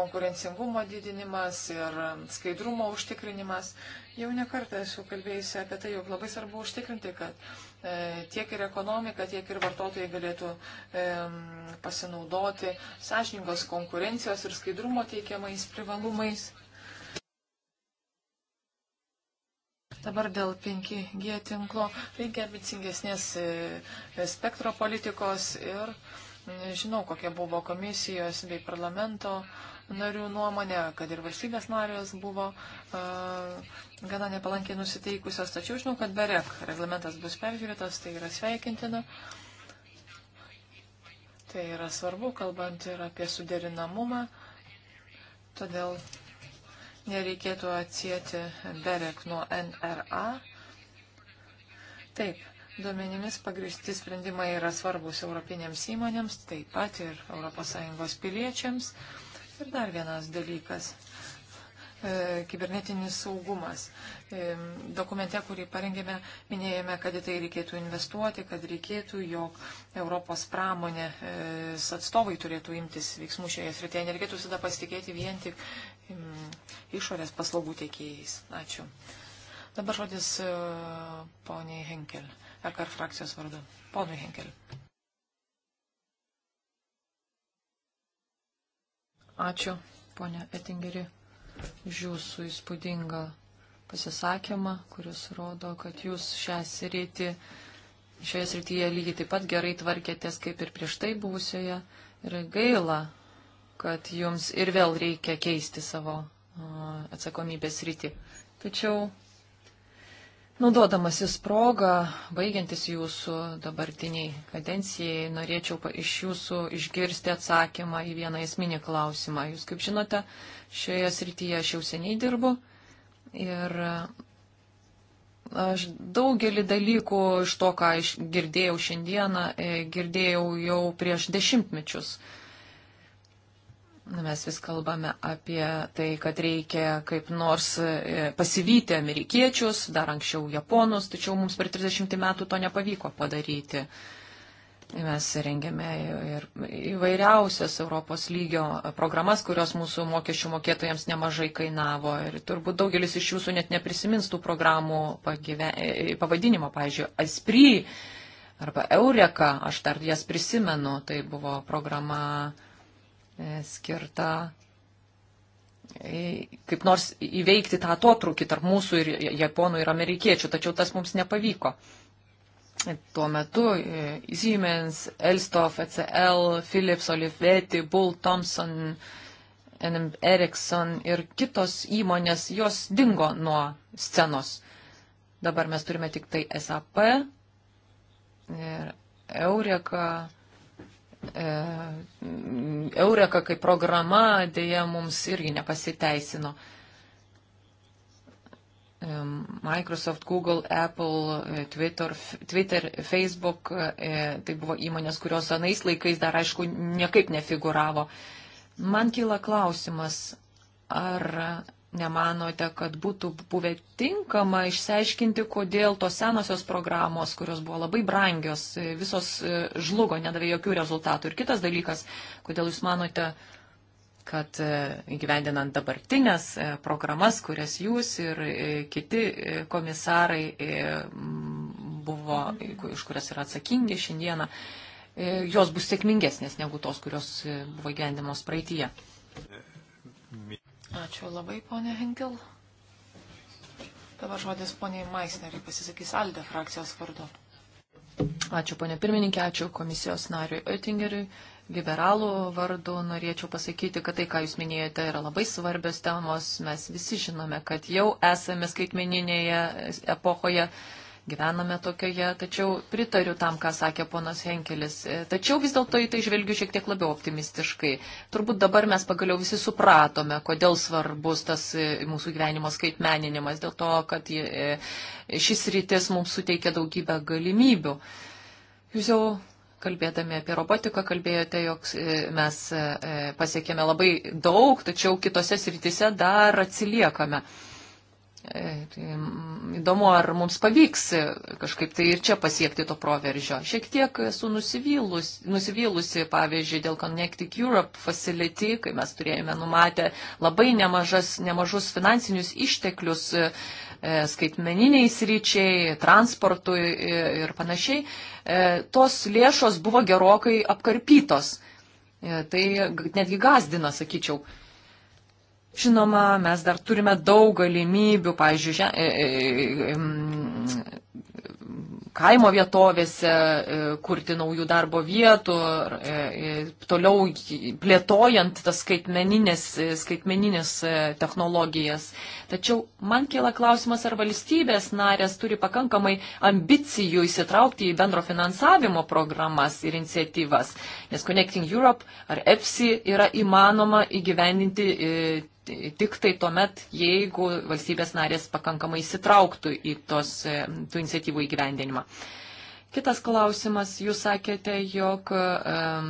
konkurencingumo didinimas ir skaidrumo užtikrinimas. Jau nekartą esu kalbėjusi apie tai, jog labai svarbu užtikrinti, kad E, tiek ir ekonomika, tiek ir vartotojai galėtų e, pasinaudoti sąžiningos konkurencijos ir skaidrumo teikiamais privalumais. Dabar dėl 5G tinklo reikia ambicingesnės e, spektro politikos ir žinau, kokia buvo komisijos bei parlamento narių nuomonė, kad ir valstybės narės buvo uh, gana nepalankiai nusiteikusios, tačiau žinau, kad berek reglamentas bus peržiūrėtas, tai yra sveikintina. Tai yra svarbu, kalbant ir apie suderinamumą, todėl nereikėtų atsijėti berek nuo NRA. Taip, duomenimis pagristi sprendimai yra svarbus europinėms įmonėms, taip pat ir ES piliečiams. Uh, Ir dar vienas dalykas e, kibernetinis saugumas. E, dokumente, kurį parengėme, minėjome, kad į tai reikėtų investuoti, kad reikėtų, jog Europos pramonė e, atstovai turėtų imtis veiksmų šioje srityje. Nereikėtų visada pasitikėti vien tik išorės paslaugų tiekėjais. Ačiū. Dabar žodis poniai Henkel, EKR frakcijos vardu. Ponui Henkel. Ačiū, ponia Etingeri, už jūsų įspūdingą pasisakymą, kuris rodo, kad jūs šią sritį, šioje srityje lygiai taip pat gerai tvarkėtės kaip ir prieš tai buvusioje. Ir gaila, kad jums ir vėl reikia keisti savo atsakomybės rytį. Tačiau Naudodamasis progą, baigiantis jūsų dabartiniai kadencijai, norėčiau iš jūsų išgirsti atsakymą į vieną esminį klausimą. Jūs, kaip žinote, šioje srityje aš jau seniai dirbu ir e, aš daugelį dalykų iš to, ką girdėjau šiandieną, e, girdėjau jau prieš dešimtmečius. Mes vis kalbame apie tai, kad reikia kaip nors e, pasivyti amerikiečius, dar anksčiau japonus, tačiau mums per 30 metų to nepavyko padaryti. Mes rengiame ir įvairiausias Europos lygio programas, kurios mūsų mokesčių mokėtojams nemažai kainavo. Ir turbūt daugelis iš jūsų net neprisimins tų programų pagyve, e, pavadinimo, pavyzdžiui, ASPRI arba Eureka, aš dar jas prisimenu, tai buvo programa E, skirta e, kaip nors įveikti tą atotrukį tarp mūsų ir japonų ir amerikiečių, tačiau tas mums nepavyko. E, tuo metu Siemens, Elstof, ECL, Philips, Olivetti, Bull, Thomson, Ericsson ir kitos įmonės, jos dingo nuo scenos. Dabar mes turime tik tai SAP ir Eureka E, Eureka kaip programa dėja mums irgi nepasiteisino. E, Microsoft, Google, Apple, e, Twitter, Twitter Facebook, tai buvo įmonės, kurios anais laikais dar aišku niekaip nefiguravo. Man kyla klausimas, ar nemanote, kad būtų buvę tinkama išsiaiškinti, kodėl tos senosios programos, kurios buvo labai brangios, e, visos e, žlugo, nedavė jokių rezultatų. Ir kitas dalykas, kodėl jūs manote, kad e, įgyvendinant dabartinės programas, kurias jūs ir kiti komisarai buvo, už kurias yra atsakingi šiandieną, jos bus sėkmingesnės negu tos, kurios buvo įgyvendimos praeitie. Ačiū labai, ponė Henkel. Dabar žodis poniai Maisneriai pasisakys Alde frakcijos vardu. Ačiū, ponė pirmininkė, ačiū komisijos nariui Oettingeriui. Liberalų vardu norėčiau pasakyti, kad tai, ką Jūs minėjote, yra labai svarbios temos. Mes visi žinome, kad jau esame skaitmeninėje epochoje gyvename tokioje, tačiau pritariu tam, ką sakė ponas Henkelis. E, tačiau vis dėlto į tai žvelgiu šiek tiek labiau optimistiškai. Turbūt dabar mes pagaliau visi supratome, kodėl svarbus tas e, mūsų gyvenimo skaitmeninimas, dėl to, kad e, šis rytis mums suteikia daugybę galimybių. Jūs jau kalbėdami apie robotiką kalbėjote, jog mes pasiekėme labai daug, tačiau kitose srityse dar atsiliekame. E, tai, įdomu, ar mums pavyks kažkaip tai ir čia pasiekti to proveržio. Šiek tiek esu nusivylusi, nusivylusi pavyzdžiui, dėl Connecting Europe Facility, kai mes turėjome numatę labai nemažas, nemažus finansinius išteklius e, skaitmeniniai sryčiai, transportui e, ir panašiai. E, tos lėšos buvo gerokai apkarpytos. E, tai netgi gazdina, sakyčiau. Žinoma, mes dar turime daug galimybių, pavyzdžiui, žen... E, e, e, kaimo vietovėse e, kurti naujų darbo vietų, e, e, toliau plėtojant tas skaitmeninės, skaitmeninės technologijas. Tačiau man kila klausimas, ar valstybės narės turi pakankamai ambicijų įsitraukti į bendro finansavimo programas ir iniciatyvas, nes Connecting Europe ar EPSI yra įmanoma įgyvendinti tik tai tuomet, jeigu valstybės narės pakankamai įsitrauktų į tos, e, tų iniciatyvų įgyvendinimą. Kitas klausimas, jūs sakėte, jog um,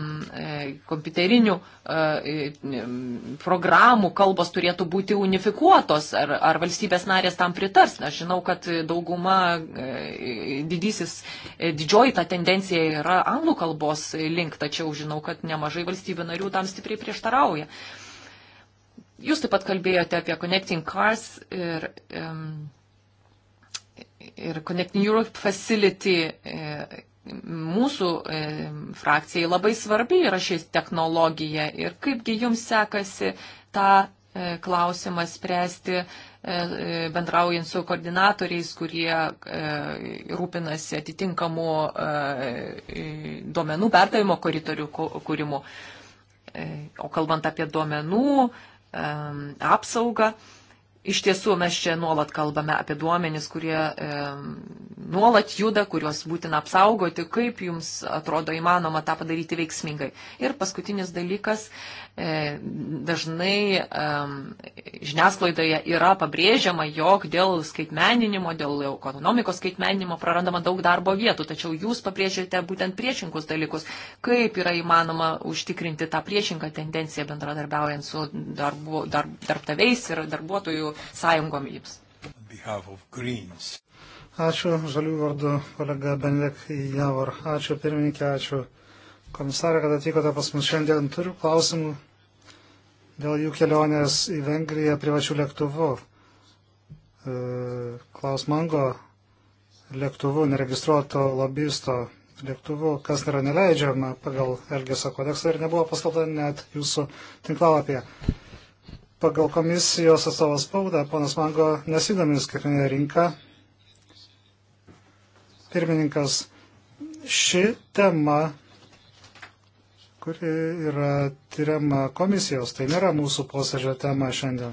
kompiuterinių um, programų kalbos turėtų būti unifikuotos, ar, ar valstybės narės tam pritars. Aš žinau, kad dauguma didysis, didžioji ta tendencija yra anglų kalbos link, tačiau žinau, kad nemažai valstybių narių tam stipriai prieštarauja. Uh, Jūs taip pat kalbėjote apie Connecting Cars ir, ir Connecting Europe Facility. E, mūsų e, frakcijai labai svarbi yra ši technologija ir kaipgi jums sekasi tą e, klausimą spręsti bendraujant su koordinatoriais, kurie rūpinasi atitinkamų duomenų perdavimo koridorių kūrimu. O kalbant apie duomenų Um, apsaugą iš tiesų mes čia nuolat kalbame apie duomenis, kurie e, nuolat juda, kuriuos būtina apsaugoti, kaip jums atrodo įmanoma tą padaryti veiksmingai. Ir paskutinis dalykas, e, dažnai e, žiniasklaidoje yra pabrėžiama, jog dėl skaitmeninimo, dėl ekonomikos skaitmeninimo prarandama daug darbo vietų, tačiau jūs pabrėžėte būtent priešingus dalykus, kaip yra įmanoma užtikrinti tą priešingą tendenciją bendradarbiaujant su darbu, dar, darbdaviais ir darbuotojų profesinių sąjungom jums. Ačiū žalių vardu kolega Benvek Javor. Ačiū pirmininkė, ačiū komisarė, kad atvykote pas mus šiandien. Turiu klausimų dėl jų kelionės į Vengriją privačių lėktuvų. E, Klaus Mango lėktuvų, neregistruoto lobisto lėktuvų, kas yra neleidžiama pagal Elgėso kodeksą ir nebuvo paskelbta net jūsų tinklalapyje. Pagal komisijos atstovą spaudą, ponas Mango nesidomi skaitmeninė rinka. Pirmininkas, ši tema, kuri yra tyriama komisijos, tai nėra mūsų posėdžio tema šiandien.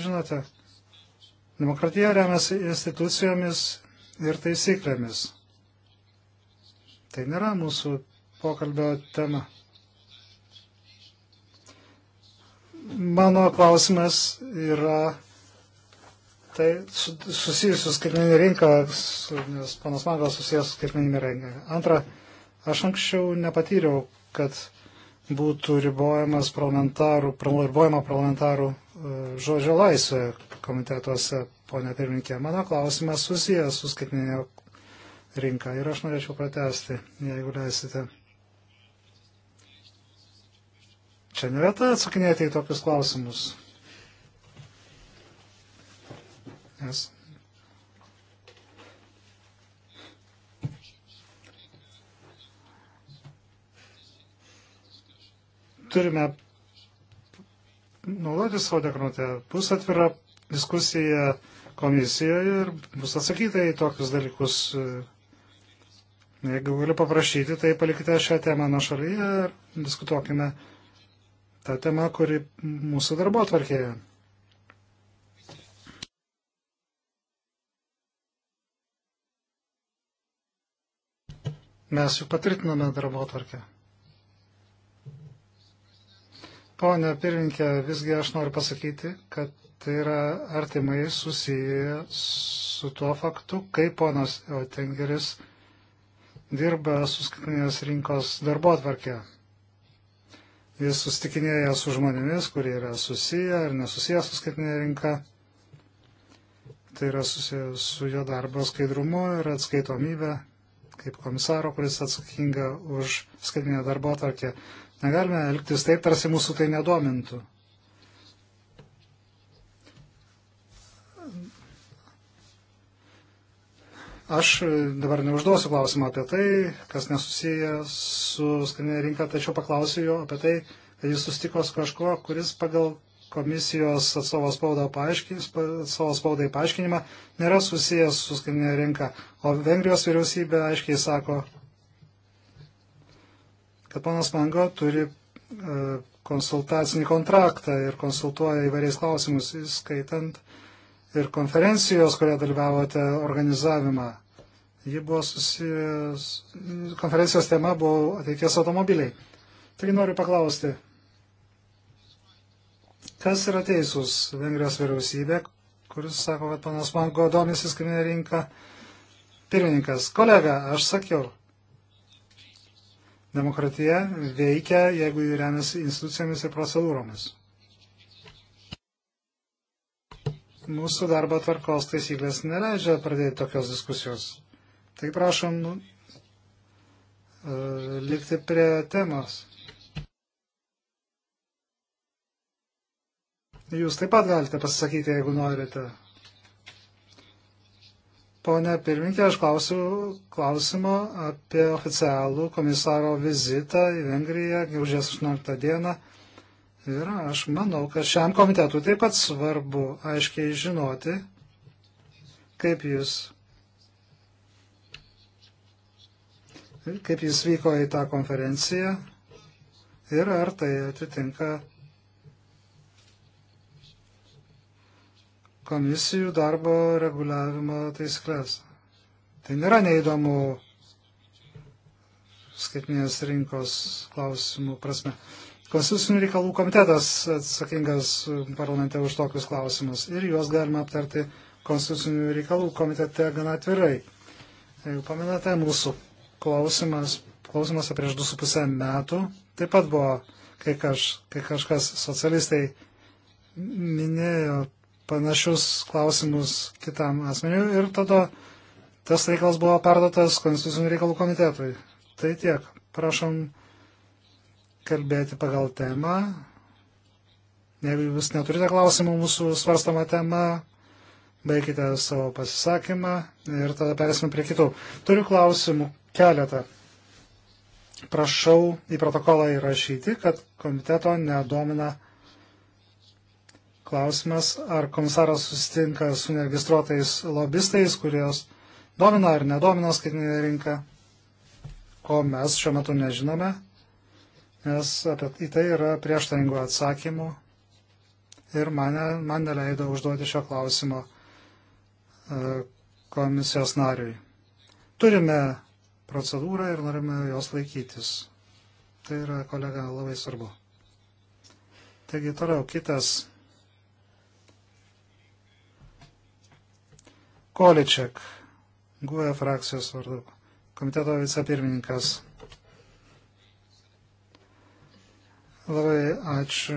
Žinote, demokratija remiasi institucijomis ir taisyklėmis. Tai nėra mūsų pokalbio tema. Mano klausimas yra tai susijusius skaitmeninį rinką, nes panas Mangas susijęs su skaitmeninį rinką. Antra, aš anksčiau nepatyriau, kad būtų ribojamas parlamentarų, ribojama parlamentarų e, žodžio laisvė komitetuose, ponė pirminkė. Mano klausimas susijęs su skaitmeninio rinka ir aš norėčiau pratesti, jeigu leisite. Čia nevieta atsakinėti į tokius klausimus. Nes turime naudoti savo dekronate. Bus atvira diskusija komisijoje ir bus atsakyta į tokius dalykus. Jeigu galiu paprašyti, tai palikite šią temą nuo šalyje ir diskutuokime ta tema, kuri mūsų darbo atvarkėje. Mes juk patvirtiname darbo atvarkę. Pone pirminkė, visgi aš noriu pasakyti, kad tai yra artimai susiję su tuo faktu, kaip ponas Otengeris dirba su skaitinės rinkos darbo atvarkė. Jis sustikinėja su žmonėmis, kurie yra susiję ir nesusiję su skaitinė rinka. Tai yra susiję su jo darbo skaidrumu ir atskaitomybė, kaip komisaro, kuris atsakinga už skaitinę darbo tarkę. Negalime elgtis taip, tarsi mūsų tai nedomintų. Aš e, dabar neužduosiu klausimą apie tai, kas nesusiję su skaninė rinka, tačiau paklausiu jo apie tai, kad jis sustiko su kažkuo, kuris pagal komisijos atstovos spaudai paaiškinimą nėra susijęs su skaninė rinka. O Vengrijos vyriausybė aiškiai sako, kad panas Mango turi e, konsultacinį kontraktą ir konsultuoja įvairiais klausimus, įskaitant ir konferencijos, kurioje dalyvavote organizavimą. Ji buvo susijęs, konferencijos tema buvo ateities automobiliai. Taigi noriu paklausti, kas yra teisus Vengrijos vyriausybė, kuris sako, kad panas Manko domisi skrinė rinka. Pirmininkas, kolega, aš sakiau, demokratija veikia, jeigu jį remiasi institucijomis ir procedūromis. mūsų darbo tvarkos taisyklės neleidžia pradėti tokios diskusijos. Tai prašom nu, e, likti prie temos. Jūs taip pat galite pasisakyti, jeigu norite. Pone pirminkė, aš klausiu klausimo apie oficialų komisaro vizitą į Vengriją, gegužės 18 dieną. Ir aš manau, kad šiam komitetui taip pat svarbu aiškiai žinoti, kaip jūs, kaip jis vyko į tą konferenciją ir ar tai atitinka komisijų darbo reguliavimo taisyklės. Tai nėra neįdomu skaitinės rinkos klausimų prasme. Konstitucinių reikalų komitetas atsakingas parlamente už tokius klausimus ir juos galima aptarti Konstitucinių reikalų komitete gana atvirai. Jeigu pamenate, mūsų klausimas, klausimas prieš 2,5 metų taip pat buvo, kai, kaž, kai kažkas socialistai minėjo panašius klausimus kitam asmeniu ir tada tas reikalas buvo perdotas Konstitucinių reikalų komitetui. Tai tiek. Prašom kalbėti pagal temą. Jeigu jūs neturite klausimų mūsų svarstama tema, baigite savo pasisakymą ir tada perėsime prie kitų. Turiu klausimų keletą. Prašau į protokolą įrašyti, kad komiteto nedomina klausimas, ar komisaras susitinka su neregistruotais lobistais, kurios domina ar nedomina skaitinė rinka, ko mes šiuo metu nežinome nes apie, į tai yra prieštaringų atsakymų ir mane, man neleido užduoti šio klausimo e, komisijos nariui. Turime procedūrą ir norime jos laikytis. Tai yra, kolega, labai svarbu. Taigi toliau kitas. Količek, GUE frakcijos vardu, komiteto vicepirmininkas. Labai ačiū.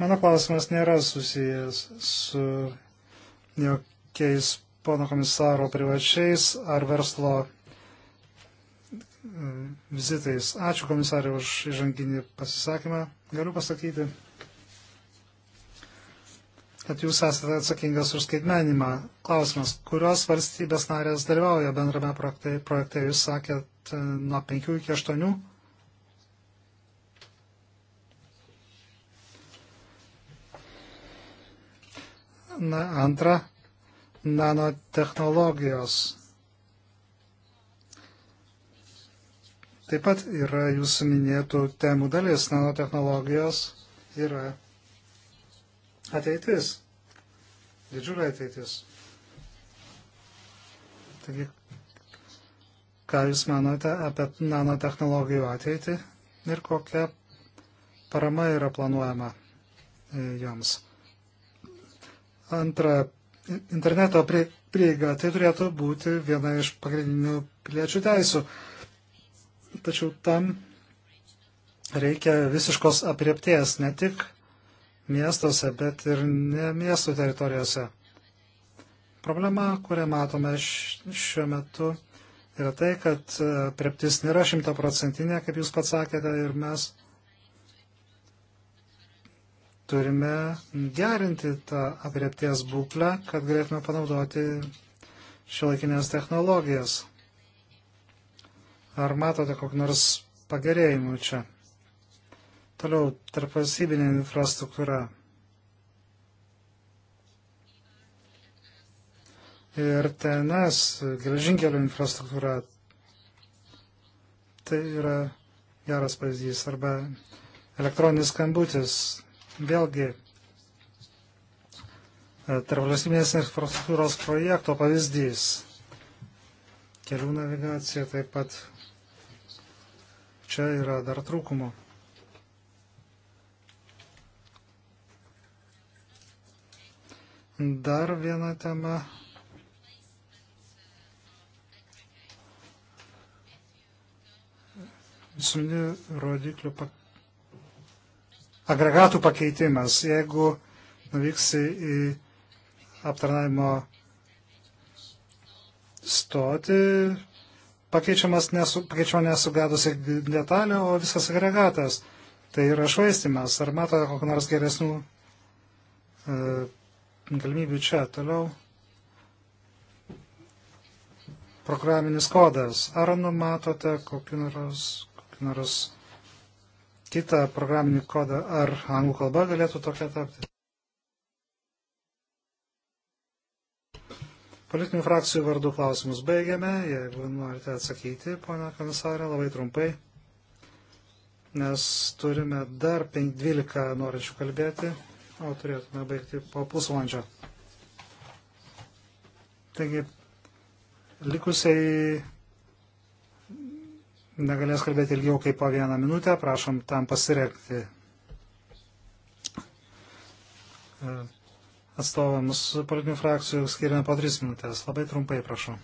Mano klausimas nėra susijęs su jokiais pono komisaro privačiais ar verslo mm, vizitais. Ačiū komisarė už įžanginį pasisakymą. Galiu pasakyti, kad jūs esate atsakingas už skaitmenimą. Klausimas, kurios valstybės narės dalyvauja bendrame projekte, projekte jūs sakėt e, nuo 5 iki 8 Na, antra, nanotehnologijos. Taip pat yra jūsų minėtų temų dalis. Nanotehnologijos yra ateitis. Didžiulė ateitis. Taigi, ką Jūs manote apie nanotehnologijų ateitį ir kokia parama yra planuojama e, joms? Antra, interneto prie, prieiga tai turėtų būti viena iš pagrindinių piliečių teisų. Tačiau tam reikia visiškos apriepties ne tik miestuose, bet ir ne miestų teritorijose. Problema, kurią matome šiuo metu, yra tai, kad prieptis nėra šimtaprocentinė, kaip jūs pats sakėte, ir mes turime gerinti tą apriepties būklę, kad galėtume panaudoti šiuolaikinės technologijas. Ar matote kokį nors pagerėjimų čia? Toliau, tarpvalstybinė infrastruktūra. Ir TNS, geležinkelio infrastruktūra. Tai yra geras pavyzdys. Arba elektroninis skambutis Vėlgi, e, tarpvalstybinės infrastruktūros projekto pavyzdys. Kelių navigacija taip pat čia yra dar trūkumo. Dar viena tema. Visuomenių rodiklių pakeitimas agregatų pakeitimas. Jeigu nuvyksi į aptarnaimo stoti, pakeičiamas nesu, pakeičiama nesugadusi detalė, o visas agregatas. Tai yra švaistimas. Ar matote kokių nors geresnių e, galimybių čia toliau? Programinis kodas. Ar numatote kokiu nors, kokiu nors kitą programinį kodą, ar anglų kalba galėtų tokia tapti. Politinių frakcijų vardų klausimus baigiame. Jeigu norite atsakyti, pana komisarė, labai trumpai, nes turime dar 12 norinčių kalbėti, o turėtume baigti po pusvalandžio. Taigi, likusiai negalės kalbėti ilgiau kaip po vieną minutę, prašom tam pasirekti. E, atstovams politinių frakcijų skiriame po tris minutės. Labai trumpai prašau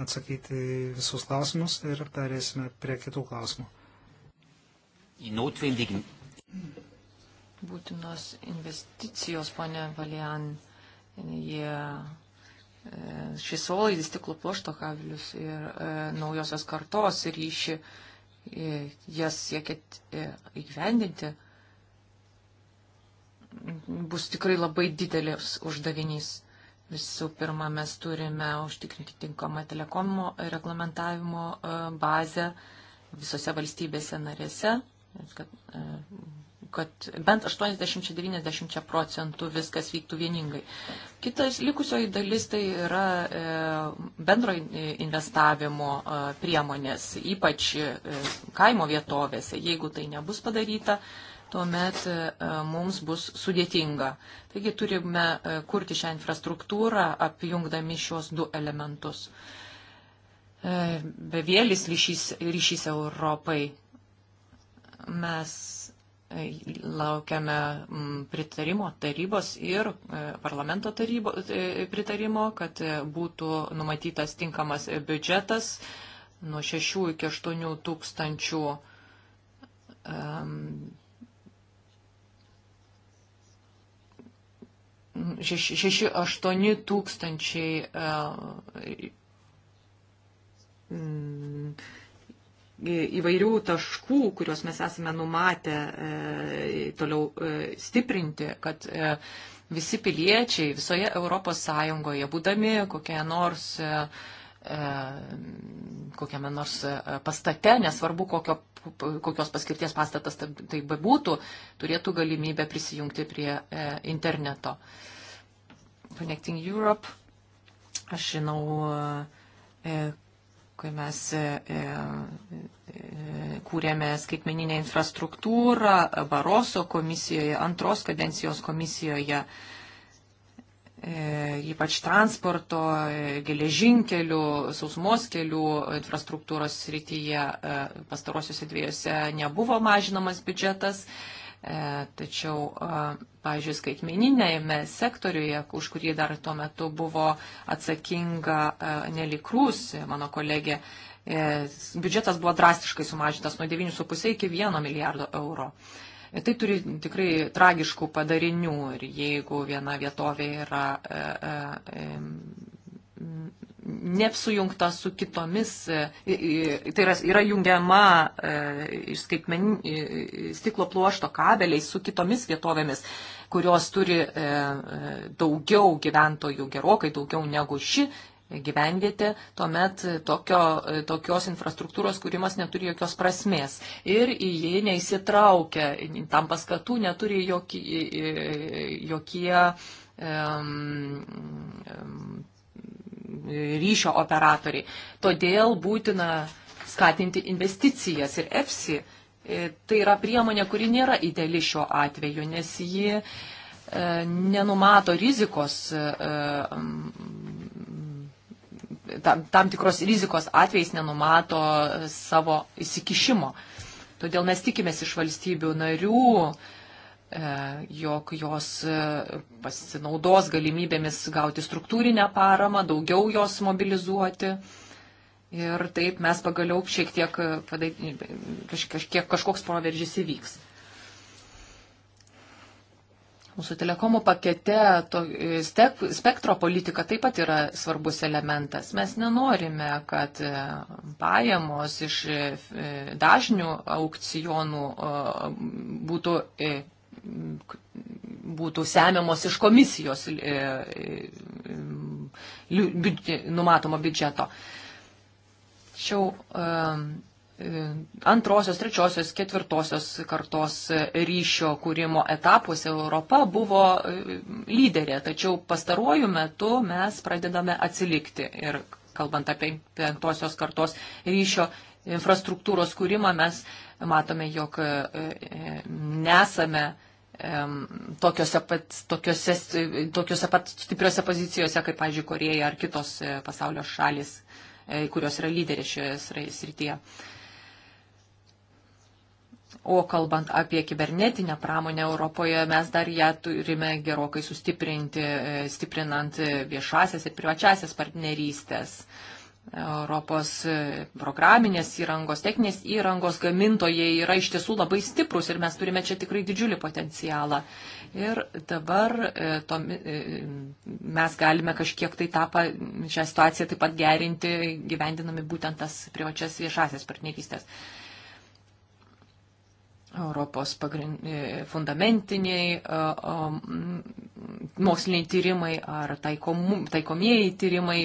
atsakyti visus klausimus ir perėsime prie kitų klausimų. Būtinos investicijos, ponė Valian, jie yeah šis solaidis stiklų pluošto kavilius ir e, naujosios kartos ryšį, e, jas siekit e, įgyvendinti, bus tikrai labai didelis uždavinys. Visų pirma, mes turime užtikrinti tinkamą telekomo reglamentavimo bazę visose valstybėse narėse, kad kad bent 80-90 procentų viskas vyktų vieningai. Kitas likusioji dalis tai yra e, bendro investavimo e, priemonės, ypač e, kaimo vietovėse. Jeigu tai nebus padaryta, tuomet mums bus sudėtinga. Taigi turime kurti šią infrastruktūrą, apjungdami šios du elementus. Bevėlis ryšys, ryšys Europai. Mes Laukiame mm, pritarimo tarybos ir e, parlamento tarybo, e, pritarimo, kad e, būtų numatytas tinkamas biudžetas nuo 6 iki 8 tūkstančių um, 6-8 tūkstančiai uh, įvairių taškų, kuriuos mes esame numatę e, toliau e, stiprinti, kad e, visi piliečiai visoje Europos Sąjungoje, būdami kokie nors kokiame nors pastate, nesvarbu kokio, kokios paskirties pastatas tai, tai bebūtų, turėtų galimybę prisijungti prie interneto. Connecting Europe, aš žinau, kai mes e, e, e, kūrėme skaitmeninę infrastruktūrą Baroso komisijoje, antros kadencijos komisijoje, ypač transporto, geležinkelių, sausumos kelių infrastruktūros srityje pastarosiuose dviejose nebuvo mažinamas biudžetas. E, tačiau, e, pavyzdžiui, skaitmeninėme sektoriuje, už kurį dar tuo metu buvo atsakinga e, Nelikrus, mano kolegė, biudžetas buvo drastiškai sumažintas nuo 9,5 iki 1 milijardo eurų. Tai turi tikrai tragiškų padarinių ir jeigu viena vietovė yra neapsujungta su kitomis, e, e, e, tai yra, yra jungiama iš skaitmen, stiklo pluošto kabeliais su kitomis vietovėmis, kurios turi daugiau gyventojų, gerokai daugiau negu ši gyvenvietė, tuomet tokio, tokios infrastruktūros kūrimas neturi jokios prasmės ir į jį neįsitraukia, tam paskatų neturi jokie, jokie um, ryšio operatoriai. Todėl būtina skatinti investicijas ir EFSI. E, tai yra priemonė, kuri nėra ideali šiuo atveju, nes ji e, nenumato rizikos, e, tam, tam tikros rizikos atvejais nenumato savo įsikišimo. Todėl mes tikimės iš valstybių narių, uh, E, jog jos e, pasinaudos galimybėmis gauti struktūrinę paramą, daugiau jos mobilizuoti. Ir taip mes pagaliau šiek tiek, e, kažkiek, kažkoks proveržys įvyks. Mūsų telekomų pakete to, stek, spektro politika taip pat yra svarbus elementas. Mes nenorime, kad pajamos iš dažnių aukcijonų būtų būtų semiamos iš komisijos e, e, numatomo biudžeto. Šiau e, antrosios, trečiosios, ketvirtosios kartos ryšio kūrimo etapuose Europa buvo lyderė, tačiau pastaruoju metu mes pradedame atsilikti ir kalbant apie penktosios kartos ryšio infrastruktūros kūrimą, mes matome, jog nesame tokiuose pat, tokiuose, tokiuose pat stipriuose pozicijose, kaip, pavyzdžiui, Koreja ar kitos e, pasaulio šalis, e, kurios yra lyderė šioje srityje. O kalbant apie kibernetinę pramonę Europoje, mes dar ją turime gerokai sustiprinti, e, stiprinant viešasias ir privačiasias partnerystės. Uh, Europos e, programinės įrangos, techninės įrangos gamintojai yra iš tiesų labai stiprus ir mes turime čia tikrai didžiulį potencialą. Ir dabar e, to, e, mes galime kažkiek tai tą, šią situaciją taip pat gerinti, gyvendinami būtent tas privačias viešasias partnerystės. Europos pagrind, fundamentiniai moksliniai tyrimai ar taikom, taikomieji tyrimai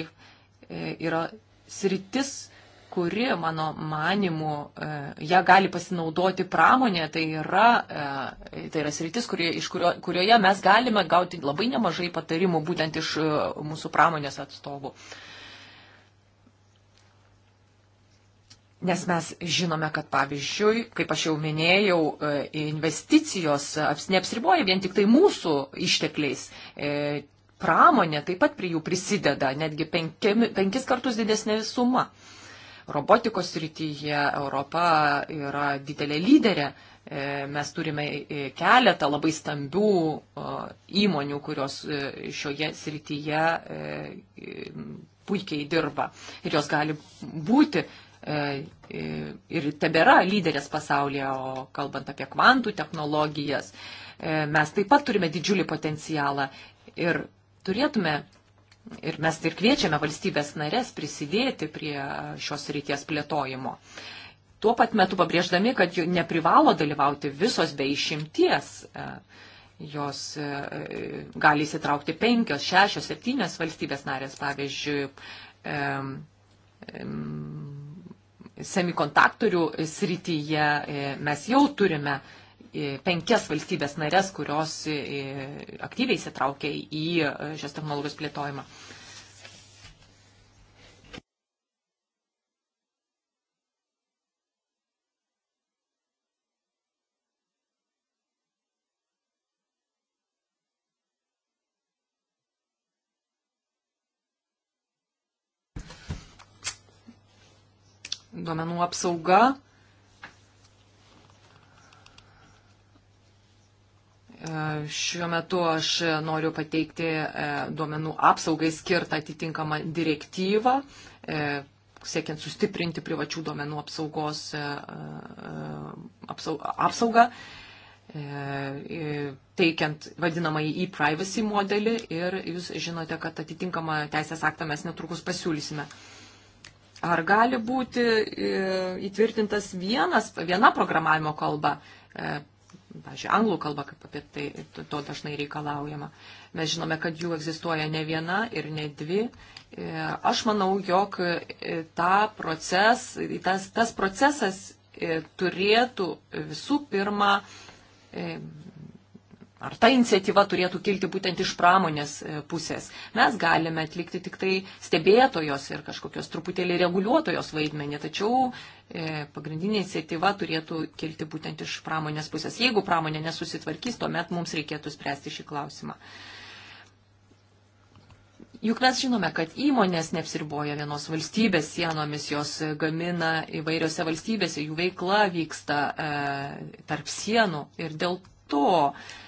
yra sritis, kuri, mano manimu, e, ją gali pasinaudoti pramonė, tai yra, e, tai yra sritis, kurie, kurio, kurioje mes galime gauti labai nemažai patarimų būtent iš e, mūsų pramonės atstovų. Nes mes žinome, kad pavyzdžiui, kaip aš jau minėjau, investicijos neapsiriboja vien tik tai mūsų ištekliais pramonė taip pat prie jų prisideda, netgi penki, penkis kartus didesnė suma. Robotikos rytyje Europa yra didelė lyderė. E, mes turime e, keletą labai stambių įmonių, kurios e, šioje srityje puikiai dirba. Ir jos gali būti ir tebėra lyderės pasaulyje, o kalbant apie kvantų technologijas, mes taip pat turime didžiulį potencialą ir turėtume ir mes ir kviečiame valstybės narės prisidėti prie šios ryties plėtojimo. Tuo pat metu pabrėždami, kad neprivalo dalyvauti visos be išimties. E, jos e, e, gali įsitraukti penkios, šešios, septynios valstybės narės, pavyzdžiui, semikontaktorių srityje mes jau turime penkias valstybės narės, kurios aktyviai įsitraukia į e, šios technologijos plėtojimą. duomenų apsauga Šiuo metu aš noriu pateikti e, duomenų apsaugai skirtą atitinkamą direktyvą, e, siekiant sustiprinti privačių duomenų apsaugos e, apsaugą, teikiant vadinamąjį e-privacy modelį ir jūs žinote, kad atitinkamą teisės aktą mes netrukus pasiūlysime. Ar gali būti įtvirtintas vienas, viena programavimo kalba? pažiūrėjau, anglų kalba, kaip apie tai to dažnai reikalaujama. Mes žinome, kad jų egzistuoja ne viena ir ne dvi. E, aš manau, jog e, ta proces, tas, tas procesas e, turėtų visų pirma ar ta iniciatyva turėtų kilti būtent iš pramonės e, pusės. Mes galime atlikti tik tai stebėtojos ir kažkokios truputėlį reguliuotojos vaidmenį, tačiau e, pagrindinė iniciatyva turėtų kilti būtent iš pramonės pusės. Jeigu pramonė nesusitvarkys, tuomet mums reikėtų spręsti šį klausimą. Juk mes žinome, kad įmonės neapsirboja vienos valstybės sienomis, jos gamina įvairiose valstybėse, jų veikla vyksta e, tarp sienų ir dėl to e,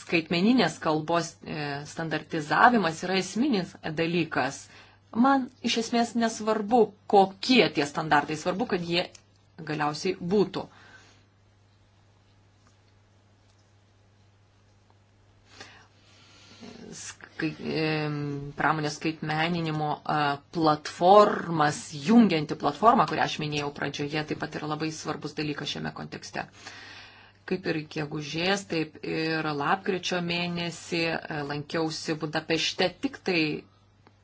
skaitmeninės kalbos e, standartizavimas yra esminis dalykas. Man iš esmės nesvarbu, kokie tie standartai, svarbu, kad jie galiausiai būtų. Skai, e, pramonės skaitmeninimo e, platformas, jungianti platforma, kurią aš minėjau pradžioje, taip pat yra labai svarbus dalykas šiame kontekste. Uh, kaip ir gegužės, taip ir lapkričio mėnesį e, lankiausi Budapešte tik tai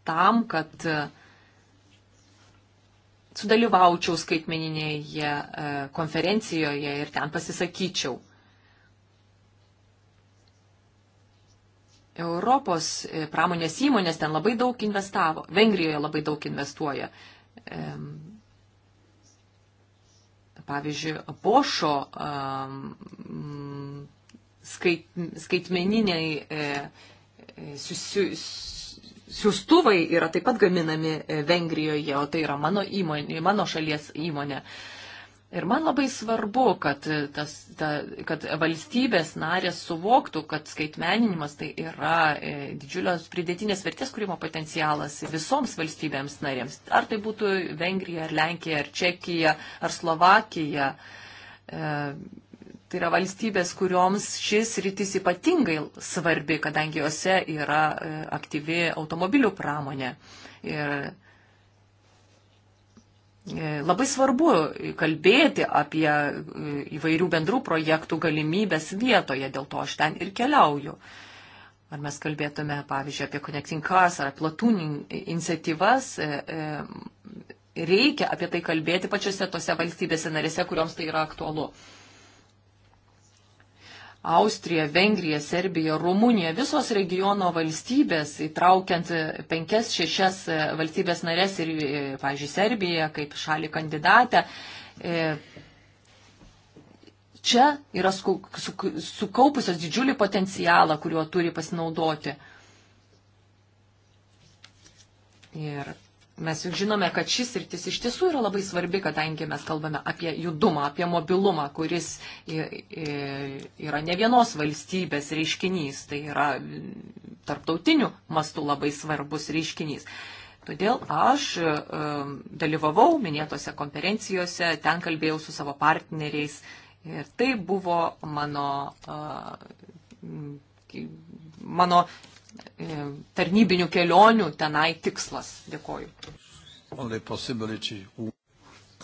tam, kad e, sudalyvaučiau skaitmeninėje e, konferencijoje ir ten pasisakyčiau. Europos pramonės įmonės ten labai daug investavo, Vengrijoje labai daug investuoja pavyzdžiui, pošo um, skait, skaitmeniniai e, e siūstuvai yra taip pat gaminami e, Vengrijoje, o tai yra mano, įmonė, mano šalies įmonė. Uh, Ir man labai svarbu, kad, tas, ta, kad valstybės narės suvoktų, kad skaitmeninimas tai yra e, didžiulios pridėtinės vertės kūrimo potencialas visoms valstybėms narėms. Ar tai būtų Vengrija, ar Lenkija, ar Čekija, ar Slovakija. E, tai yra valstybės, kurioms šis rytis ypatingai svarbi, kadangi juose yra e, aktyvi automobilių pramonė. Ir, E, labai svarbu kalbėti apie e, įvairių bendrų projektų galimybės vietoje, dėl to aš ten ir keliauju. Ar mes kalbėtume, pavyzdžiui, apie Connecting Cars ar platūning iniciatyvas, e, reikia apie tai kalbėti pačiose tose valstybėse narėse, kuriuoms tai yra aktualu. Austrija, Vengrija, Serbija, Rumunija, visos regiono valstybės, įtraukiant penkias, šešias valstybės narės ir, e, pavyzdžiui, Serbiją kaip šalį kandidatę. E, čia yra sukaupusios didžiulį potencialą, kuriuo turi pasinaudoti. Ir Mes juk žinome, kad šis rytis iš tiesų yra labai svarbi, kadangi mes kalbame apie judumą, apie mobilumą, kuris yra ne vienos valstybės reiškinys, tai yra tarptautinių mastų labai svarbus reiškinys. Todėl aš e, dalyvavau minėtose konferencijose, ten kalbėjau su savo partneriais ir tai buvo mano, e, mano E, tarnybinių kelionių tenai tikslas. Dėkoju.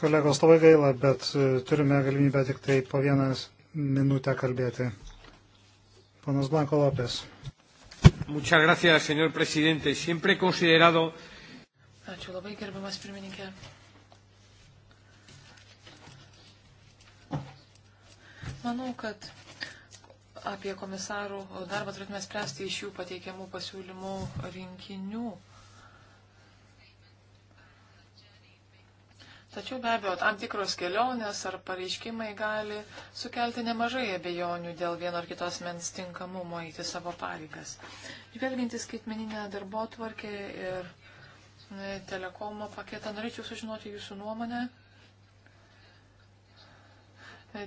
Kolegos, labai gaila, bet e, turime galimybę tik tai po vieną minutę kalbėti. Panas Blanko Lopės. Muchas gracias, señor presidente. Siempre he considerado. Ačiū labai, gerbiamas pirmininkė. Manau, kad apie komisarų darbą turėtume spręsti iš jų pateikiamų pasiūlymų rinkinių. Tačiau be abejo, tam tikros kelionės ar pareiškimai gali sukelti nemažai abejonių dėl vieno ar kitos mens tinkamumo įti savo pareigas. Žvelginti skaitmeninę darbo tvarkę ir e, telekomo paketą, norėčiau sužinoti jūsų nuomonę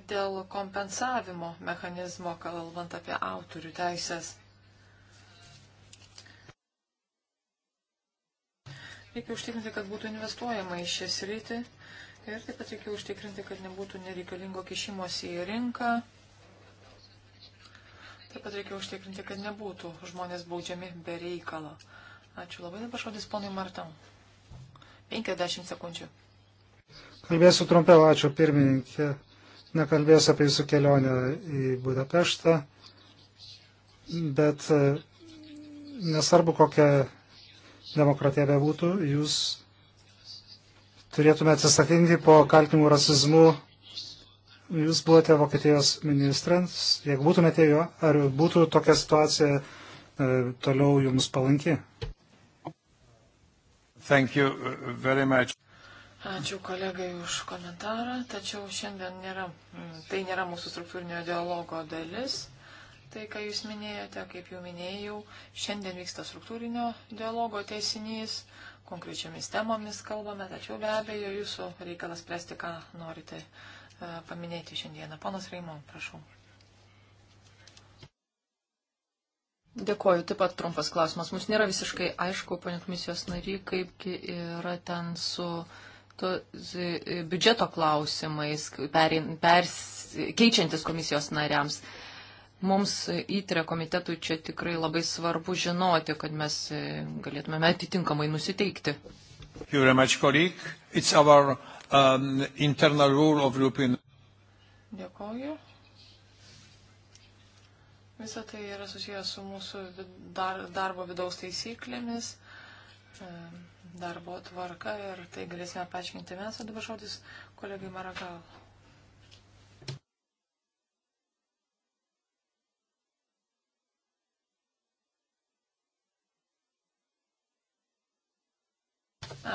dėl kompensavimo mechanizmo, kalbant apie autorių teisės. Reikia užtikrinti, kad būtų investuojama į šią sritį ir taip pat reikia užtikrinti, kad nebūtų nereikalingo kišimosi į rinką. Taip pat reikia užtikrinti, kad nebūtų žmonės baudžiami be reikalo. Ačiū labai, dabar šodis ponui Martam. 50 sekundžių. Kalbėsiu trumpiau, ačiū pirmininkė nekalbėsiu apie jūsų kelionę į Budapeštą, bet e, nesvarbu, kokia demokratija bebūtų, jūs turėtume atsistatydinti po kaltinimų rasizmu. Jūs buvote Vokietijos ministras, jeigu būtumėte jo, ar būtų tokia situacija e, toliau jums palanki? Thank you very much. Ačiū kolegai už komentarą, tačiau šiandien nėra, mm, tai nėra mūsų struktūrinio dialogo dalis. Tai, ką jūs minėjote, kaip jau minėjau, šiandien vyksta struktūrinio dialogo teisinys, konkrečiamis temomis kalbame, tačiau be abejo jūsų reikalas spręsti, ką norite e, paminėti šiandieną. Ponas Reimon, prašau. Dėkoju, taip pat trumpas klausimas. Mums nėra visiškai aišku, panė komisijos nary, kaipgi yra ten su uh, to, biudžeto klausimais, perin, pers, keičiantis komisijos nariams. Mums įtrė komitetui čia tikrai labai svarbu žinoti, kad mes e, galėtumėme atitinkamai nusiteikti. Much, our, um, Dėkoju. Visą tai yra susijęs su mūsų dar, darbo vidaus taisyklėmis. Um darbo tvarka ir tai galėsime paaiškinti mes, o dabar žodis kolegai Maragal.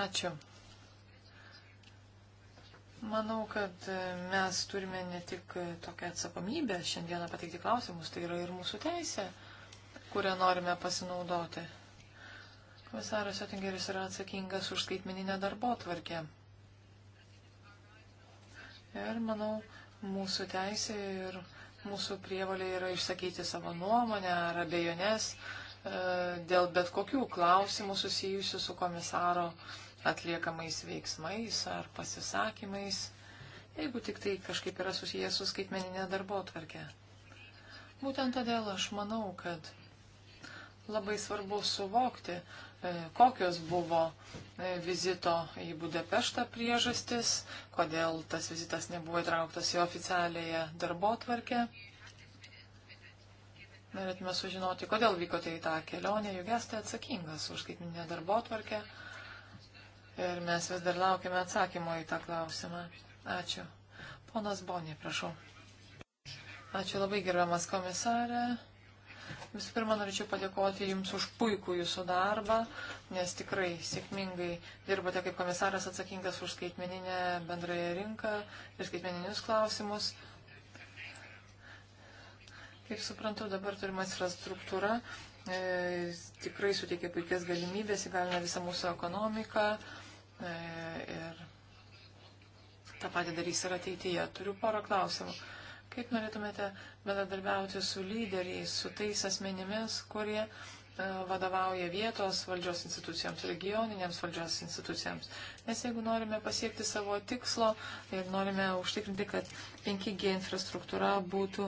Ačiū. Manau, kad mes turime ne tik tokią atsakomybę šiandieną pateikti klausimus, tai yra ir mūsų teisė, kurią norime pasinaudoti. Komisaras Otingeris yra atsakingas už skaitmeninę darbo tvarkę. Ir manau, mūsų teisė ir mūsų prievalė yra išsakyti savo nuomonę ar abejonės e, dėl bet kokių klausimų susijusių su komisaro atliekamais veiksmais ar pasisakymais, jeigu tik tai kažkaip yra susijęs su skaitmeninė darbo tvarkė. Būtent todėl aš manau, kad labai svarbu suvokti, E, kokios buvo e, vizito į Budapeštą priežastis, kodėl tas vizitas nebuvo įtrauktas į oficialiąją darbo tvarkę. Norėtume sužinoti, kodėl vykote į tą kelionę, juk esate atsakingas už skaitminę darbo tvarkę. Ir mes vis dar laukiame atsakymo į tą klausimą. Ačiū. Ponas Bonė, prašau. Ačiū labai gerbiamas komisarė. Visų pirma, norėčiau padėkoti Jums už puikų Jūsų darbą, nes tikrai sėkmingai dirbate kaip komisaras atsakingas už skaitmeninę bendrąją rinką ir skaitmeninius klausimus. Kaip suprantu, dabar turima infrastruktūra, e, tikrai suteikia puikias galimybės, įgalina visą mūsų ekonomiką e, ir tą patį darys ir ateityje. Turiu porą klausimų. E, Kaip norėtumėte bendradarbiauti su lyderiais, su tais asmenimis, kurie e, vadovauja vietos valdžios institucijoms, regioninėms valdžios institucijoms. Nes jeigu norime pasiekti savo tikslo ir norime užtikrinti, kad 5G infrastruktūra būtų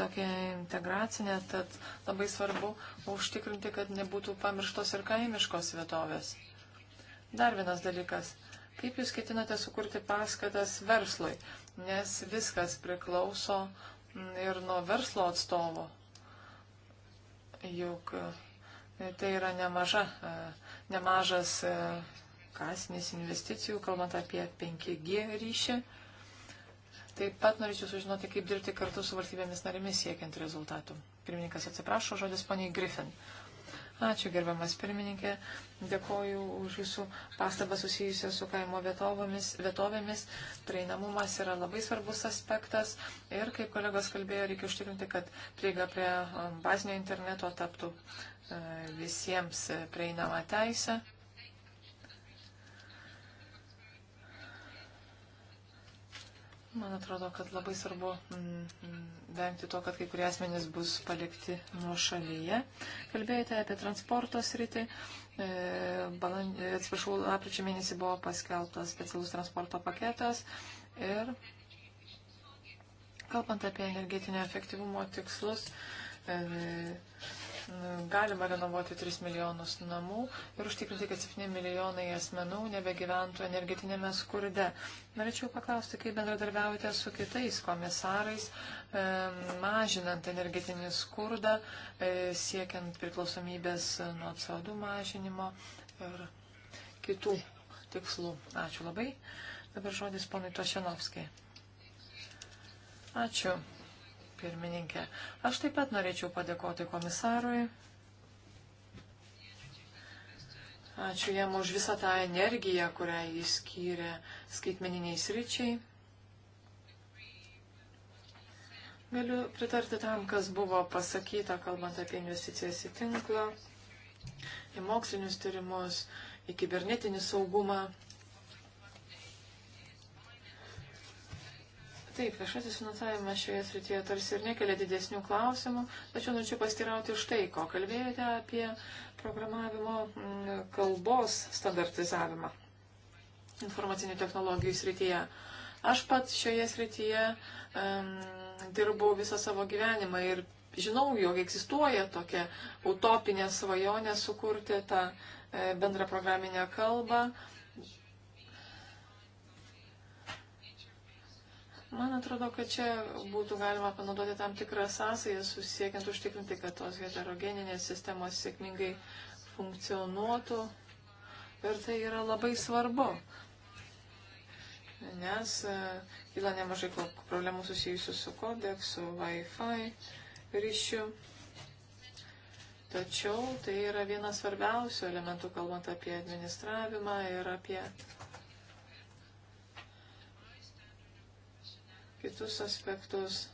tokia integracinė, tad labai svarbu užtikrinti, kad nebūtų pamirštos ir kaimiškos vietovės. Dar vienas dalykas. Kaip jūs ketinate sukurti paskatas verslui? nes viskas priklauso ir nuo verslo atstovo. Juk e, tai yra nemaža, e, nemažas e, kasinis investicijų, kalbant apie 5G ryšį. Taip pat norėčiau sužinoti, kaip dirbti kartu su valstybėmis narėmis siekiant rezultatų. Pirmininkas atsiprašo, žodis poniai Griffin. Ačiū, gerbiamas pirmininkė. Dėkoju už jūsų pastabą susijusią su kaimo vietovėmis. vietovėmis. Prieinamumas yra labai svarbus aspektas ir, kaip kolegos kalbėjo, reikia užtikrinti, kad prieiga prie um, bazinio interneto taptų e, visiems prieinama teisė. Man atrodo, kad labai svarbu mm, mm, vengti to, kad kai kurie asmenys bus palikti nuo šalyje. Kalbėjote apie transporto sritį. E, Balandį, e, atsiprašau, lapkričio mėnesį buvo paskeltas specialus transporto paketas ir kalbant apie energetinio efektyvumo tikslus, e, galima renovuoti 3 milijonus namų ir užtikrinti, kad 7 milijonai asmenų nebegyventų energetinėme skurde. Norėčiau paklausti, kaip bendradarbiaujate su kitais komisarais, e, mažinant energetinį skurdą, e, siekiant priklausomybės nuo CO2 mažinimo ir kitų tikslų. Ačiū labai. Dabar žodis ponui Tošenovskijai. Ačiū pirmininkė. Aš taip pat norėčiau padėkoti komisarui. Ačiū jam už visą tą energiją, kurią jis skyrė skaitmeniniai sričiai. Galiu pritarti tam, kas buvo pasakyta, kalbant apie investicijas į tinklą, į mokslinius tyrimus, į kibernetinį saugumą. Taip, viešasis finansavimas šioje srityje tarsi ir nekelia didesnių klausimų, tačiau norėčiau pastirauti už tai, ko kalbėjote apie programavimo mm, kalbos standartizavimą informacinių technologijų srityje. Aš pat šioje srityje um, dirbau visą savo gyvenimą ir žinau, jog egzistuoja tokia utopinė svajonė sukurti tą e, bendrą programinę kalbą. E, Man atrodo, kad čia būtų galima panaudoti tam tikrą sąsają, susiekiant užtikrinti, kad tos heterogeninės sistemos sėkmingai funkcionuotų. Ir tai yra labai svarbu, nes e, kyla nemažai problemų susijusių su kodeksu, Wi-Fi ryšiu. Tačiau tai yra vienas svarbiausių elementų, kalbant apie administravimą ir apie kitus aspektus.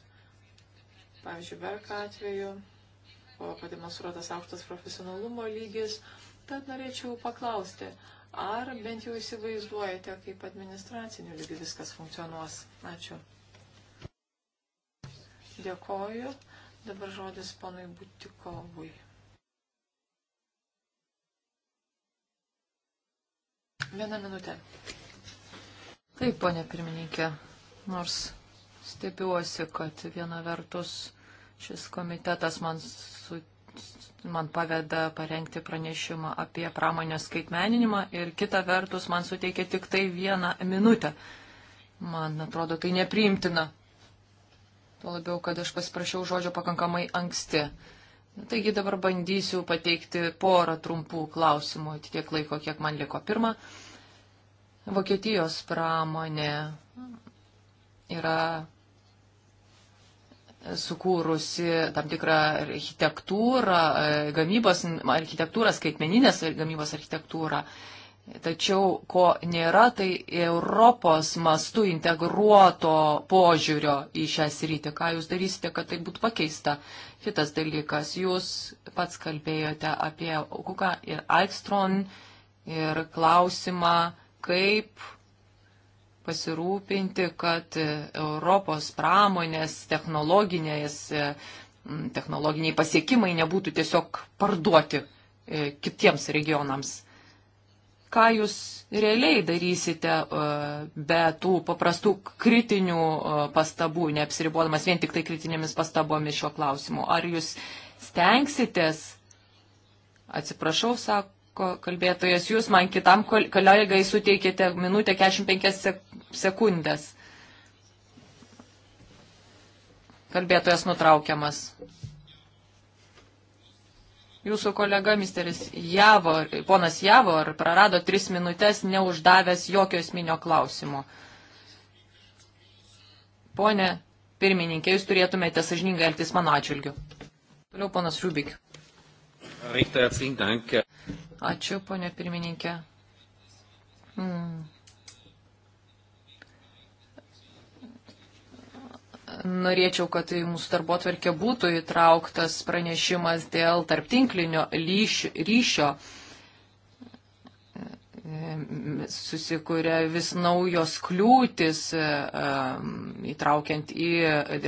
Pavyzdžiui, Berk atveju buvo pademonstruotas aukštas profesionalumo lygis. Tad norėčiau paklausti, ar bent jau įsivaizduojate, kaip administraciniu lygiu viskas funkcionuos. Ačiū. Dėkoju. Dabar žodis ponui Butikovui. Vieną minutę. Taip, ponė pirmininkė, nors stebiuosi, kad viena vertus šis komitetas man, su, man paveda parengti pranešimą apie pramonės skaitmeninimą ir kita vertus man suteikia tik tai vieną minutę. Man atrodo, tai nepriimtina. Tuo labiau, kad aš pasiprašiau žodžio pakankamai anksti. Taigi dabar bandysiu pateikti porą trumpų klausimų, tiek laiko, kiek man liko. Pirma, Vokietijos pramonė yra sukūrusi tam tikrą architektūrą, e, gamybos architektūrą, skaitmeninės gamybos architektūrą. Tačiau, ko nėra, tai Europos mastų integruoto požiūrio į šią sritį. Ką jūs darysite, kad tai būtų pakeista? Kitas dalykas, jūs pats kalbėjote apie Kuką ir Aikstron ir klausimą, kaip pasirūpinti, kad Europos pramonės technologiniai pasiekimai nebūtų tiesiog parduoti e, kitiems regionams. Ką jūs realiai darysite e, be tų paprastų kritinių e, pastabų, neapsiribuodamas vien tik tai kritinėmis pastabomis šio klausimu? Ar jūs stengsitės, atsiprašau, sako, kalbėtojas, jūs man kitam kolegai suteikėte minutę 45 sekundės sekundės. Kalbėtojas nutraukiamas. Jūsų kolega, misteris Javor, ponas Javor, prarado tris minutės, neuždavęs jokio esminio klausimo. Pone pirmininkė, jūs turėtumėte sažiningai elgtis mano atžvilgiu. Toliau ponas Rubik. Ačiū, ponė pirmininkė. Hmm. norėčiau, kad į mūsų darbo atverkę būtų įtrauktas pranešimas dėl tarptinklinio lyšio, ryšio. E, susikuria vis naujos kliūtis, e, e, įtraukiant į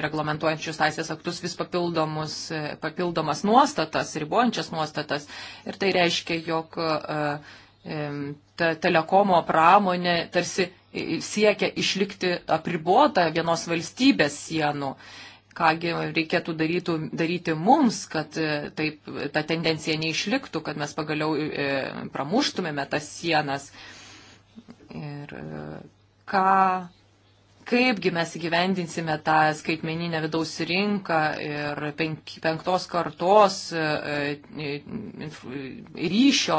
reglamentuojančius teisės aktus vis papildomas nuostatas, ribojančias nuostatas. Ir tai reiškia, jog ta telekomo pramonė tarsi siekia išlikti apribuota vienos valstybės sienų. Kągi reikėtų darytų, daryti mums, kad e, taip ta tendencija neišliktų, kad mes pagaliau e, e, pramuštumėme tas sienas. Ir ką kaipgi mes įgyvendinsime tą skaitmeninę vidaus rinką ir penk, penktos kartos ryšio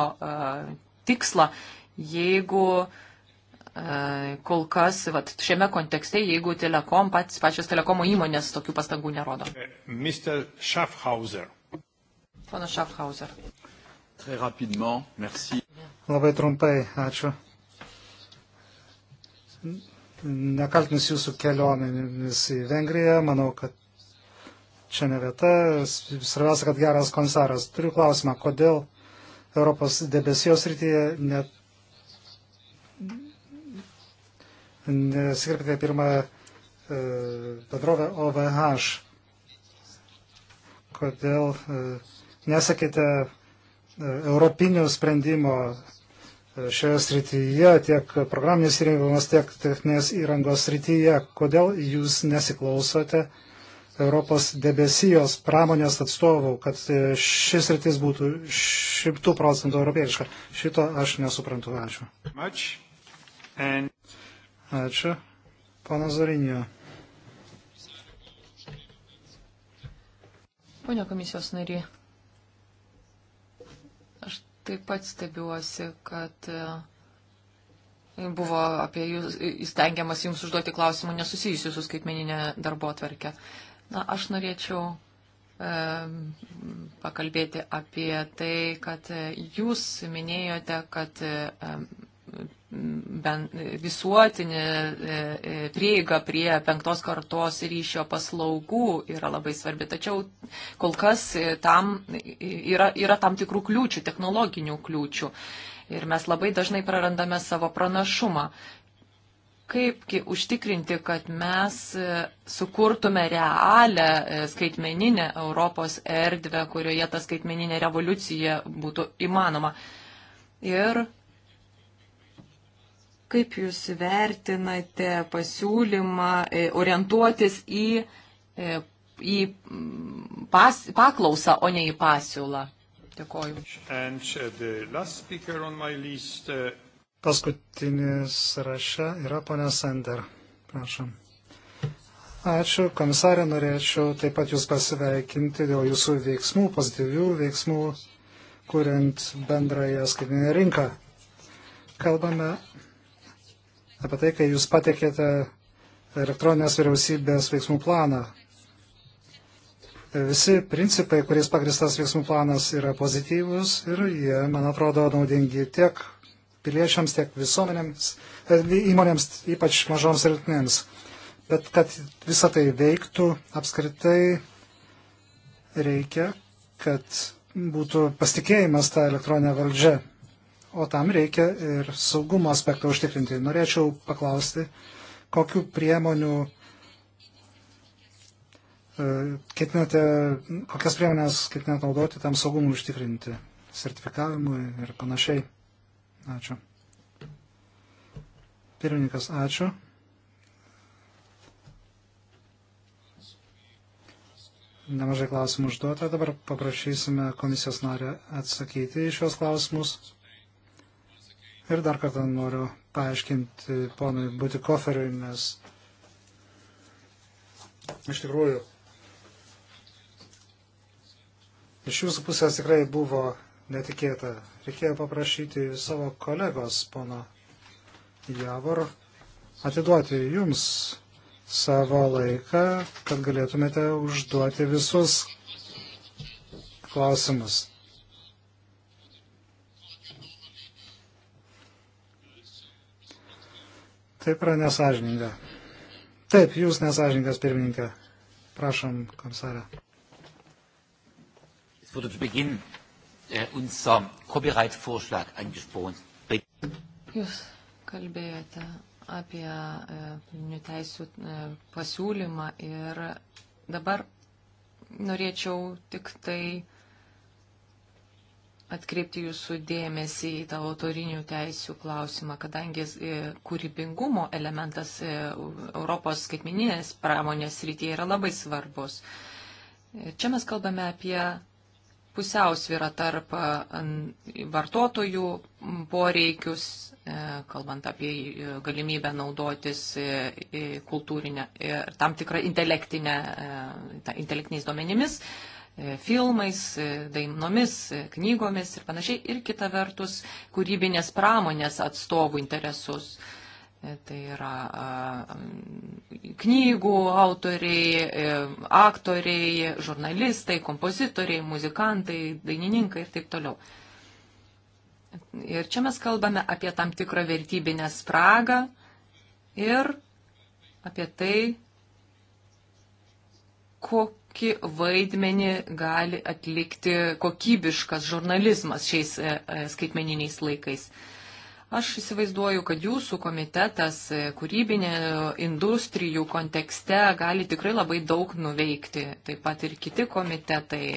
tikslą, jeigu E, kol kas vat, šiame kontekste, jeigu telekom, pats, pačios telekomo įmonės tokių pastangų nerodo. E, Mr. Schaffhauser. Pana Schaffhauser. Très rapidement, merci. Labai trumpai, ačiū. Nekaltinus jūsų kelionėmis į Vengriją, manau, kad čia ne vieta. Svarbiausia, kad geras konsaras. Turiu klausimą, kodėl Europos debesijos rytyje net nesikreipkite pirmą e, bendrovę OVH. Kodėl e, nesakėte e, europinio sprendimo šioje srityje, tiek programinės įrengos, tiek techninės įrangos srityje. Kodėl jūs nesiklausote Europos debesijos pramonės atstovų, kad šis rytis būtų šimtų procentų europietiška? Šito aš nesuprantu. Ačiū. And... Ačiū. Pana Zorinio. Pone komisijos nari, aš taip pat stebiuosi, kad e, buvo apie jūs, įstengiamas jums užduoti klausimų nesusijusių su skaitmeninė darbo atverkė. Na, aš norėčiau e, pakalbėti apie tai, kad e, jūs minėjote, kad visuotinė e, e, prieiga prie penktos kartos ryšio paslaugų yra labai svarbi. Tačiau kol kas e, tam yra, yra tam tikrų kliūčių, technologinių kliūčių. Ir mes labai dažnai prarandame savo pranašumą. Kaipgi užtikrinti, kad mes sukurtume realią skaitmeninę Europos erdvę, kurioje ta skaitmeninė revoliucija būtų įmanoma. Ir Kaip Jūs vertinate pasiūlymą e, orientuotis į, e, į mm, pas, paklausą, o ne į pasiūlą? Dėkoju. Uh, list, uh... Paskutinis rašė yra ponia Sender. Prašom. Ačiū, komisarė, norėčiau taip pat Jūs pasveikinti dėl Jūsų veiksmų, pozityvių veiksmų, kuriant bendrąją skaitinę rinką. Kalbame apie tai, kai jūs patekėte elektroninės vyriausybės veiksmų planą. Visi principai, kuriais pagristas veiksmų planas, yra pozityvus ir jie, man atrodo, naudingi tiek piliečiams, tiek visuomenėms, e, įmonėms, ypač mažoms ir rytinėms. Bet kad visa tai veiktų, apskritai reikia, kad būtų pasitikėjimas tą elektroninę valdžią o tam reikia ir saugumo aspektą užtikrinti. Norėčiau paklausti, kokiu priemonių e, ketinate, kokias priemonės ketinate naudoti tam saugumui užtikrinti, sertifikavimui ir panašiai. Ačiū. Pirmininkas, ačiū. Nemažai klausimų užduota. Dabar paprašysime komisijos narę atsakyti į šios klausimus. Ir dar kartą noriu paaiškinti ponui Butikoferiui, nes iš tikrųjų iš jūsų pusės tikrai buvo netikėta. Reikėjo paprašyti savo kolegos, pono Javor, atiduoti jums savo laiką, kad galėtumėte užduoti visus klausimus. Taip yra nesažininga. Taip, jūs nesažininkas pirmininkė. Prašom, komisarė. Es wurde zu Beginn äh, unser Copyright-Vorschlag angesprochen. Jūs kalbėjote apie e, pirminių teisų e, äh, pasiūlymą ir dabar norėčiau tik tai atkreipti jūsų dėmesį į tą autorinių teisių klausimą, kadangi e, kūrybingumo elementas e, Europos skaitmininės pramonės rytyje yra labai svarbus. E, čia mes kalbame apie pusiausvyrą tarp vartotojų poreikius, kalbant apie galimybę naudotis kultūrinę ir tam tikrą intelektinę, intelektiniais duomenimis, E, filmais, e, dainomis, e, knygomis ir panašiai, ir kita vertus kūrybinės pramonės atstovų interesus. Tai yra knygų autoriai, aktoriai, žurnalistai, kompozitoriai, muzikantai, dainininkai ir taip toliau. Ir čia mes kalbame apie tam tikrą vertybinę spragą ir apie tai, kokią kokį vaidmenį gali atlikti kokybiškas žurnalizmas šiais e, e, skaitmeniniais laikais. Aš įsivaizduoju, kad jūsų komitetas e, kūrybinė industrijų kontekste gali tikrai labai daug nuveikti. Taip pat ir kiti komitetai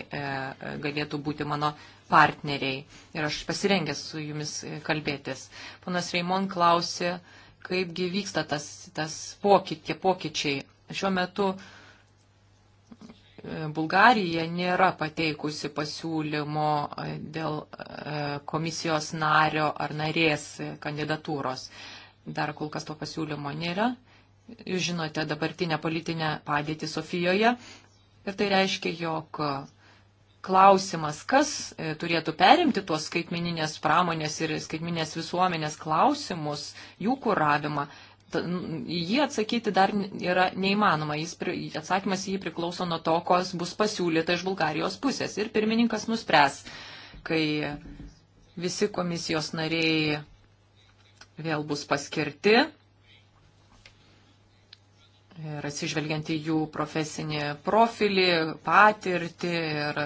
galėtų būti mano partneriai. Ir aš pasirengęs su jumis kalbėtis. Ponas Reimon klausė, kaipgi vyksta tas, tas pokyt, tie pokyčiai. Šiuo metu uh, Bulgarija nėra pateikusi pasiūlymo e, dėl e, komisijos nario ar narės kandidatūros. Dar kol kas to pasiūlymo nėra. Jūs žinote dabartinę politinę padėtį Sofijoje ir tai reiškia, jog klausimas, kas e, turėtų perimti tuos skaitmininės pramonės ir skaitmininės visuomenės klausimus, jų kuravimą, Nu, jį atsakyti dar yra neįmanoma. Jis, atsakymas į jį priklauso nuo to, kas bus pasiūlyta iš Bulgarijos pusės. Ir pirmininkas nuspręs, kai visi komisijos nariai vėl bus paskirti. Ir atsižvelgiant į jų profesinį profilį, patirtį ir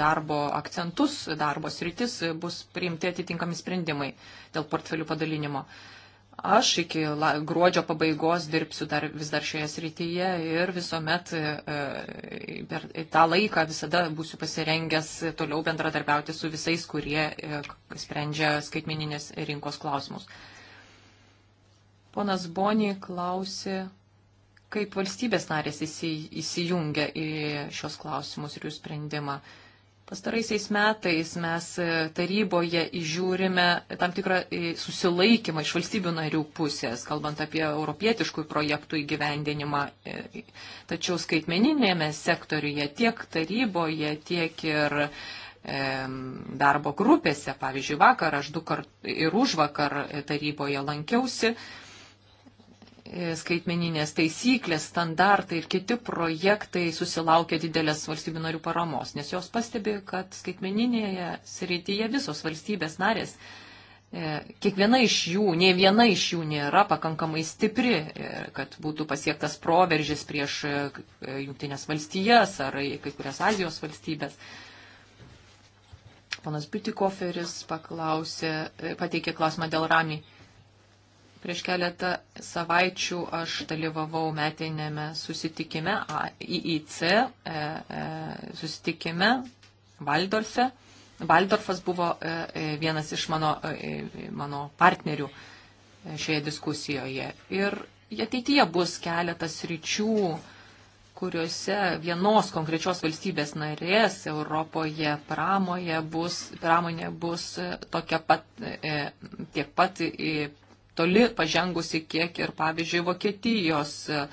darbo akcentus, darbo sritis, bus priimti atitinkami sprendimai dėl portfelių padalinimo. Uh, Aš iki gruodžio pabaigos dirbsiu dar, vis dar šioje srityje ir visuomet e, per tą laiką visada būsiu pasirengęs toliau bendradarbiauti su visais, kurie e, sprendžia skaitmeninės rinkos klausimus. Ponas Boni klausė, kaip valstybės narės įsijungia į šios klausimus ir jų sprendimą. Uh, Pastaraisiais metais mes e, taryboje įžiūrime tam tikrą e, susilaikymą iš valstybių narių pusės, kalbant apie europietiškų projektų įgyvendinimą. E, tačiau skaitmeninėme sektoriuje tiek taryboje, tiek ir darbo grupėse, pavyzdžiui, vakar aš du kart ir už vakar taryboje lankiausi E, skaitmeninės taisyklės, standartai ir kiti projektai susilaukia didelės valstybių narių paramos, nes jos pastebi, kad skaitmeninėje srityje visos valstybės narės, e, kiekviena iš jų, ne viena iš jų nėra pakankamai stipri, e, kad būtų pasiektas proveržis prieš jungtinės valstijas ar kai kurias Azijos valstybės. Panas Bitikoferis paklausė, pateikė klausimą dėl Rami Prieš keletą savaičių aš dalyvavau metinėme susitikime IIC e, e, susitikime Valdorfe. Valdorfas buvo e, vienas iš mano, mano partnerių šioje diskusijoje. Ir ateityje bus keletas ryčių, kuriuose vienos konkrečios valstybės narės Europoje pramoje bus, pramonė bus tokia pat, tiek pat toli pažengusi kiek ir, pavyzdžiui, Vokietijos e,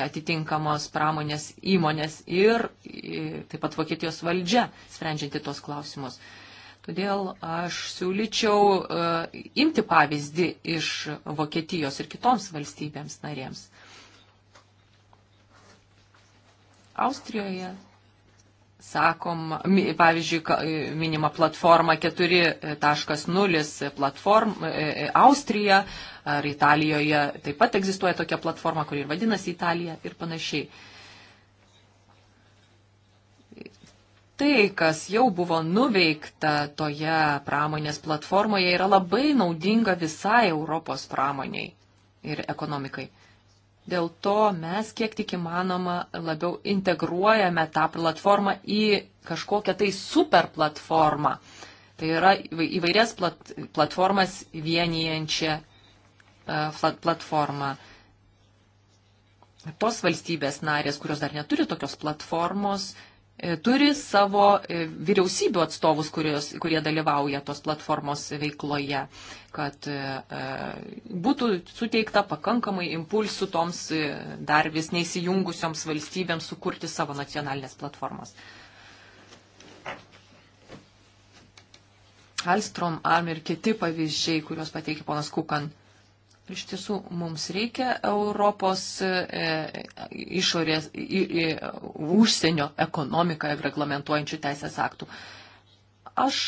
atitinkamos pramonės įmonės ir e, taip pat Vokietijos valdžia sprendžianti tos klausimus. Todėl aš siūlyčiau e, imti pavyzdį iš Vokietijos ir kitoms valstybėms narėms. Austrijoje sakom, pavyzdžiui, minima platforma 4.0 platform, e, e, e, Austrija ar Italijoje taip pat egzistuoja tokia platforma, kuri ir vadinasi Italija ir panašiai. tai, kas jau buvo nuveikta toje pramonės platformoje, yra labai naudinga visai Europos pramoniai ir ekonomikai. Dėl to mes kiek tik įmanoma labiau integruojame tą platformą į kažkokią tai super platformą. Tai yra įvairias plat, platformas vienijančią e, platformą. Tos valstybės narės, kurios dar neturi tokios platformos, E, turi savo e, vyriausybių atstovus, kurios, kurie dalyvauja tos platformos veikloje, kad e, būtų suteikta pakankamai impulsų toms dar vis neįsijungusioms valstybėms sukurti savo nacionalinės platformas. Alstrom, Arm ir kiti pavyzdžiai, kuriuos pateikė ponas Kukan, Iš tiesų, mums reikia Europos e, e išorės, i, i, e, užsienio ekonomiką reglamentuojančių teisės aktų. Aš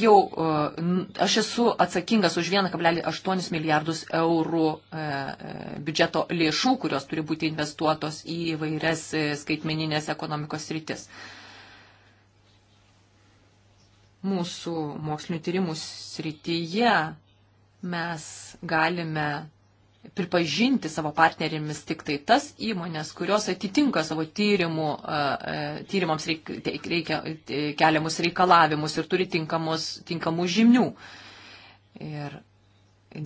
jau, e, aš esu atsakingas už 1,8 milijardus eurų e, biudžeto lėšų, kurios turi būti investuotos į vairias skaitmeninės ekonomikos rytis. E, mūsų mokslinių tyrimų srityje mes galime pripažinti savo partnerimis tik tai tas įmonės, kurios atitinka savo tyrimų, tyrimams reikia, reikia, keliamus reikalavimus ir turi tinkamus, tinkamų žinių. Ir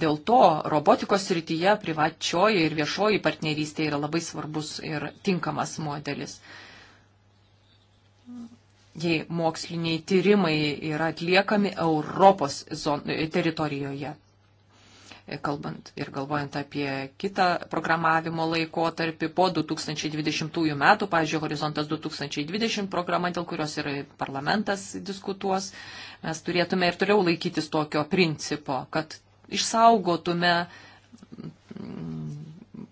dėl to robotikos srityje privačioji ir viešoji partnerystė yra labai svarbus ir tinkamas modelis jei moksliniai tyrimai yra atliekami Europos zon, teritorijoje. Kalbant ir galvojant apie kitą programavimo laikotarpį po 2020 metų, pavyzdžiui, Horizontas 2020 programa, dėl kurios ir parlamentas diskutuos, mes turėtume ir toliau laikytis tokio principo, kad išsaugotume mm,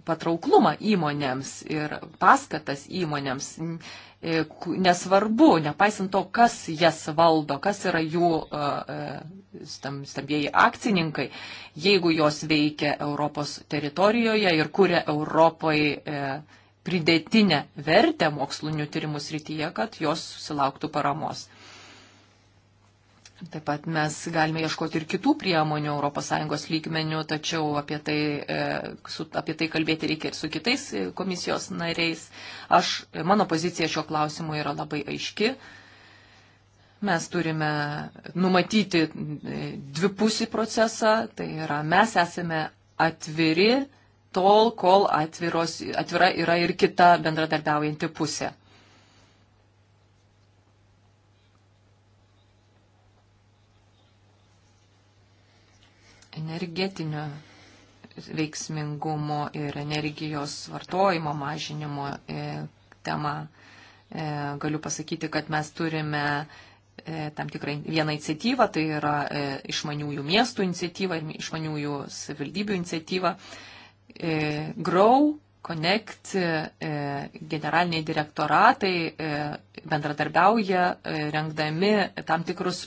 patrauklumą įmonėms ir paskatas įmonėms E, nesvarbu, nepaisant to, kas jas valdo, kas yra jų e, e, stambėjai akcininkai, jeigu jos veikia Europos teritorijoje ir kuria Europai pridėtinę vertę mokslinių tyrimų srityje, kad jos susilauktų paramos. Taip pat mes galime ieškoti ir kitų priemonių ES lygmenių, tačiau apie tai, e, su, apie tai kalbėti reikia ir su kitais e, komisijos nariais. Aš, e, mano pozicija šio klausimu yra labai aiški. Mes turime numatyti dvipusį procesą, tai yra mes esame atviri tol, kol atviros, atvira yra ir kita bendradarbiaujanti pusė. energetinio veiksmingumo ir energijos vartojimo mažinimo e, tema. E, galiu pasakyti, kad mes turime e, tam tikrą vieną iniciatyvą, tai yra išmaniųjų miestų iniciatyva ir išmaniųjų savivaldybių iniciatyva. Grow Connect e, generaliniai direktoratai e, bendradarbiauja, e, rengdami tam tikrus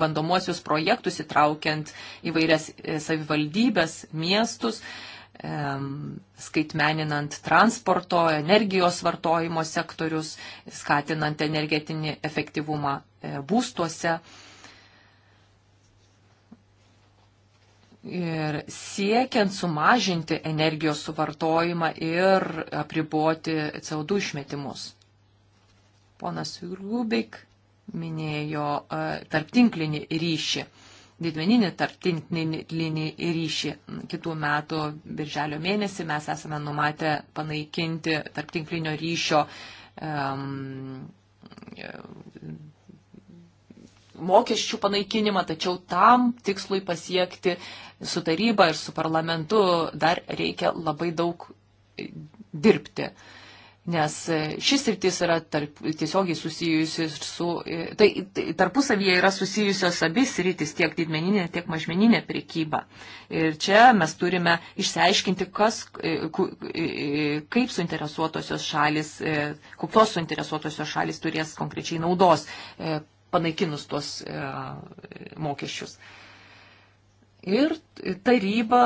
bandomuosius projektus, įtraukiant įvairias savivaldybės, miestus, skaitmeninant transporto, energijos vartojimo sektorius, skatinant energetinį efektyvumą būstuose. E, Ir siekiant sumažinti energijos suvartojimą ir apriboti CO2 išmetimus. Ponas Rubik minėjo e, tarptinklinį ryšį, didmeninį tarptinklinį ryšį. Kitų metų birželio mėnesį mes esame numatę panaikinti tarptinklinio ryšio um, mokesčių panaikinimą, tačiau tam tikslui pasiekti su taryba ir su parlamentu dar reikia labai daug e, dirbti. Nes e, šis rytis yra tarp, tiesiogiai susijusi su, e, tai, tai tarpusavyje yra susijusios abis rytis, tiek didmeninė, tiek mažmeninė priekyba. Ir čia mes turime išsiaiškinti, kas, kaip suinteresuotosios šalis, kokios suinteresuotosios šalis turės konkrečiai naudos panaikinus tuos e, mokesčius. Ir taryba,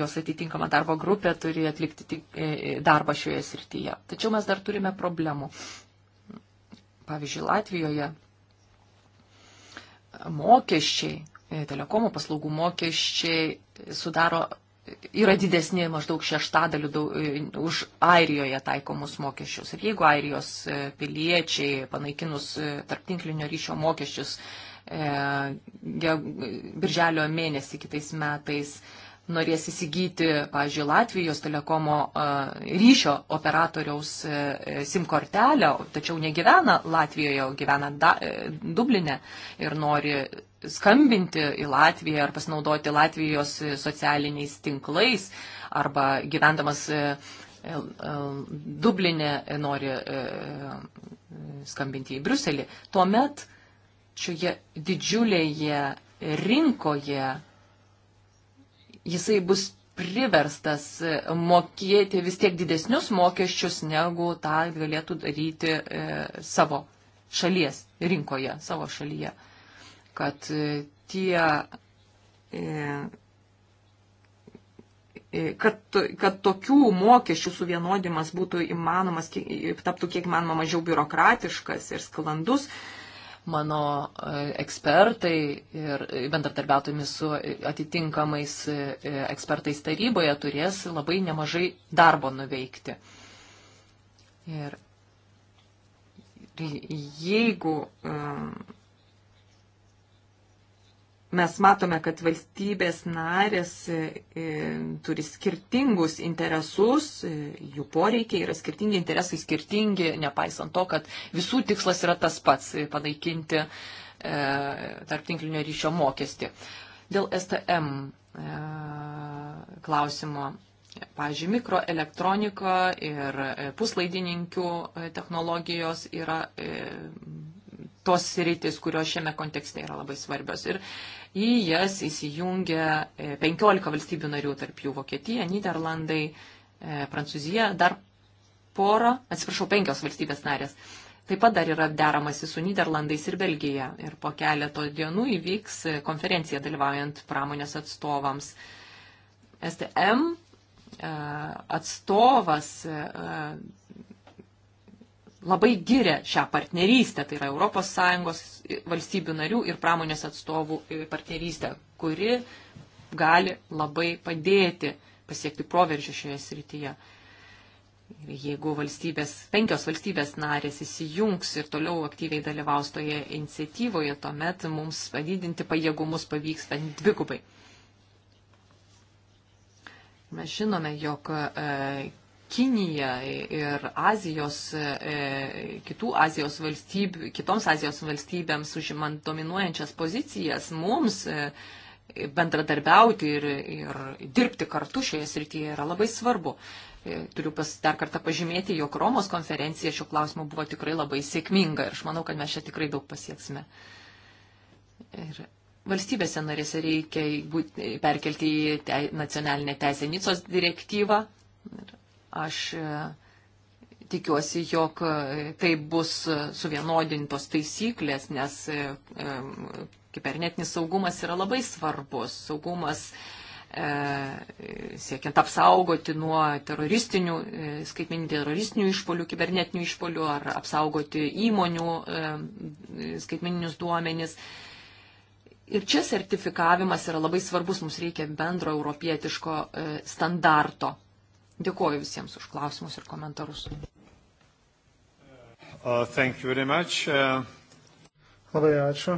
jos atitinkama darbo grupė turi atlikti e, e, darbą šioje srityje. Tačiau mes dar turime problemų. Pavyzdžiui, Latvijoje mokesčiai, telekomų paslaugų mokesčiai sudaro yra didesni maždaug šeštadaliu daug, e, už Airijoje taikomus mokesčius. Ir jeigu Airijos e, piliečiai panaikinus e, tarptinklinio ryšio mokesčius e, birželio mėnesį kitais metais norės įsigyti, pavyzdžiui, Latvijos telekomo ryšio operatoriaus SIM kortelę, tačiau negyvena Latvijoje, gyvena da, Dubline ir nori skambinti į Latviją ar pasinaudoti Latvijos socialiniais tinklais arba gyvendamas e, e, Dublinė e, nori skambinti į Bruselį, tuomet šioje didžiulėje rinkoje jisai bus priverstas mokėti vis tiek didesnius mokesčius, negu tą galėtų daryti savo šalies rinkoje, savo šalyje kad e, tie e, e, kad, kad tokių mokesčių suvienodimas būtų įmanomas, taptų kiek manoma mažiau biurokratiškas ir sklandus. Mano ekspertai ir bendradarbiautojami su atitinkamais ekspertais taryboje turės labai nemažai darbo nuveikti. Ir jeigu. Um, mes matome, kad valstybės narės e, e, turi skirtingus interesus, e, jų poreikiai yra skirtingi, interesai skirtingi, nepaisant to, kad visų tikslas yra tas pats - panaikinti tarptinklinio ryšio mokestį. Dėl STM klausimo. Pavyzdžiui, mikroelektronika ir puslaidininkių technologijos yra tos rytis, kurios šiame kontekste yra labai svarbios. Ir į jas įsijungia 15 e, valstybių narių, tarp jų Vokietija, Niderlandai, e, Prancūzija, dar pora, atsiprašau, penkios valstybės narės. Taip pat dar yra deramasi su Niderlandais ir Belgija. Ir po keleto dienų įvyks konferencija dalyvaujant pramonės atstovams. STM e, atstovas labai gyrė šią partnerystę, tai yra ES valstybių narių ir pramonės atstovų e, partnerystę, kuri gali labai padėti pasiekti proveržį šioje srityje. Ir jeigu valstybės, penkios valstybės narės įsijungs ir toliau aktyviai dalyvaus toje iniciatyvoje, tuomet mums padidinti pajėgumus pavyks dvigubai. Mes žinome, jog e, Kinija ir Azijos, e, kitų Azijos valstybių, kitoms Azijos valstybėms užimant dominuojančias pozicijas, mums e, bendradarbiauti ir, ir dirbti kartu šioje srityje yra labai svarbu. E, turiu pas, dar kartą pažymėti, jog Romos konferencija šiuo klausimu buvo tikrai labai sėkminga ir aš manau, kad mes čia tikrai daug pasieksime. Ir valstybėse narėse reikia būti, perkelti į te, nacionalinę teisę Nicos direktyvą. Ir Aš e, tikiuosi, jog e, tai bus suvienodintos taisyklės, nes e, kibernetinis saugumas yra labai svarbus. Saugumas siekiant apsaugoti nuo teroristinių, skaitmeninių teroristinių išpolių, kibernetinių išpolių ar apsaugoti įmonių skaitmeninius duomenis. Ir čia sertifikavimas yra labai svarbus, mums reikia bendro europietiško standarto Dėkuoju visiems už klausimus ir komentarus. Uh, uh... Labai ačiū.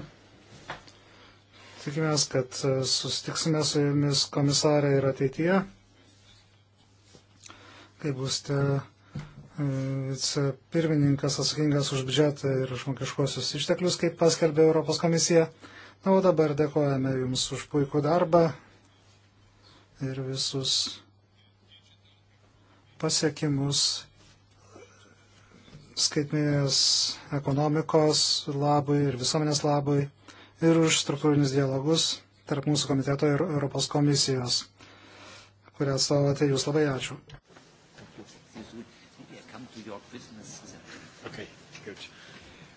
Tikimės, kad uh, susitiksime su jumis komisarė ir ateityje, kai būsite uh, vicepirmininkas atsakingas už biudžetą ir žmogiškosius išteklius, kaip paskelbė Europos komisija. Na, o dabar dėkojame Jums už puikų darbą ir visus pasiekimus skaitminės ekonomikos labui ir visuomenės labui ir už struktūrinius dialogus tarp mūsų komiteto ir Europos komisijos, kurią atstovate jūs labai ačiū.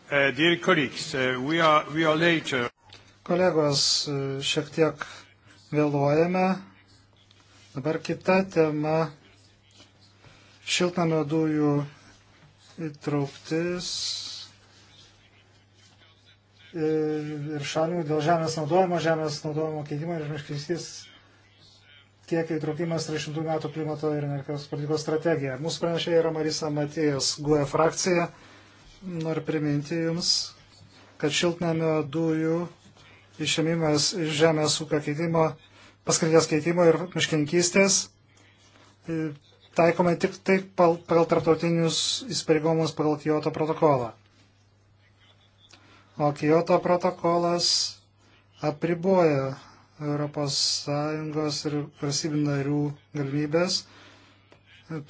Uh, uh, Kolegos, uh, šiek tiek vėluojame. Dabar kita tema Šiltnamio dujų įtrauktis ir šalių dėl žemės naudojimo, žemės naudojimo keitimo ir miškistys tiek įtraukimas 300 metų klimato ir energijos politikos strategija. Mūsų pranešėja yra Marisa Matėjas, GUE frakcija. Noriu priminti Jums, kad šiltnamio dujų išėmimas iš žemės ūkio keitimo, paskirties keitimo ir miškinkystės taikome tik tai pagal tarptautinius įsipareigomus pagal Kyoto protokolą. O Kyoto protokolas apriboja ES ir valstybių narių galimybės.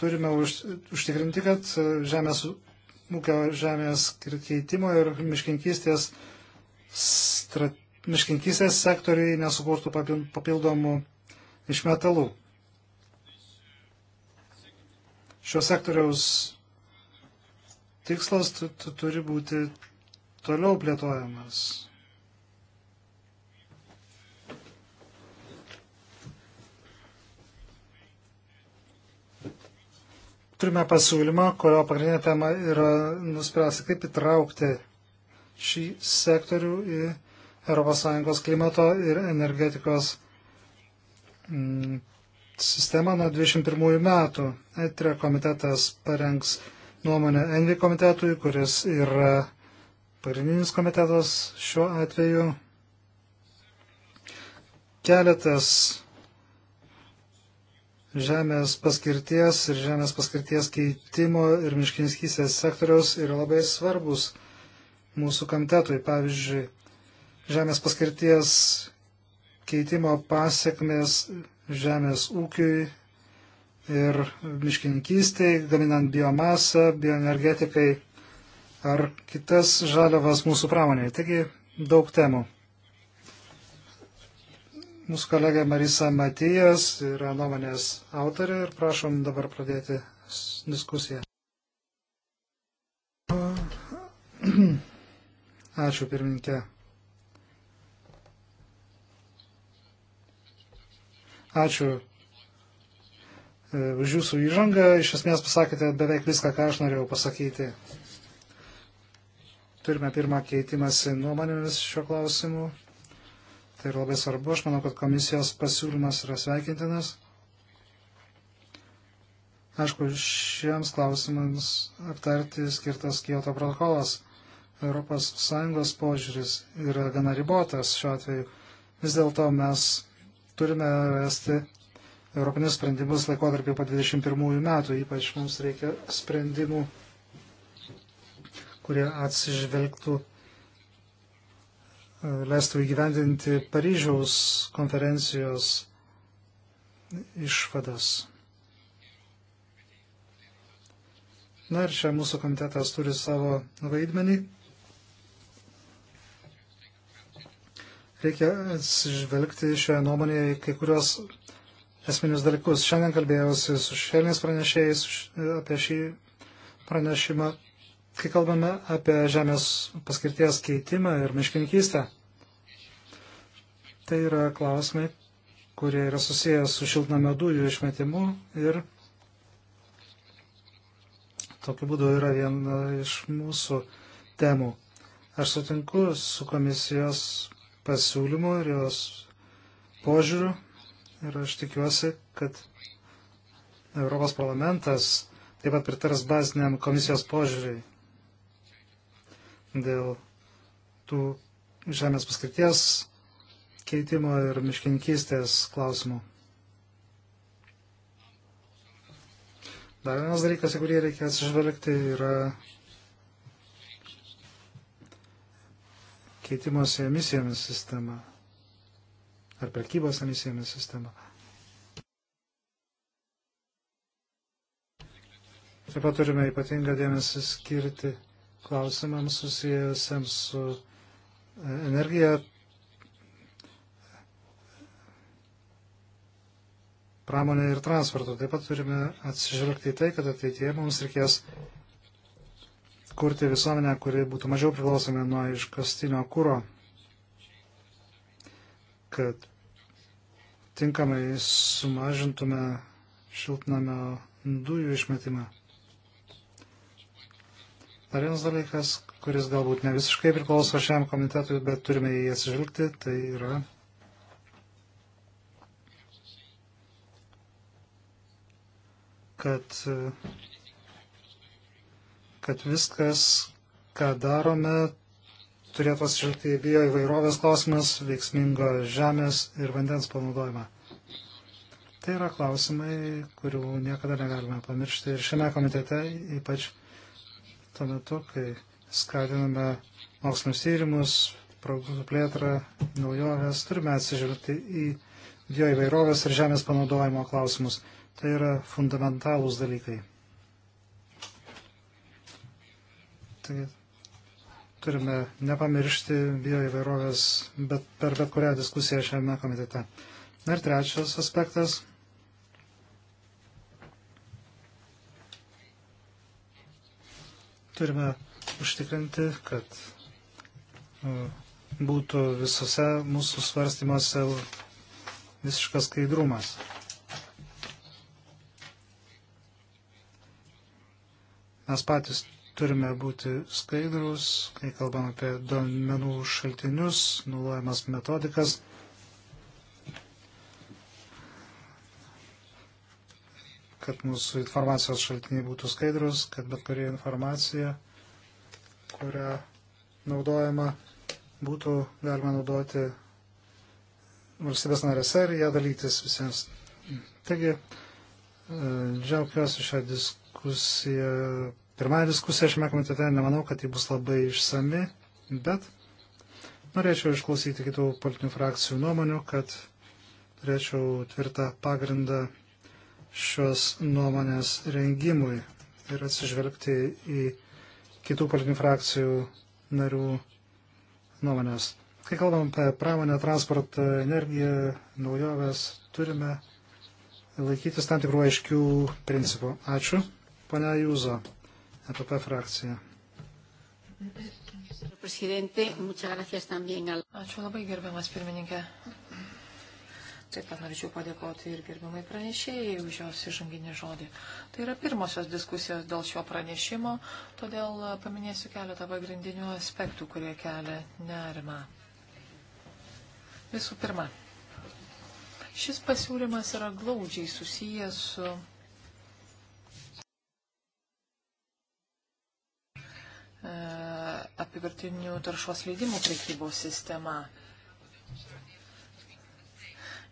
Turime už, užtikrinti, kad žemės ūkio žemės keitimo ir miškinkystės, strat, miškinkystės sektoriai nesukurtų papildomų išmetalų. Šios sektoriaus tikslas turi būti toliau plėtojamas. Turime pasiūlymą, kurio pagrindinė tema yra nuspręsti, kaip įtraukti šį sektorių į ES klimato ir energetikos mm, sistemą nuo 21 metų. ETRE komitetas parengs nuomonę ENVI komitetui, kuris yra pagrindinis komitetas šiuo atveju. Keletas žemės paskirties ir žemės paskirties keitimo ir miškinskysės sektoriaus yra labai svarbus mūsų komitetui. Pavyzdžiui, žemės paskirties keitimo pasiekmes žemės ūkiui ir miškininkystėj, gaminant biomasą, bioenergetikai ar kitas žaliavas mūsų pramonėje. Taigi daug temų. Mūsų kolegė Marisa Matijas yra nuomonės autorė ir prašom dabar pradėti diskusiją. Ačiū pirminkė. Ačiū e, už jūsų įžangą. Iš esmės pasakėte beveik viską, ką aš norėjau pasakyti. Turime pirmą keitimąsi nuomonėmis šiuo klausimu. Tai yra labai svarbu. Aš manau, kad komisijos pasiūlymas yra sveikintinas. Aišku, šiems klausimams aptarti skirtas Kyoto protokolas. ES požiūris yra gana ribotas šiuo atveju. Vis dėlto mes turime rasti europinius sprendimus laikotarpį po 21 metų. Ypač mums reikia sprendimų, kurie atsižvelgtų, e, leistų įgyvendinti Paryžiaus konferencijos išvadas. Na ir čia mūsų komitetas turi savo vaidmenį. Reikia žvelgti šioje nuomonėje kai kurios esminius dalykus. Šiandien kalbėjausi su šelniais pranešėjais apie šį pranešimą. Kai kalbame apie žemės paskirties keitimą ir miškininkystę, tai yra klausimai, kurie yra susijęs su šiltnamio dujų išmetimu ir tokiu būdu yra viena iš mūsų temų. Aš sutinku su komisijos pasiūlymų ir jos požiūrių. Ir aš tikiuosi, kad Europos parlamentas taip pat pritars baziniam komisijos požiūriui dėl tų žemės paskirties keitimo ir miškininkystės klausimų. Dar vienas dalykas, į kurį reikia atsižvelgti, yra keitimosi emisijomis sistema ar prekybos emisijomis sistema. Taip pat turime ypatingą dėmesį skirti klausimams susijęsiams su e, energija, pramonė ir transportu. Taip pat turime atsižvelgti į tai, kad ateityje mums reikės kurti visuomenę, kuri būtų mažiau priklausoma nuo iškastinio kūro, kad tinkamai sumažintume šiltnamio dujų išmetimą. Dar vienas dalykas, kuris galbūt ne visiškai priklauso šiam komitetui, bet turime į jį atsižvelgti, tai yra kad kad viskas, ką darome, turėtų atsižvelgti į bio įvairovės klausimas, veiksmingo žemės ir vandens panaudojimą. Tai yra klausimai, kurių niekada negalime pamiršti ir šiame komitete, ypač tuo metu, kai skatiname mokslinius tyrimus, produktų plėtrą, naujoves, turime atsižvelgti į bio įvairovės ir žemės panaudojimo klausimus. Tai yra fundamentalūs dalykai. Tai turime nepamiršti bioįvairovės bet per bet kurią diskusiją šiame komitete. Na ir trečias aspektas. Turime užtikrinti, kad e, būtų visose mūsų svarstymuose visiškas skaidrumas. Mes patys Turime būti skaidrus, kai kalbam apie domenų šaltinius, naudojamas metodikas. kad mūsų informacijos šaltiniai būtų skaidrus, kad bet kurie informacija, kurią naudojama, būtų galima naudoti valstybės narėse ir ją dalytis visiems. Taigi, e, džiaugiuosi šią diskusiją Pirmąją diskusiją šiame komitete nemanau, kad ji bus labai išsami, bet norėčiau išklausyti kitų politinių frakcijų nuomonių, kad turėčiau tvirtą pagrindą šios nuomonės rengimui ir atsižvelgti į kitų politinių frakcijų narių nuomonės. Kai kalbam apie pramonę, transportą, energiją, naujoves, turime laikytis tam tikrų aiškių principų. Ačiū, ponia Jūzo. EPP frakcija. Ačiū labai gerbiamas pirmininkė. Taip pat norėčiau padėkoti ir gerbiamai pranešėjai už jos įžanginį žodį. Tai yra pirmosios diskusijos dėl šio pranešimo, todėl paminėsiu keletą pagrindinių aspektų, kurie kelia nerimą. Visų pirma, šis pasiūlymas yra glaudžiai susijęs su E, apivartinių taršos leidimų prekybos sistema.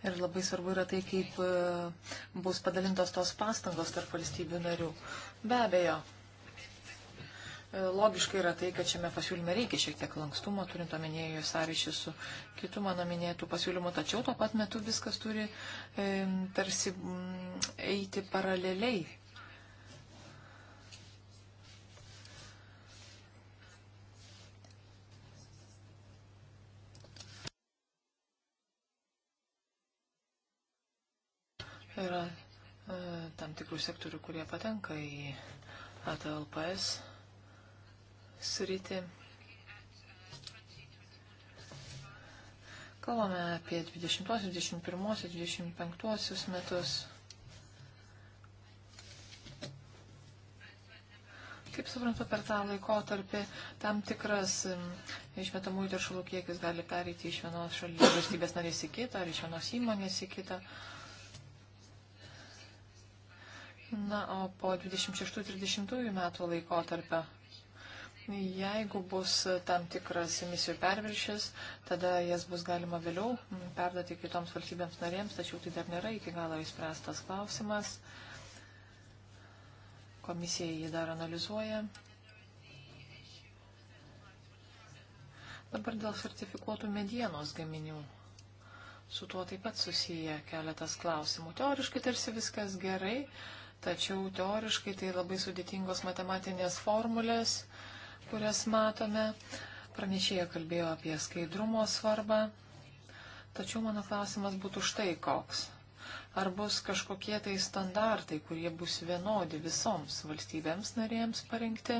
Ir labai svarbu yra tai, kaip e, bus padalintos tos pastangos tarp valstybių narių. Be abejo, e, logiška yra tai, kad šiame pasiūlyme reikia šiek tiek lankstumo, turint omenyje jų sąryšį su kitų mano minėtų pasiūlymų, tačiau tuo pat metu viskas turi e, tarsi eiti paraleliai Yra e, tam tikrų sektorių, kurie patenka į ATLPS sritį. Kalbame apie 20, 21, 25 metus. Kaip suprantu, per tą laikotarpį tam tikras e, išmetamųjų teršalų kiekis gali pereiti iš vienos šalies valstybės narės į kitą ar iš vienos įmonės į kitą. Uh, Na, o po 26-30 metų laikotarpio, jeigu bus tam tikras emisijų perviršis, tada jas bus galima vėliau perduoti kitoms valstybėms narėms, tačiau tai dar nėra iki galo įspręstas klausimas. Komisija jį dar analizuoja. Dabar dėl sertifikuotų medienos gaminių su tuo taip pat susiję keletas klausimų. Teoriškai tarsi viskas gerai, Tačiau teoriškai tai labai sudėtingos matematinės formulės, kurias matome. Pranešėja kalbėjo apie skaidrumo svarbą. Tačiau mano klausimas būtų štai koks. Ar bus kažkokie tai standartai, kurie bus vienodi visoms valstybėms narėms parinkti?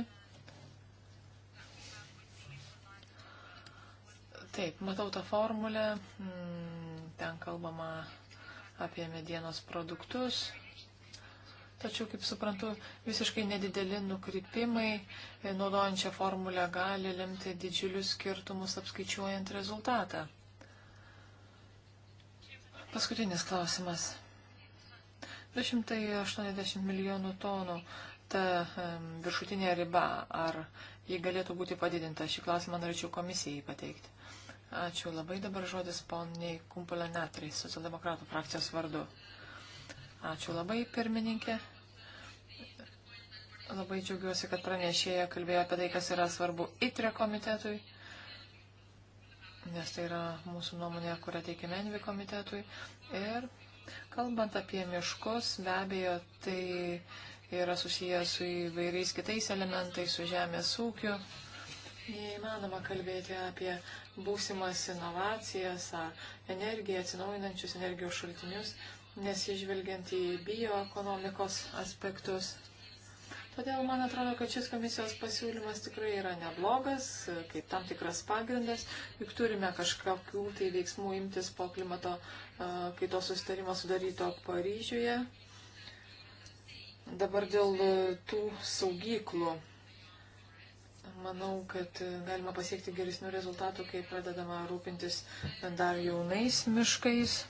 Taip, matau tą formulę. Mm, ten kalbama apie medienos produktus tačiau, kaip suprantu, visiškai nedideli nukrypimai, e, naudojant šią formulę, gali lemti didžiulius skirtumus apskaičiuojant rezultatą. Paskutinis klausimas. 280 milijonų tonų ta viršutinė riba, ar ji galėtų būti padidinta? Šį klausimą norėčiau komisijai pateikti. Ačiū labai dabar žodis poniai Kumpulė Netrai, socialdemokratų frakcijos vardu. Ačiū labai, pirmininkė. Labai džiaugiuosi, kad pranešėja kalbėjo apie tai, kas yra svarbu ITRE komitetui, nes tai yra mūsų nuomonė, kurią teikiame ENVI komitetui. Ir kalbant apie miškus, be abejo, tai yra susijęs su įvairiais kitais elementais, su žemės ūkiu. Neįmanoma kalbėti apie būsimas inovacijas, energiją, atsinaujinančius energijos šaltinius, nesižvelgiant į bioekonomikos aspektus. Todėl man atrodo, kad šis komisijos pasiūlymas tikrai yra neblogas, kaip tam tikras pagrindas, juk turime kažkokių tai veiksmų imtis po klimato kaitos sustarimo sudaryto Paryžiuje. Dabar dėl tų saugyklų. Manau, kad galima pasiekti geresnių rezultatų, kai pradedama rūpintis dar jaunais miškais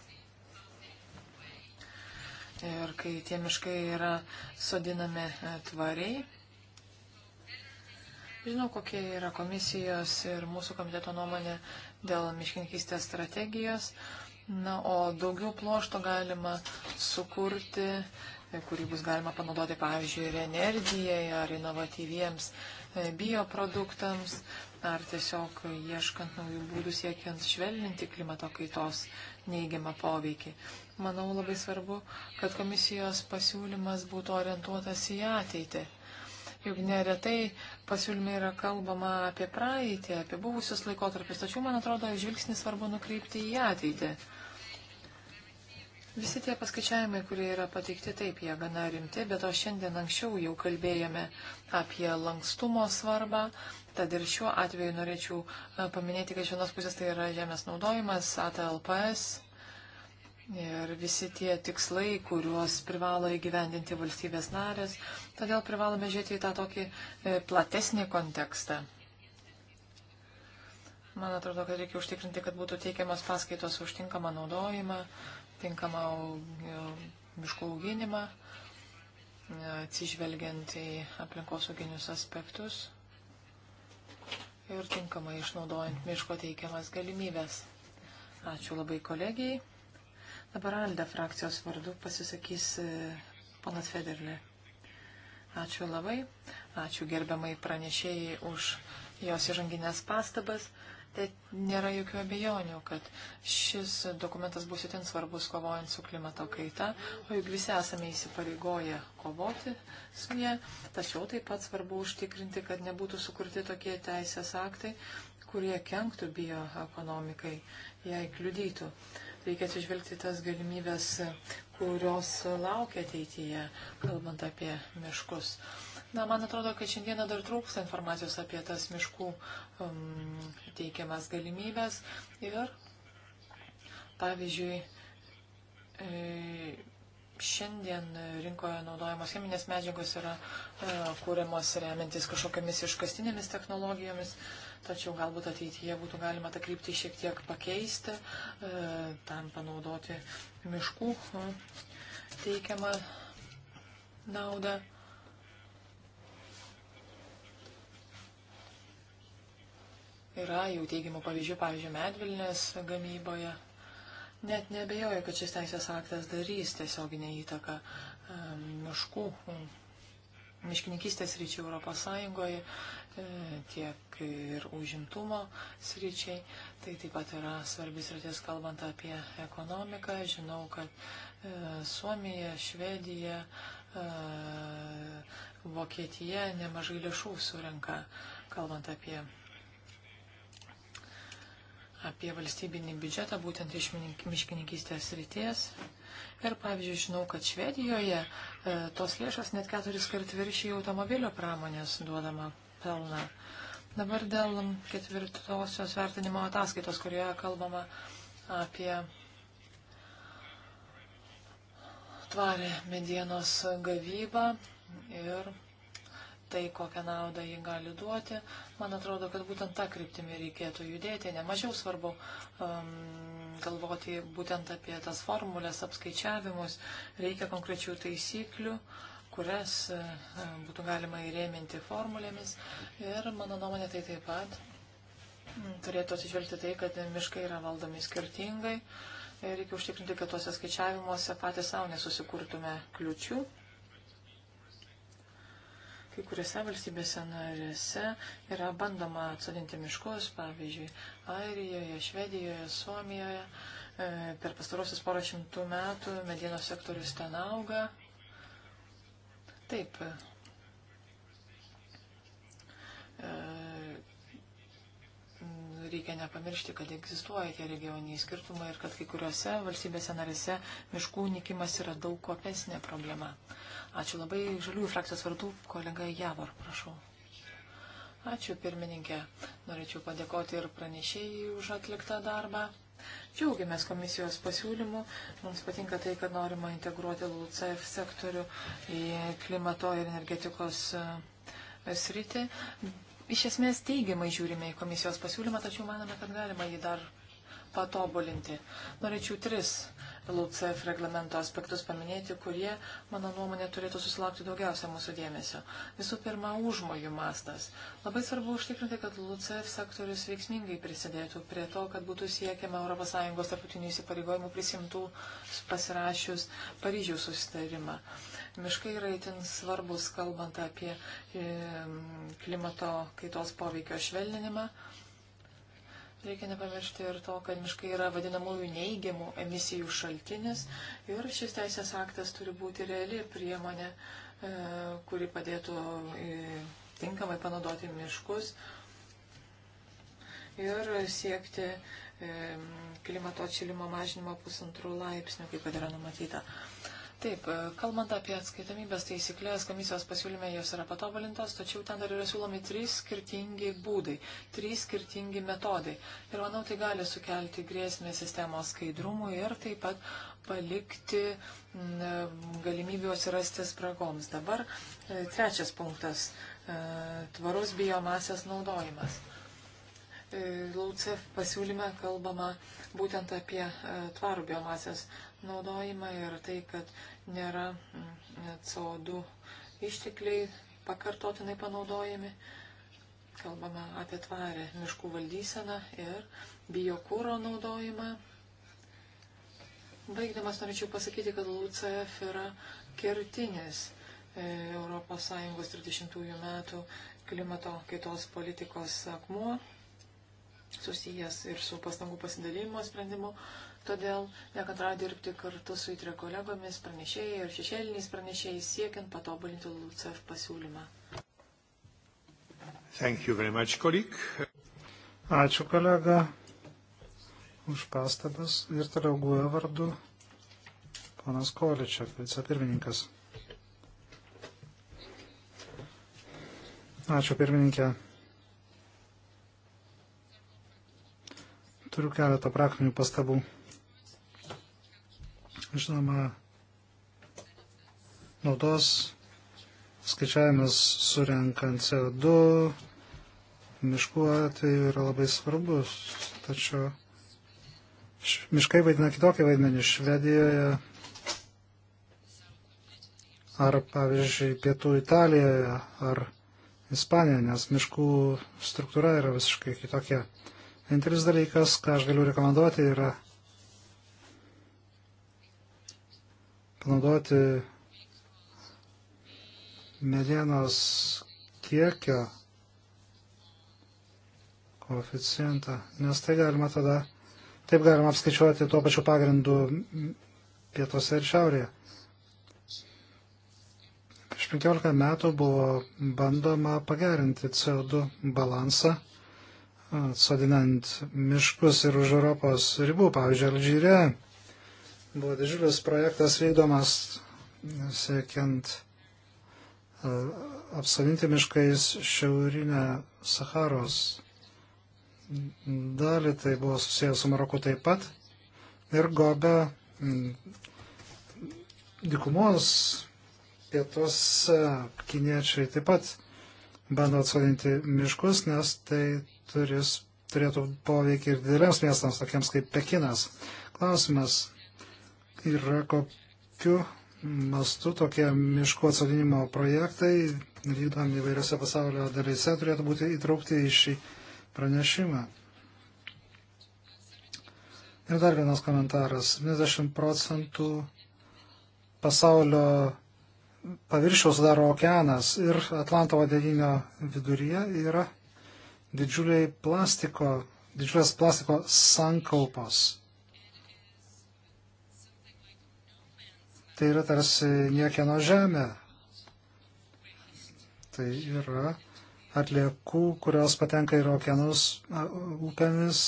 ir kai tie miškai yra sodinami e, tvariai. Žinau, kokia yra komisijos ir mūsų komiteto nuomonė dėl miškininkystės strategijos. Na, o daugiau plošto galima sukurti, e, kurį bus galima panaudoti, pavyzdžiui, ir energijai, ar inovatyviems e, bioproduktams, ar tiesiog ieškant naujų būdų siekiant švelninti klimato kaitos neigiamą poveikį manau, labai svarbu, kad komisijos pasiūlymas būtų orientuotas į ateitį. Juk neretai pasiūlymai yra kalbama apie praeitį, apie buvusius laikotarpius, tačiau, man atrodo, žvilgsnį svarbu nukreipti į ateitį. Visi tie paskaičiavimai, kurie yra pateikti, taip, jie gana rimti, bet o šiandien anksčiau jau kalbėjome apie lankstumo svarbą, tad ir šiuo atveju norėčiau paminėti, kad iš vienos pusės tai yra žemės naudojimas, ATLPS, Ir visi tie tikslai, kuriuos privalo įgyvendinti valstybės narės, todėl privalome žiūrėti į tą tokį e, platesnį kontekstą. Man atrodo, kad reikia užtikrinti, kad būtų teikiamas paskaitos už tinkamą naudojimą, tinkamą e, miškų auginimą, e, atsižvelgiant į aplinkosauginius aspektus ir tinkamai išnaudojant miško teikiamas galimybės. Ačiū labai kolegijai. Dabar Alde frakcijos vardu pasisakys e, ponas Federlė. Ačiū labai, ačiū gerbiamai pranešėjai už jos įžanginės pastabas. Tai nėra jokių abejonių, kad šis dokumentas bus itin svarbus kovojant su klimato kaita, o juk visi esame įsipareigoję kovoti su jie, tačiau taip pat svarbu užtikrinti, kad nebūtų sukurti tokie teisės aktai, kurie kenktų bioekonomikai, jai kliudytų reikia atsižvelgti tas galimybės, kurios laukia ateityje, kalbant apie miškus. Na, man atrodo, kad šiandieną dar trūksta informacijos apie tas miškų um, teikiamas galimybės ir, pavyzdžiui, e, šiandien rinkoje naudojamos cheminės medžiagos yra e, kūriamos remiantis kažkokiamis iškastinėmis technologijomis. E, tačiau galbūt ateityje būtų galima tą kryptį šiek tiek pakeisti, e, tam panaudoti miškų e, teikiamą naudą. Yra jau teigiamų pavyzdžių, pavyzdžiui, medvilnės gamyboje. Net nebejoju, kad šis teisės aktas darys tiesioginę įtaką e, miškų miškininkystės ryčių Europos Sąjungoje tiek tiek ir užimtumo sričiai. Tai taip pat yra svarbis rytis kalbant apie ekonomiką. Žinau, kad e, Suomija, Švedija, e, Vokietija nemažai lėšų surenka, kalbant apie apie valstybinį biudžetą būtent iš miškininkystės ryties. Ir pavyzdžiui, žinau, kad Švedijoje e, tos lėšas net keturis kart viršyje automobilio pramonės duodama pelną. E, Dabar dėl ketvirtosios vertinimo ataskaitos, kurioje kalbama apie tvarę medienos gavybą ir tai, kokią naudą jį gali duoti. Man atrodo, kad būtent tą kryptimį reikėtų judėti. Nemažiau svarbu um, galvoti būtent apie tas formulės apskaičiavimus. Reikia konkrečių taisyklių. Uh, kurias e, e, būtų galima įrėminti formulėmis. Ir mano nuomonė tai taip pat turėtų atsižvelgti tai, kad miškai yra valdomi skirtingai. Ir reikia užtikrinti, kad tuose skaičiavimuose patys savo nesusikurtume kliučių. Kai kuriuose valstybėse narėse yra bandoma atsodinti miškus, pavyzdžiui, Airijoje, Švedijoje, Suomijoje. E, per pastarosius porą šimtų metų medienos sektorius ten auga. Taip. E, reikia nepamiršti, kad egzistuoja tie regioniniai skirtumai ir kad kai kuriuose valstybėse narėse miškų nikimas yra daug kopesnė problema. Ačiū labai žaliųjų frakcijos vardu, kolega Javor, prašau. Ačiū pirmininkė. Norėčiau padėkoti ir pranešėjai už atliktą darbą. Džiaugiamės komisijos pasiūlymu, mums patinka tai, kad norima integruoti LUCF sektorių į klimato ir energetikos e, sritį. Iš esmės teigiamai žiūrime į komisijos pasiūlymą, tačiau manome, kad galima jį dar patobulinti. Norėčiau tris LULCF reglamento aspektus paminėti, kurie, mano nuomonė, turėtų susilaukti daugiausia mūsų dėmesio. Visų pirma, užmojų mastas. Labai svarbu užtikrinti, kad LULCF sektorius veiksmingai prisidėtų prie to, kad būtų siekiama ES tarptautinių įsipareigojimų prisimtų pasirašius Paryžių susitarimą. Miškai yra itin svarbus, kalbant apie klimato kaitos poveikio švelninimą. Reikia nepamiršti ir to, kad miškai yra vadinamųjų neįgiamų emisijų šaltinis ir šis teisės aktas turi būti reali priemonė, e, kuri padėtų e, tinkamai panaudoti miškus ir siekti e, klimato atšilimo mažinimo pusantrų laipsnių, kaip kad yra numatyta. Taip, e, kalbant apie atskaitomybės taisyklės, komisijos pasiūlyme jos yra patobulintos, tačiau ten dar yra siūlomi trys skirtingi būdai, trys skirtingi metodai. Ir manau, tai gali sukelti grėsmę sistemos skaidrumui ir taip pat palikti e, galimybių atsirasti spragoms. Dabar e, trečias punktas - tvarus biomasės naudojimas. LUCEF pasiūlyme kalbama būtent apie tvarų biomasės naudojimą ir tai, kad nėra mm, CO2 ištekliai pakartotinai panaudojami. Kalbame apie tvarę miškų valdyseną ir biokūro naudojimą. Baigdamas norėčiau pasakyti, kad LUCF yra kertinis ES 30 metų klimato kaitos politikos akmuo, susijęs ir su pastangų pasidalimo sprendimu Todėl nekantrauju dirbti kartu su įtrio kolegomis, pranešėjai ir šešėliniais pranešėjais, siekiant patobulinti LUCEF pasiūlymą. Much, colleague. Ačiū kolega už pastabas ir toliau guoja vardu ponas Količiak, vicepirmininkas. Ačiū pirmininkė. Turiu keletą praktinių pastabų. Žinoma, naudos skaičiavimas surenkant CO2 miškų atveju yra labai svarbus, tačiau miškai vaidina kitokį vaidmenį Švedijoje ar, pavyzdžiui, Pietų Italijoje ar Ispanijoje, nes miškų struktūra yra visiškai kitokia. Vienintelis dalykas, ką aš galiu rekomenduoti, yra panaudoti medienos kiekio koeficientą, nes tai galima tada, taip galima apskaičiuoti tuo pačiu pagrindu pietuose ir šiaurėje. Prieš 15 metų buvo bandoma pagerinti CO2 balansą, sodinant miškus ir už Europos ribų, pavyzdžiui, Alžyre Buvo didžiulis projektas vykdomas siekiant e, apsavinti miškais šiaurinę Saharos dalį, tai buvo susijęs su Maroku taip pat. Ir Gobe dikumos pietuose kiniečiai taip pat bando atsodinti miškus, nes tai turis, turėtų poveikį ir dideliams miestams, tokiems kaip Pekinas. Klausimas, yra kokiu mastu tokie miškų atsodinimo projektai, vykdomi įvairiose pasaulio dalyse, turėtų būti įtraukti į šį pranešimą. Ir dar vienas komentaras. 70 procentų pasaulio paviršiaus daro okeanas ir Atlanto vandenyno viduryje yra didžiuliai plastiko, didžiulės plastiko sankaupos. Tai yra tarsi niekieno žemė. Tai yra atliekų, kurios patenka į okeanus upėmis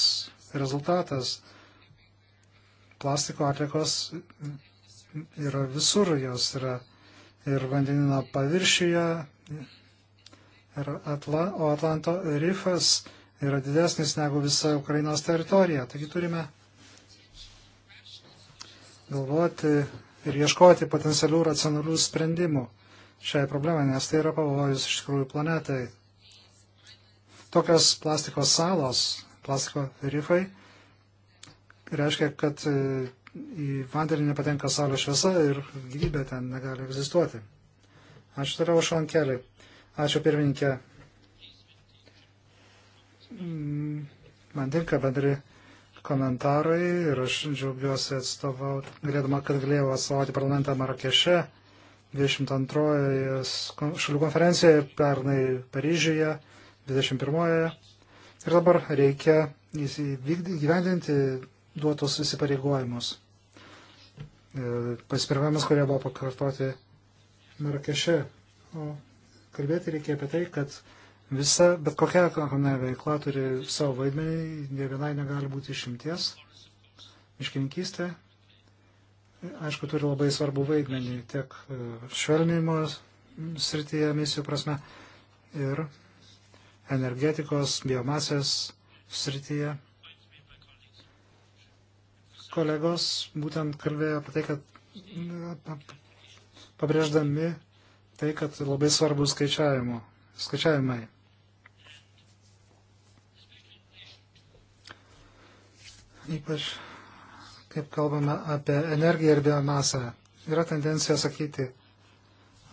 rezultatas. Plastiko atliekos yra visur, jos yra ir vandenino paviršyje, ir atla, o Atlanto rifas yra didesnis negu visa Ukrainos teritorija. Taigi turime galvoti ir ieškoti potencialių racionalių sprendimų šiai problemai, nes tai yra pavojus iš tikrųjų planetai. Tokios plastiko salos, plastiko rifai, reiškia, kad e, į vandenį nepatenka saulės šviesa ir gyvybė ten negali egzistuoti. Ačiū toliau Šankelį. Ačiū pirmininkė. Mm, man tinka bendri komentarai ir aš džiaugiuosi atstovaut, galėdama, kad galėjau atstovauti parlamentą Marakeše, 22 šalių konferencijoje, pernai Paryžiuje, 21-oje. Ir dabar reikia įgyvendinti duotus įsipareigojimus. E, Pasipirvavimus, kurie buvo pakartoti Marakeše. O kalbėti reikia apie tai, kad Visa, bet kokia ekonominė veikla turi savo vaidmenį, ne vienai negali būti išimties. Miškininkystė, aišku, turi labai svarbu vaidmenį tiek e, švelnimo srityje misijų prasme ir energetikos, biomasės srityje. Kolegos būtent kalbėjo apie tai, kad pabrėždami tai, kad labai svarbus skaičiavimo, skaičiavimai. ypač kaip kalbame apie energiją ir biomasą. Yra tendencija sakyti,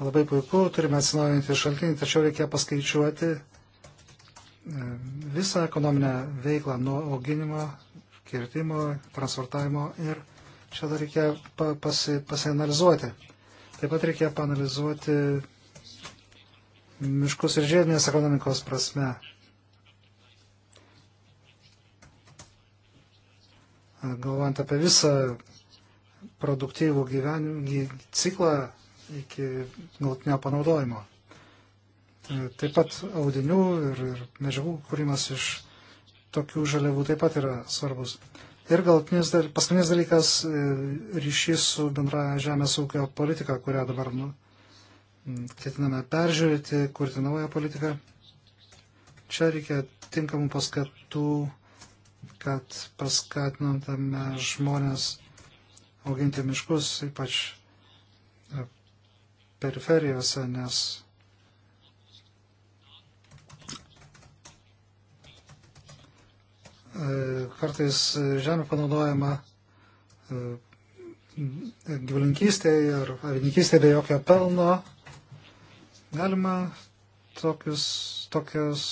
labai puiku, turime atsinaujinti šaltinį, tačiau reikia paskaičiuoti e, visą ekonominę veiklą nuo auginimo, kirtimo, transportavimo ir čia dar reikia pasi, pasianalizuoti. Taip pat reikia panalizuoti miškus ir žiedinės ekonomikos prasme. galvojant apie visą produktyvų gyvenimą, ciklą iki galutinio panaudojimo. E, taip pat audinių ir, ir medžiagų kūrimas iš tokių žaliavų taip pat yra svarbus. Ir galutinis, paskutinis dalykas e, - ryšys su bendra žemės ūkio politika, kurią dabar nu, ketiname peržiūrėti, kurti naują politiką. Čia reikia tinkamų paskatų kad paskatinantame žmonės auginti miškus, ypač e, periferijose, nes e, kartais žemė panaudojama e, gyvulinkystėje ar avininkystėje be jokio pelno. Galima tokius, tokius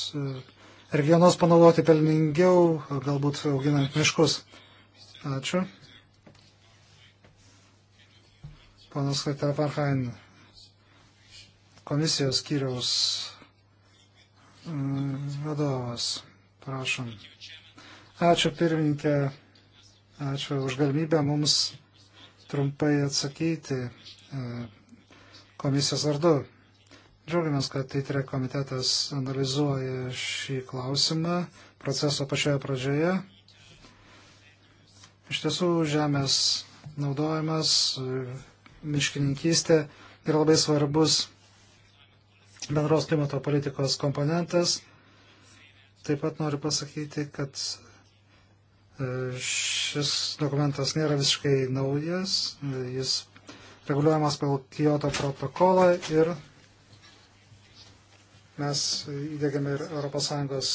regionus panaudoti pelningiau, galbūt auginant miškus. Ačiū. Panas Katerparhain, komisijos skyriaus mm, vadovas, prašom. Ačiū pirmininkė, ačiū už galimybę mums trumpai atsakyti e, komisijos vardu. Džiaugiamės, kad įtrė tai komitetas analizuoja šį klausimą proceso pačioje pradžioje. Iš tiesų, žemės naudojimas, miškininkystė yra labai svarbus bendros klimato politikos komponentas. Taip pat noriu pasakyti, kad e, šis dokumentas nėra visiškai naujas. Jis reguliuojamas pagal Kyoto protokolą ir Mes įdėgėme ir ES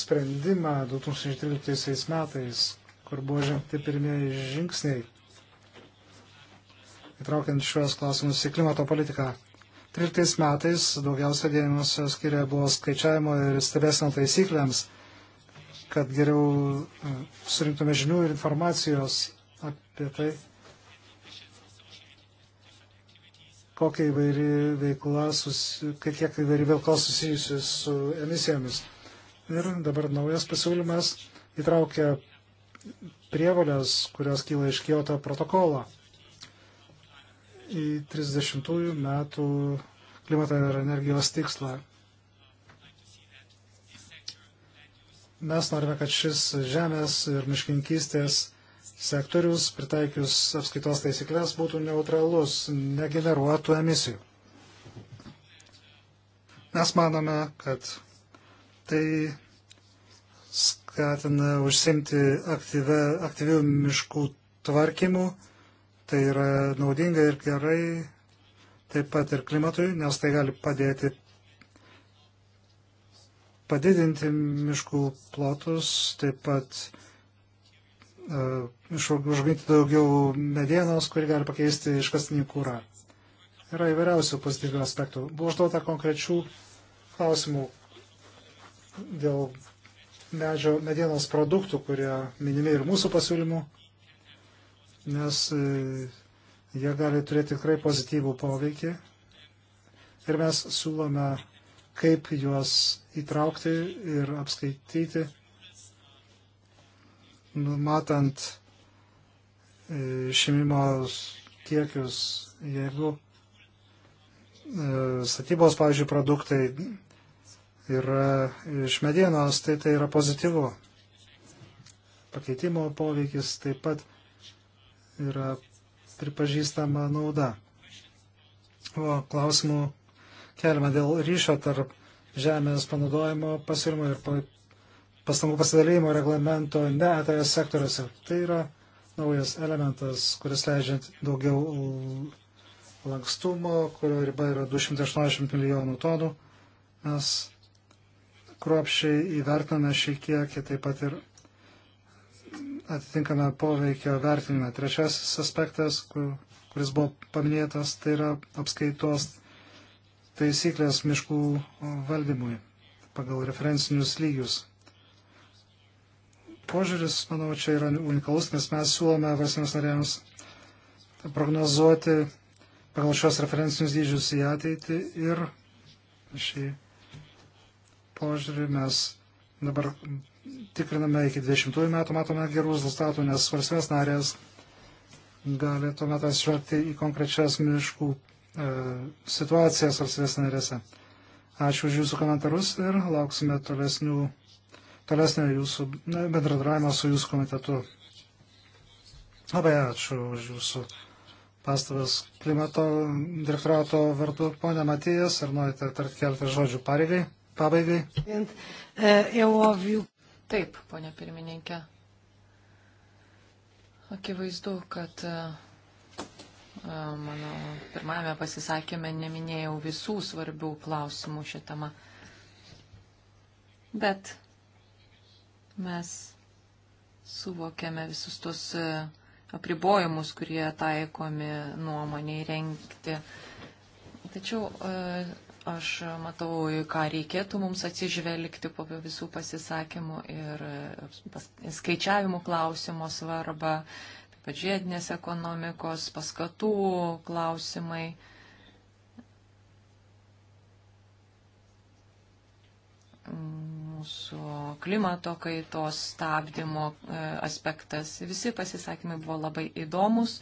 sprendimą 2013 metais, kur buvo žengti pirmieji žingsniai, įtraukiant šiuos klausimus į klimato politiką. 13 metais daugiausia dėmesio skiria buvo skaičiavimo ir stebėsino taisyklėms, kad geriau surinktume žinių ir informacijos apie tai, kokia įvairi veikla, susi, kiek įvairi veikla susijusi su emisijomis. Ir dabar naujas pasiūlymas įtraukia prievalės, kurios kyla iš Kyoto protokolo į 30 metų klimato ir energijos tikslą. Mes norime, kad šis žemės ir miškinkystės sektorius, pritaikius apskaitos taisyklės, būtų neutralus, negeneruotų emisijų. Mes manome, kad tai skatina užsimti aktyve, aktyvių miškų tvarkymų, tai yra naudinga ir gerai, taip pat ir klimatui, nes tai gali padėti padidinti miškų plotus, taip pat E, išauginti daugiau medienos, kuri gali pakeisti iškastinį kūrą. Yra įvairiausių pozityvių aspektų. Buvo užduota konkrečių klausimų dėl medžio, medienos produktų, kurie minimi ir mūsų pasiūlymų, nes e, jie gali turėti tikrai pozityvų poveikį. Ir mes siūlome, kaip juos įtraukti ir apskaityti numatant e, šimimo kiekius, jeigu e, statybos, pavyzdžiui, produktai yra iš medienos, tai tai yra pozityvu. Pakeitimo poveikis taip pat yra pripažįstama nauda. O klausimų keliama dėl ryšio tarp žemės panaudojimo pasiūlymo ir pastangų pasidalymo reglamento ne ETS sektoriuose. Tai yra naujas elementas, kuris leidžia daugiau lankstumo, kurio riba yra 280 milijonų tonų. Mes kruopšiai įvertiname šį kiekį, taip pat ir atitinkame poveikio vertinimą. Trečiasis aspektas, kur, kuris buvo paminėtas, tai yra apskaitos taisyklės miškų valdymui pagal referencinius lygius požiūris, manau, čia yra unikalus, nes mes siūlome valstybės narėms prognozuoti pagal šios referencinius dydžius į ateitį ir šį požiūrį mes dabar tikriname iki 20 metų, matome gerų rezultatų, nes valstybės narės gali tuomet atsižvelgti į konkrečias miškų e, situacijas valstybės narėse. Ačiū už Jūsų komentarus ir lauksime tolesnių tolesnio jūsų bendradarbiavimo su jūsų komitetu. Labai ačiū už jūsų pastabas klimato direktorato vardu. Pone Matijas, ar norite tarti keletą žodžių pareigai, pabaigai? Uh, Taip, ponė pirmininkė. Akivaizdu, kad uh, mano pirmajame pasisakėme neminėjau visų svarbių klausimų šitama. Bet Mes suvokiame visus tos e, apribojimus, kurie taikomi nuomoniai renkti. Tačiau e, aš matau, ką reikėtų mums atsižvelgti po visų pasisakymų ir e, skaičiavimų klausimo svarbą, taip pat žiedinės ekonomikos, paskatų klausimai. Mm mūsų klimato kaitos stabdymo e, aspektas. Visi pasisakymai buvo labai įdomus,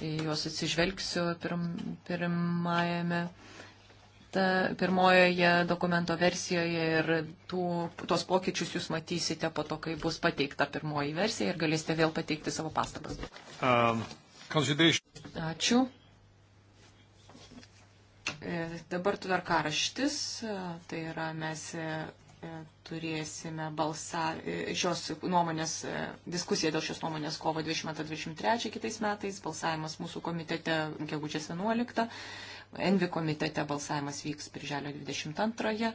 juos atsižvelgsiu pirm, pirmajame, ta, pirmojoje dokumento versijoje ir tų, tuos pokyčius jūs matysite po to, kai bus pateikta pirmoji versija ir galėsite vėl pateikti savo pastabas. Um, Ačiū. E, dabar tu dar karštis, e, tai yra mes E, turėsime balsą e, šios nuomonės, e, diskusiją dėl šios nuomonės kovo 20-23 kitais metais, balsavimas mūsų komitete gegužės 11, Envi komitete balsavimas vyks birželio 22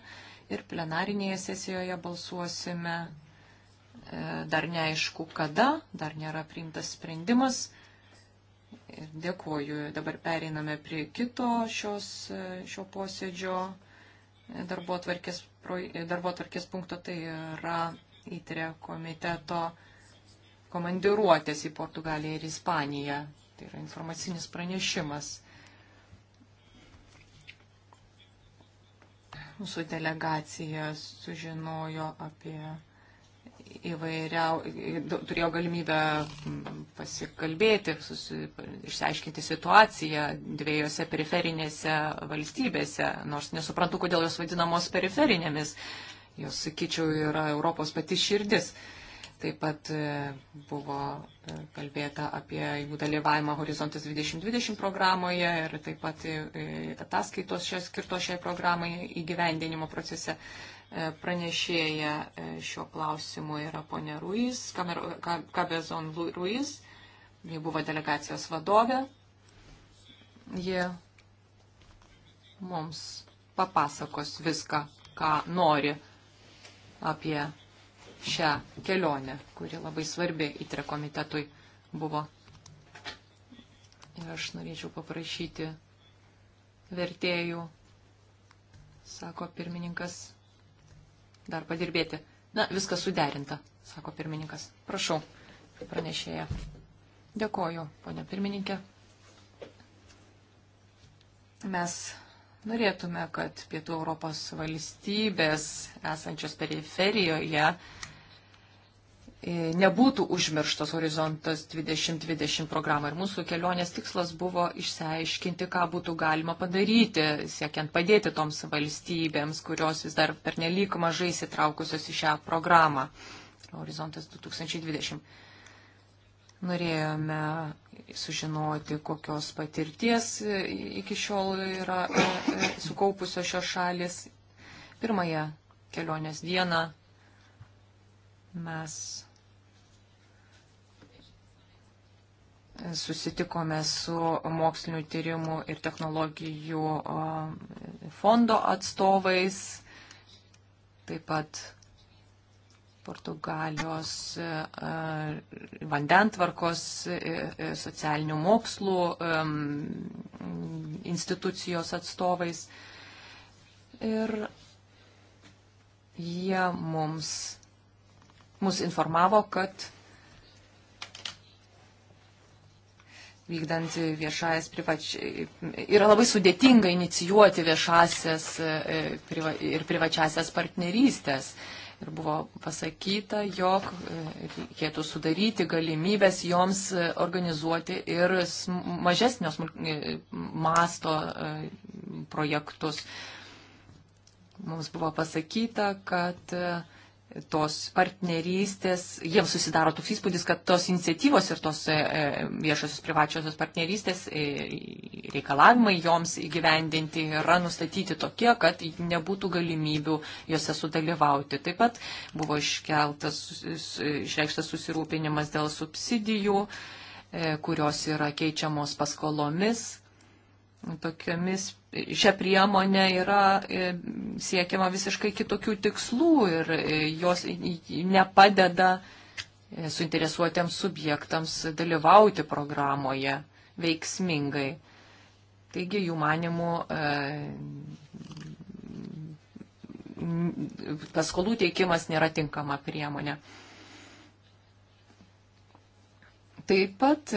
ir plenarinėje sesijoje balsuosime dar neaišku kada, dar nėra priimtas sprendimas. Ir dėkuoju. Dabar pereiname prie kito šios, šio posėdžio darbo atvarkės, darbo atvarkės punkto, tai yra įtrė komiteto komandiruotės į Portugaliją ir Ispaniją. Tai yra informacinis pranešimas. Mūsų delegacija sužinojo apie įvairiau, turėjo galimybę pasikalbėti, susi, išsiaiškinti situaciją dviejose periferinėse valstybėse, nors nesuprantu, kodėl jos vadinamos periferinėmis. Jos, sakyčiau, yra Europos pati širdis. Taip pat e, buvo e, kalbėta apie jų dalyvavimą Horizontas 2020 programoje ir taip pat e, ataskaitos šios skirtos šiai programai įgyvendinimo procese. E, pranešėja e, šio klausimu yra ponė Ruiz, Kabezon Ruiz, ji buvo delegacijos vadovė. Ji mums papasakos viską, ką nori apie šią kelionę, kuri labai svarbi įtre komitetui buvo. Ir aš norėčiau paprašyti vertėjų, sako pirmininkas, dar padirbėti. Na, viskas suderinta, sako pirmininkas. Prašau, pranešėja. Dėkoju, ponia pirmininkė. Mes norėtume, kad Pietų Europos valstybės esančios periferijoje E, nebūtų užmirštas horizontas 2020 programa. Ir mūsų kelionės tikslas buvo išsiaiškinti, ką būtų galima padaryti, siekiant padėti toms valstybėms, kurios vis dar per nelik mažai įsitraukusios į šią programą. Horizontas 2020. Norėjome sužinoti, kokios patirties iki šiol yra e, e, sukaupusios šios šalis. Pirmąją kelionės dieną mes susitikome su mokslinių tyrimų ir technologijų e, fondo atstovais, taip pat Portugalijos e, e, vandentvarkos socialinių mokslų institucijos atstovais. Ir jie mums, mus informavo, kad vykdant viešąjas privač... yra labai sudėtinga inicijuoti viešasias e, e, ir privačiasias partnerystės. Ir buvo pasakyta, jog e, reikėtų sudaryti galimybės joms organizuoti ir mažesnio masto projektus. Mums buvo pasakyta, kad tos partnerystės, jiems susidaro toks įspūdis, kad tos iniciatyvos ir tos e, e, viešosios privačiosios partnerystės e, reikalavimai joms įgyvendinti yra nustatyti tokie, kad nebūtų galimybių juose sudalyvauti. Taip pat buvo iškeltas, išreikštas susirūpinimas dėl subsidijų, kurios yra keičiamos paskolomis tokiamis, šią priemonę yra e, siekiama visiškai kitokių tikslų ir e, jos nepadeda e, suinteresuotiems subjektams dalyvauti programoje veiksmingai. Taigi jų manimų paskolų teikimas nėra tinkama priemonė. Taip pat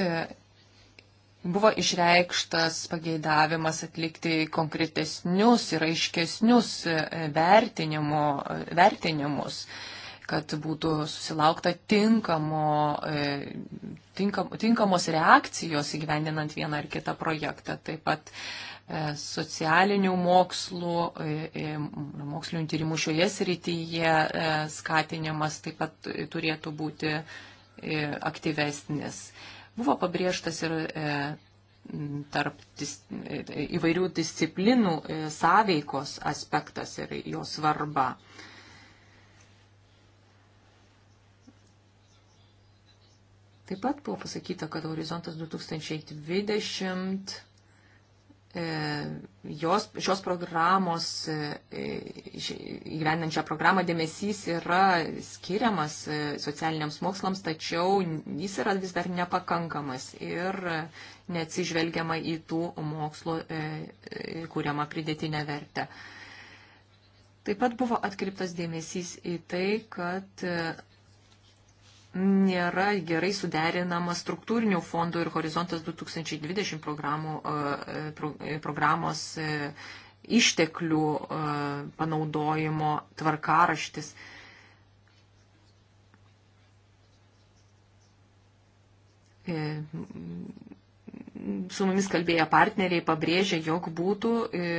buvo išreikštas pageidavimas atlikti konkretesnius ir aiškesnius e, vertinimo, e, vertinimus kad būtų susilaukta tinkamo, e, tinkam, tinkamos reakcijos įgyvendinant vieną ar kitą projektą. Taip pat socialinių mokslų, mokslinių tyrimų šioje srityje skatinimas taip pat turėtų būti aktyvesnis. Buvo pabrėžtas ir e, tarp dis, e, įvairių disciplinų e, sąveikos aspektas ir jo svarba. Taip pat buvo pasakyta, kad horizontas 2020 E, jos, šios programos, įgyvendant e, e, šią programą, dėmesys yra skiriamas socialiniams mokslams, tačiau jis yra vis dar nepakankamas ir neatsižvelgiama į tų mokslo kūriamą pridėtinę vertę. Taip pat buvo atkriptas dėmesys į tai, kad nėra gerai suderinama struktūrinių fondų ir Horizontas 2020 programų, e, e, pro, e, programos išteklių panaudojimo tvarkaraštis su mumis kalbėję partneriai pabrėžė, jog būtų, e,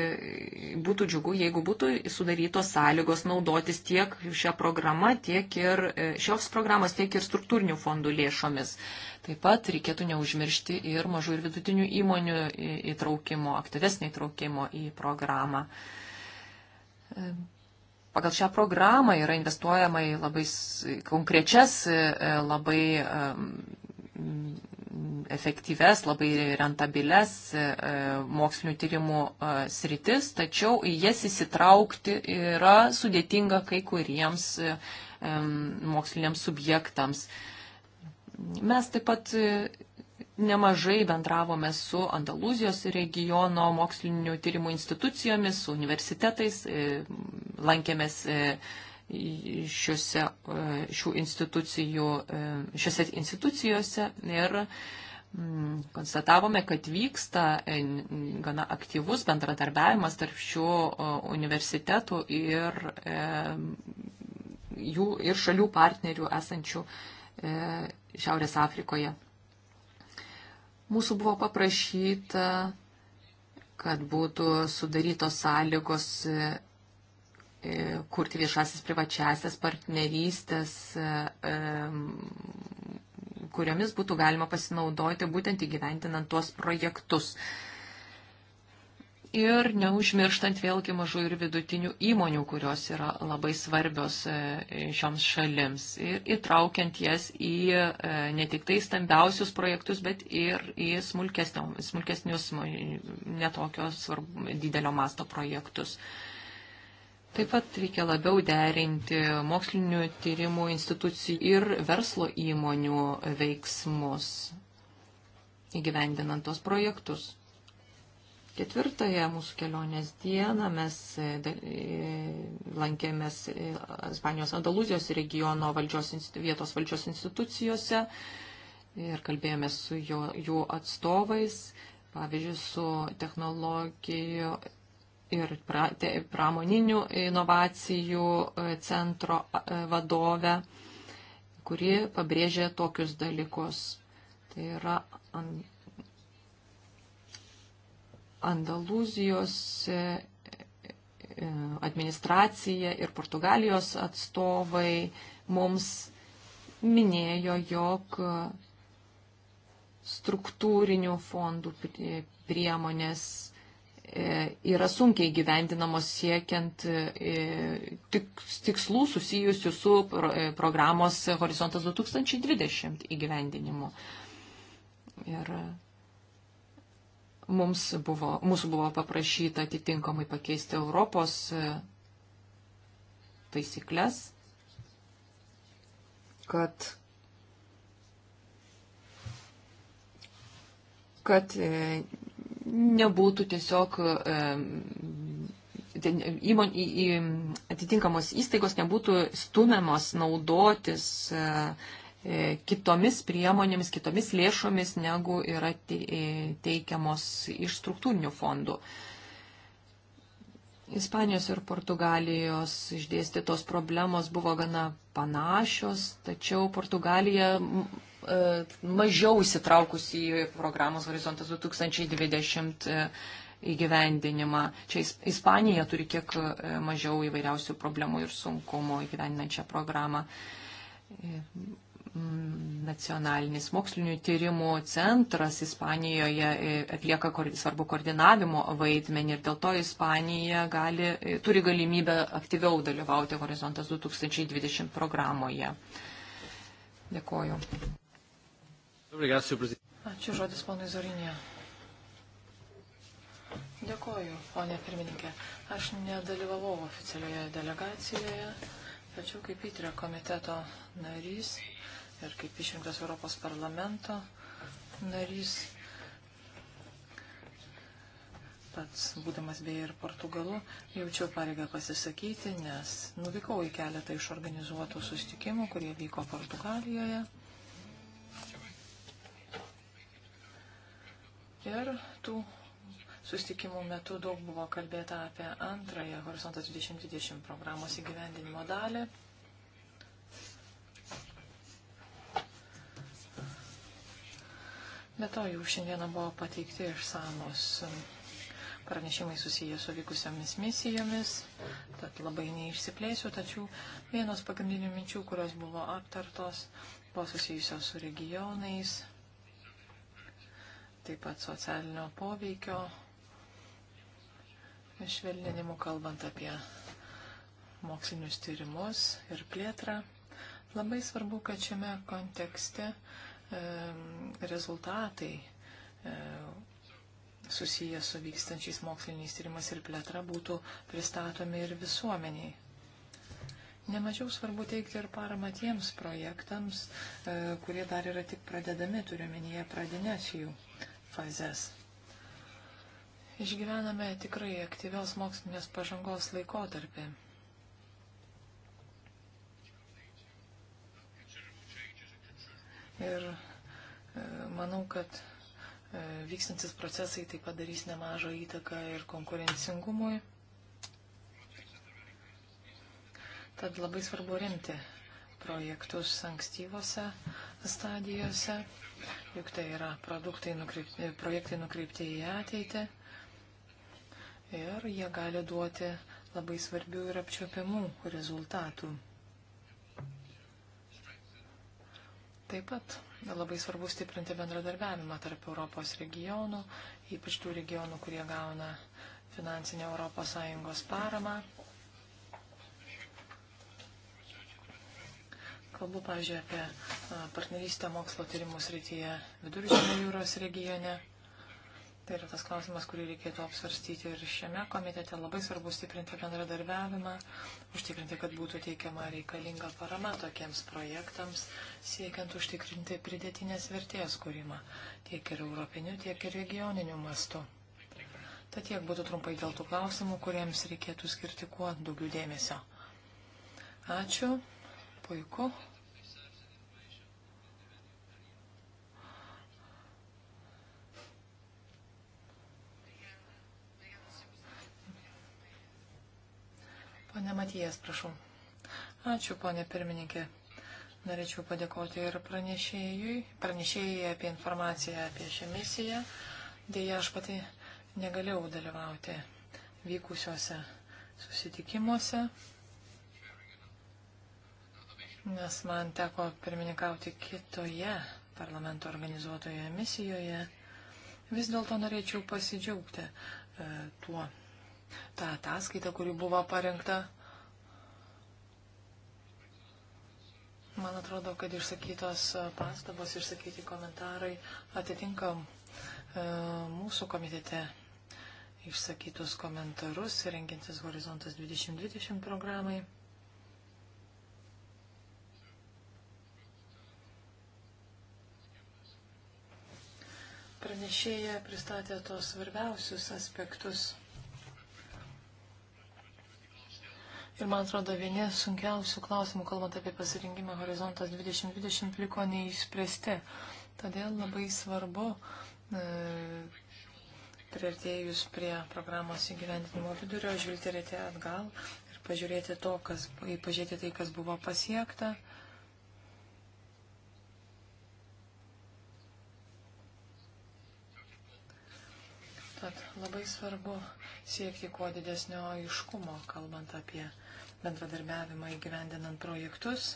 būtų džiugu, jeigu būtų sudarytos sąlygos naudotis tiek šią programą, tiek ir e, šios programos, tiek ir struktūrinių fondų lėšomis. Taip pat reikėtų neužmiršti ir mažų ir vidutinių įmonių įtraukimo, aktyvesnį įtraukimo į programą. E, pagal šią programą yra investuojama į labai konkrečias, labai efektyves, labai rentabiles e, e, mokslinių tyrimų e, sritis, tačiau į jas įsitraukti yra sudėtinga kai kuriems moksliniams subjektams. Mes taip pat nemažai bendravome su Andalūzijos regiono mokslinių tyrimų institucijomis, universitetais, lankėmės šiuose, e, šių institucijų, e, šiuose institucijose ir mm, konstatavome, kad vyksta e, gana aktyvus bendradarbiavimas tarp šių universitetų ir jų ir šalių partnerių esančių Šiaurės Afrikoje. Mūsų buvo paprašyta, kad būtų sudarytos sąlygos E, kurti viešasis privačiasias partnerystės, e, kuriomis būtų galima pasinaudoti būtent įgyventinant tuos projektus. Ir neužmirštant vėlgi mažų ir vidutinių įmonių, kurios yra labai svarbios e, šioms šalims. Ir įtraukiant jas į ne tik tai stambiausius projektus, bet ir į smulkesnius, netokios didelio masto projektus. Taip pat reikia labiau derinti mokslinių tyrimų institucijų ir verslo įmonių veiksmus įgyvendinant tos projektus. Ketvirtąją mūsų kelionės dieną mes e, lankėmės e, Ispanijos Andaluzijos regiono valdžios, vietos valdžios institucijose ir kalbėjome su jo, jų atstovais, pavyzdžiui, su technologijų ir pra, te, pramoninių inovacijų e, centro e, vadovę, kuri pabrėžė tokius dalykus. Tai yra Andalūzijos e, administracija ir Portugalijos atstovai mums minėjo, jog struktūrinių fondų priemonės E, yra sunkiai gyvendinamos siekiant e, e, tikslų susijusių su programos Horizontas 2020 įgyvendinimu. Ir mums buvo, mūsų buvo paprašyta atitinkamai pakeisti Europos taisyklės, kad kad nebūtų tiesiog įmon, į, į, atitinkamos įstaigos nebūtų stumiamos naudotis e, e, kitomis priemonėmis, kitomis lėšomis, negu yra e, teikiamos iš struktūrinių fondų. Ispanijos ir Portugalijos išdėstytos problemos buvo gana panašios, tačiau Portugalija E, mažiau įsitraukus į programos Horizontas 2020 e, įgyvendinimą. Čia Ispanija turi kiek e, mažiau įvairiausių problemų ir sunkumų įgyvendinančią programą. Nacionalinis mokslinių tyrimų centras Ispanijoje atlieka svarbu koordinavimo vaidmenį ir dėl to Ispanija gali, turi galimybę aktyviau dalyvauti Horizontas 2020 programoje. Dėkoju. Ačiū žodis ponui Zorinė. Dėkoju, ponė pirmininkė. Aš nedalyvavau oficialioje delegacijoje, tačiau kaip įtrio komiteto narys ir kaip išrinktas Europos parlamento narys, pats, būdamas beje ir portugalu, jaučiau pareigą pasisakyti, nes nuvykau į keletą iš organizuotų sustikimų, kurie vyko Portugalijoje. Ir tų sustikimų metu daug buvo kalbėta apie antrąją Horizontas 2020 programos įgyvendinimo dalį. Be to, jau šiandieną buvo pateikti išsamos pranešimai susiję su vykusiamis misijomis, tad labai neišsiplėsiu, tačiau vienos pagrindinių minčių, kurios buvo aptartos, buvo susijusios su regionais, taip pat socialinio poveikio švelninimu, kalbant apie mokslinius tyrimus ir plėtrą. Labai svarbu, kad šiame kontekste e, rezultatai e, susiję su vykstančiais moksliniais tyrimas ir plėtra būtų pristatomi ir visuomeniai. Nemažiau svarbu teikti ir paramą tiems projektams, e, kurie dar yra tik pradedami, turiuomenyje pradinės jų fazes. Išgyvename tikrai aktyvios mokslinės pažangos laikotarpį. Ir e, manau, kad e, vykstantis procesai taip pat darys nemažą įtaką ir konkurencingumui. Tad labai svarbu remti projektus ankstyvose stadijose, juk tai yra nukreipti, projektai nukreipti į ateitį ir jie gali duoti labai svarbių ir apčiopiamų rezultatų. Taip pat labai svarbu stiprinti bendradarbiavimą tarp Europos regionų, ypač tų regionų, kurie gauna finansinę ES paramą. Kalbu, pavyzdžiui, apie partnerystę mokslo tyrimų srityje Viduržėmio jūros regione. Tai yra tas klausimas, kurį reikėtų apsvarstyti ir šiame komitete. Labai svarbu stiprinti bendradarbiavimą, užtikrinti, kad būtų teikiama reikalinga parama tokiems projektams, siekiant užtikrinti pridėtinės vertės kūrimą tiek ir europiniu, tiek ir regioniniu mastu. Tad tiek būtų trumpai dėl tų klausimų, kuriems reikėtų skirti kuo daugiau dėmesio. Ačiū. Puiku. Pane Matijas, prašau. Ačiū, ponė pirmininkė. Norėčiau padėkoti ir pranešėjui, pranešėjai apie informaciją apie šią misiją. Deja, aš pati negalėjau dalyvauti vykusiuose susitikimuose, nes man teko pirmininkauti kitoje parlamento organizuotoje misijoje. Vis dėlto norėčiau pasidžiaugti e, tuo tą ataskaitą, kuri buvo parengta. Man atrodo, kad išsakytos pastabos, išsakyti komentarai atitinkam e, mūsų komitete išsakytus komentarus, rengintis Horizontas 2020 programai. Pranešėja pristatė tos svarbiausius aspektus Ir man atrodo, vieni sunkiausių klausimų, kalbant apie pasirinkimą horizontas 2020, liko neišspręsti. Todėl labai svarbu, e, priartėjus prie programos įgyvendinimo vidurio, žvilgterėti atgal ir pažiūrėti, to, kas, pažiūrėti tai, kas buvo pasiekta. Tad labai svarbu siekti kuo didesnio aiškumo, kalbant apie bendradarbiavimą įgyvendinant projektus.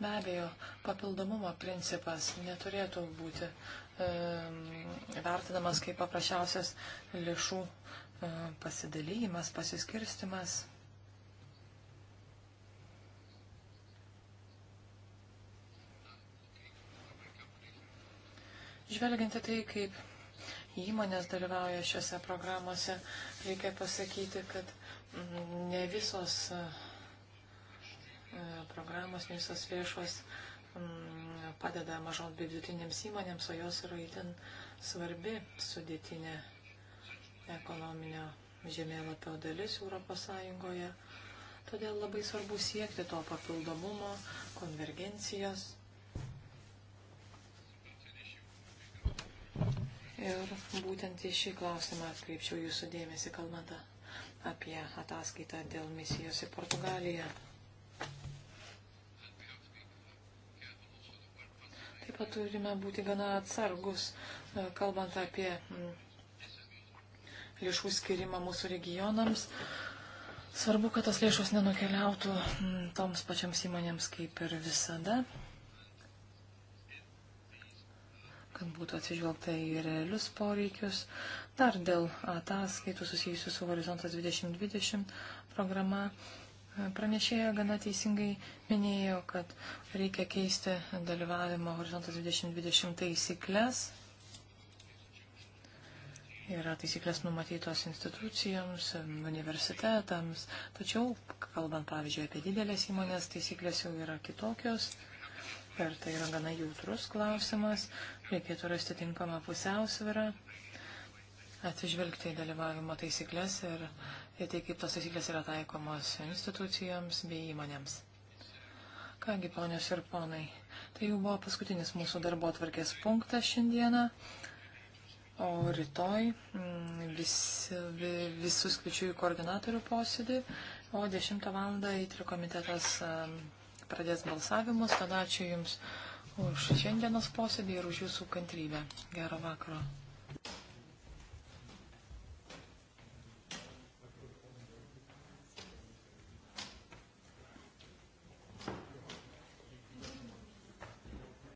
Be abejo, papildomumo principas neturėtų būti e, vertinamas kaip paprasčiausias lėšų e, pasidalymas, pasiskirstimas. Žvelgiant į tai, kaip įmonės dalyvauja šiuose programuose. Reikia pasakyti, kad ne visos e, programos, ne visos lėšos mm, padeda mažoms bei vidutinėms įmonėms, o jos yra itin svarbi sudėtinė ekonominio žemėlapio dalis ES. Todėl labai svarbu siekti to papildomumo, konvergencijos Ir būtent į šį klausimą atkreipčiau jūsų dėmesį, kalbant apie ataskaitą dėl misijos į Portugaliją. Taip pat turime būti gana atsargus, e, kalbant apie mm, lėšų skirimą mūsų regionams. Svarbu, kad tos lėšos nenukeliautų mm, toms pačiams įmonėms kaip ir visada. kad būtų atsižvelgta į realius poreikius. Dar dėl ataskaitų susijusių su Horizontas 2020 programa. E, pranešėja gana teisingai minėjo, kad reikia keisti dalyvavimo Horizontas 2020 taisyklės. Yra taisyklės numatytos institucijoms, universitetams, tačiau, kalbant pavyzdžiui apie didelės įmonės, taisyklės jau yra kitokios ir tai yra gana jautrus klausimas. Reikėtų rasti tinkamą pusiausvyrą, atsižvelgti į dalyvavimo taisyklės ir į tai, kaip tos taisyklės yra taikomos institucijoms bei įmonėms. Kągi, ponios ir ponai, tai jau buvo paskutinis mūsų darbo atvarkės punktas šiandieną. O rytoj mm, vis, visus kviečiu į koordinatorių posėdį, o 10 val. įtri komitetas mm, pradės balsavimus. Tada ačiū Jums už šiandienos posėdį ir už jūsų kantrybę. Gero vakaro.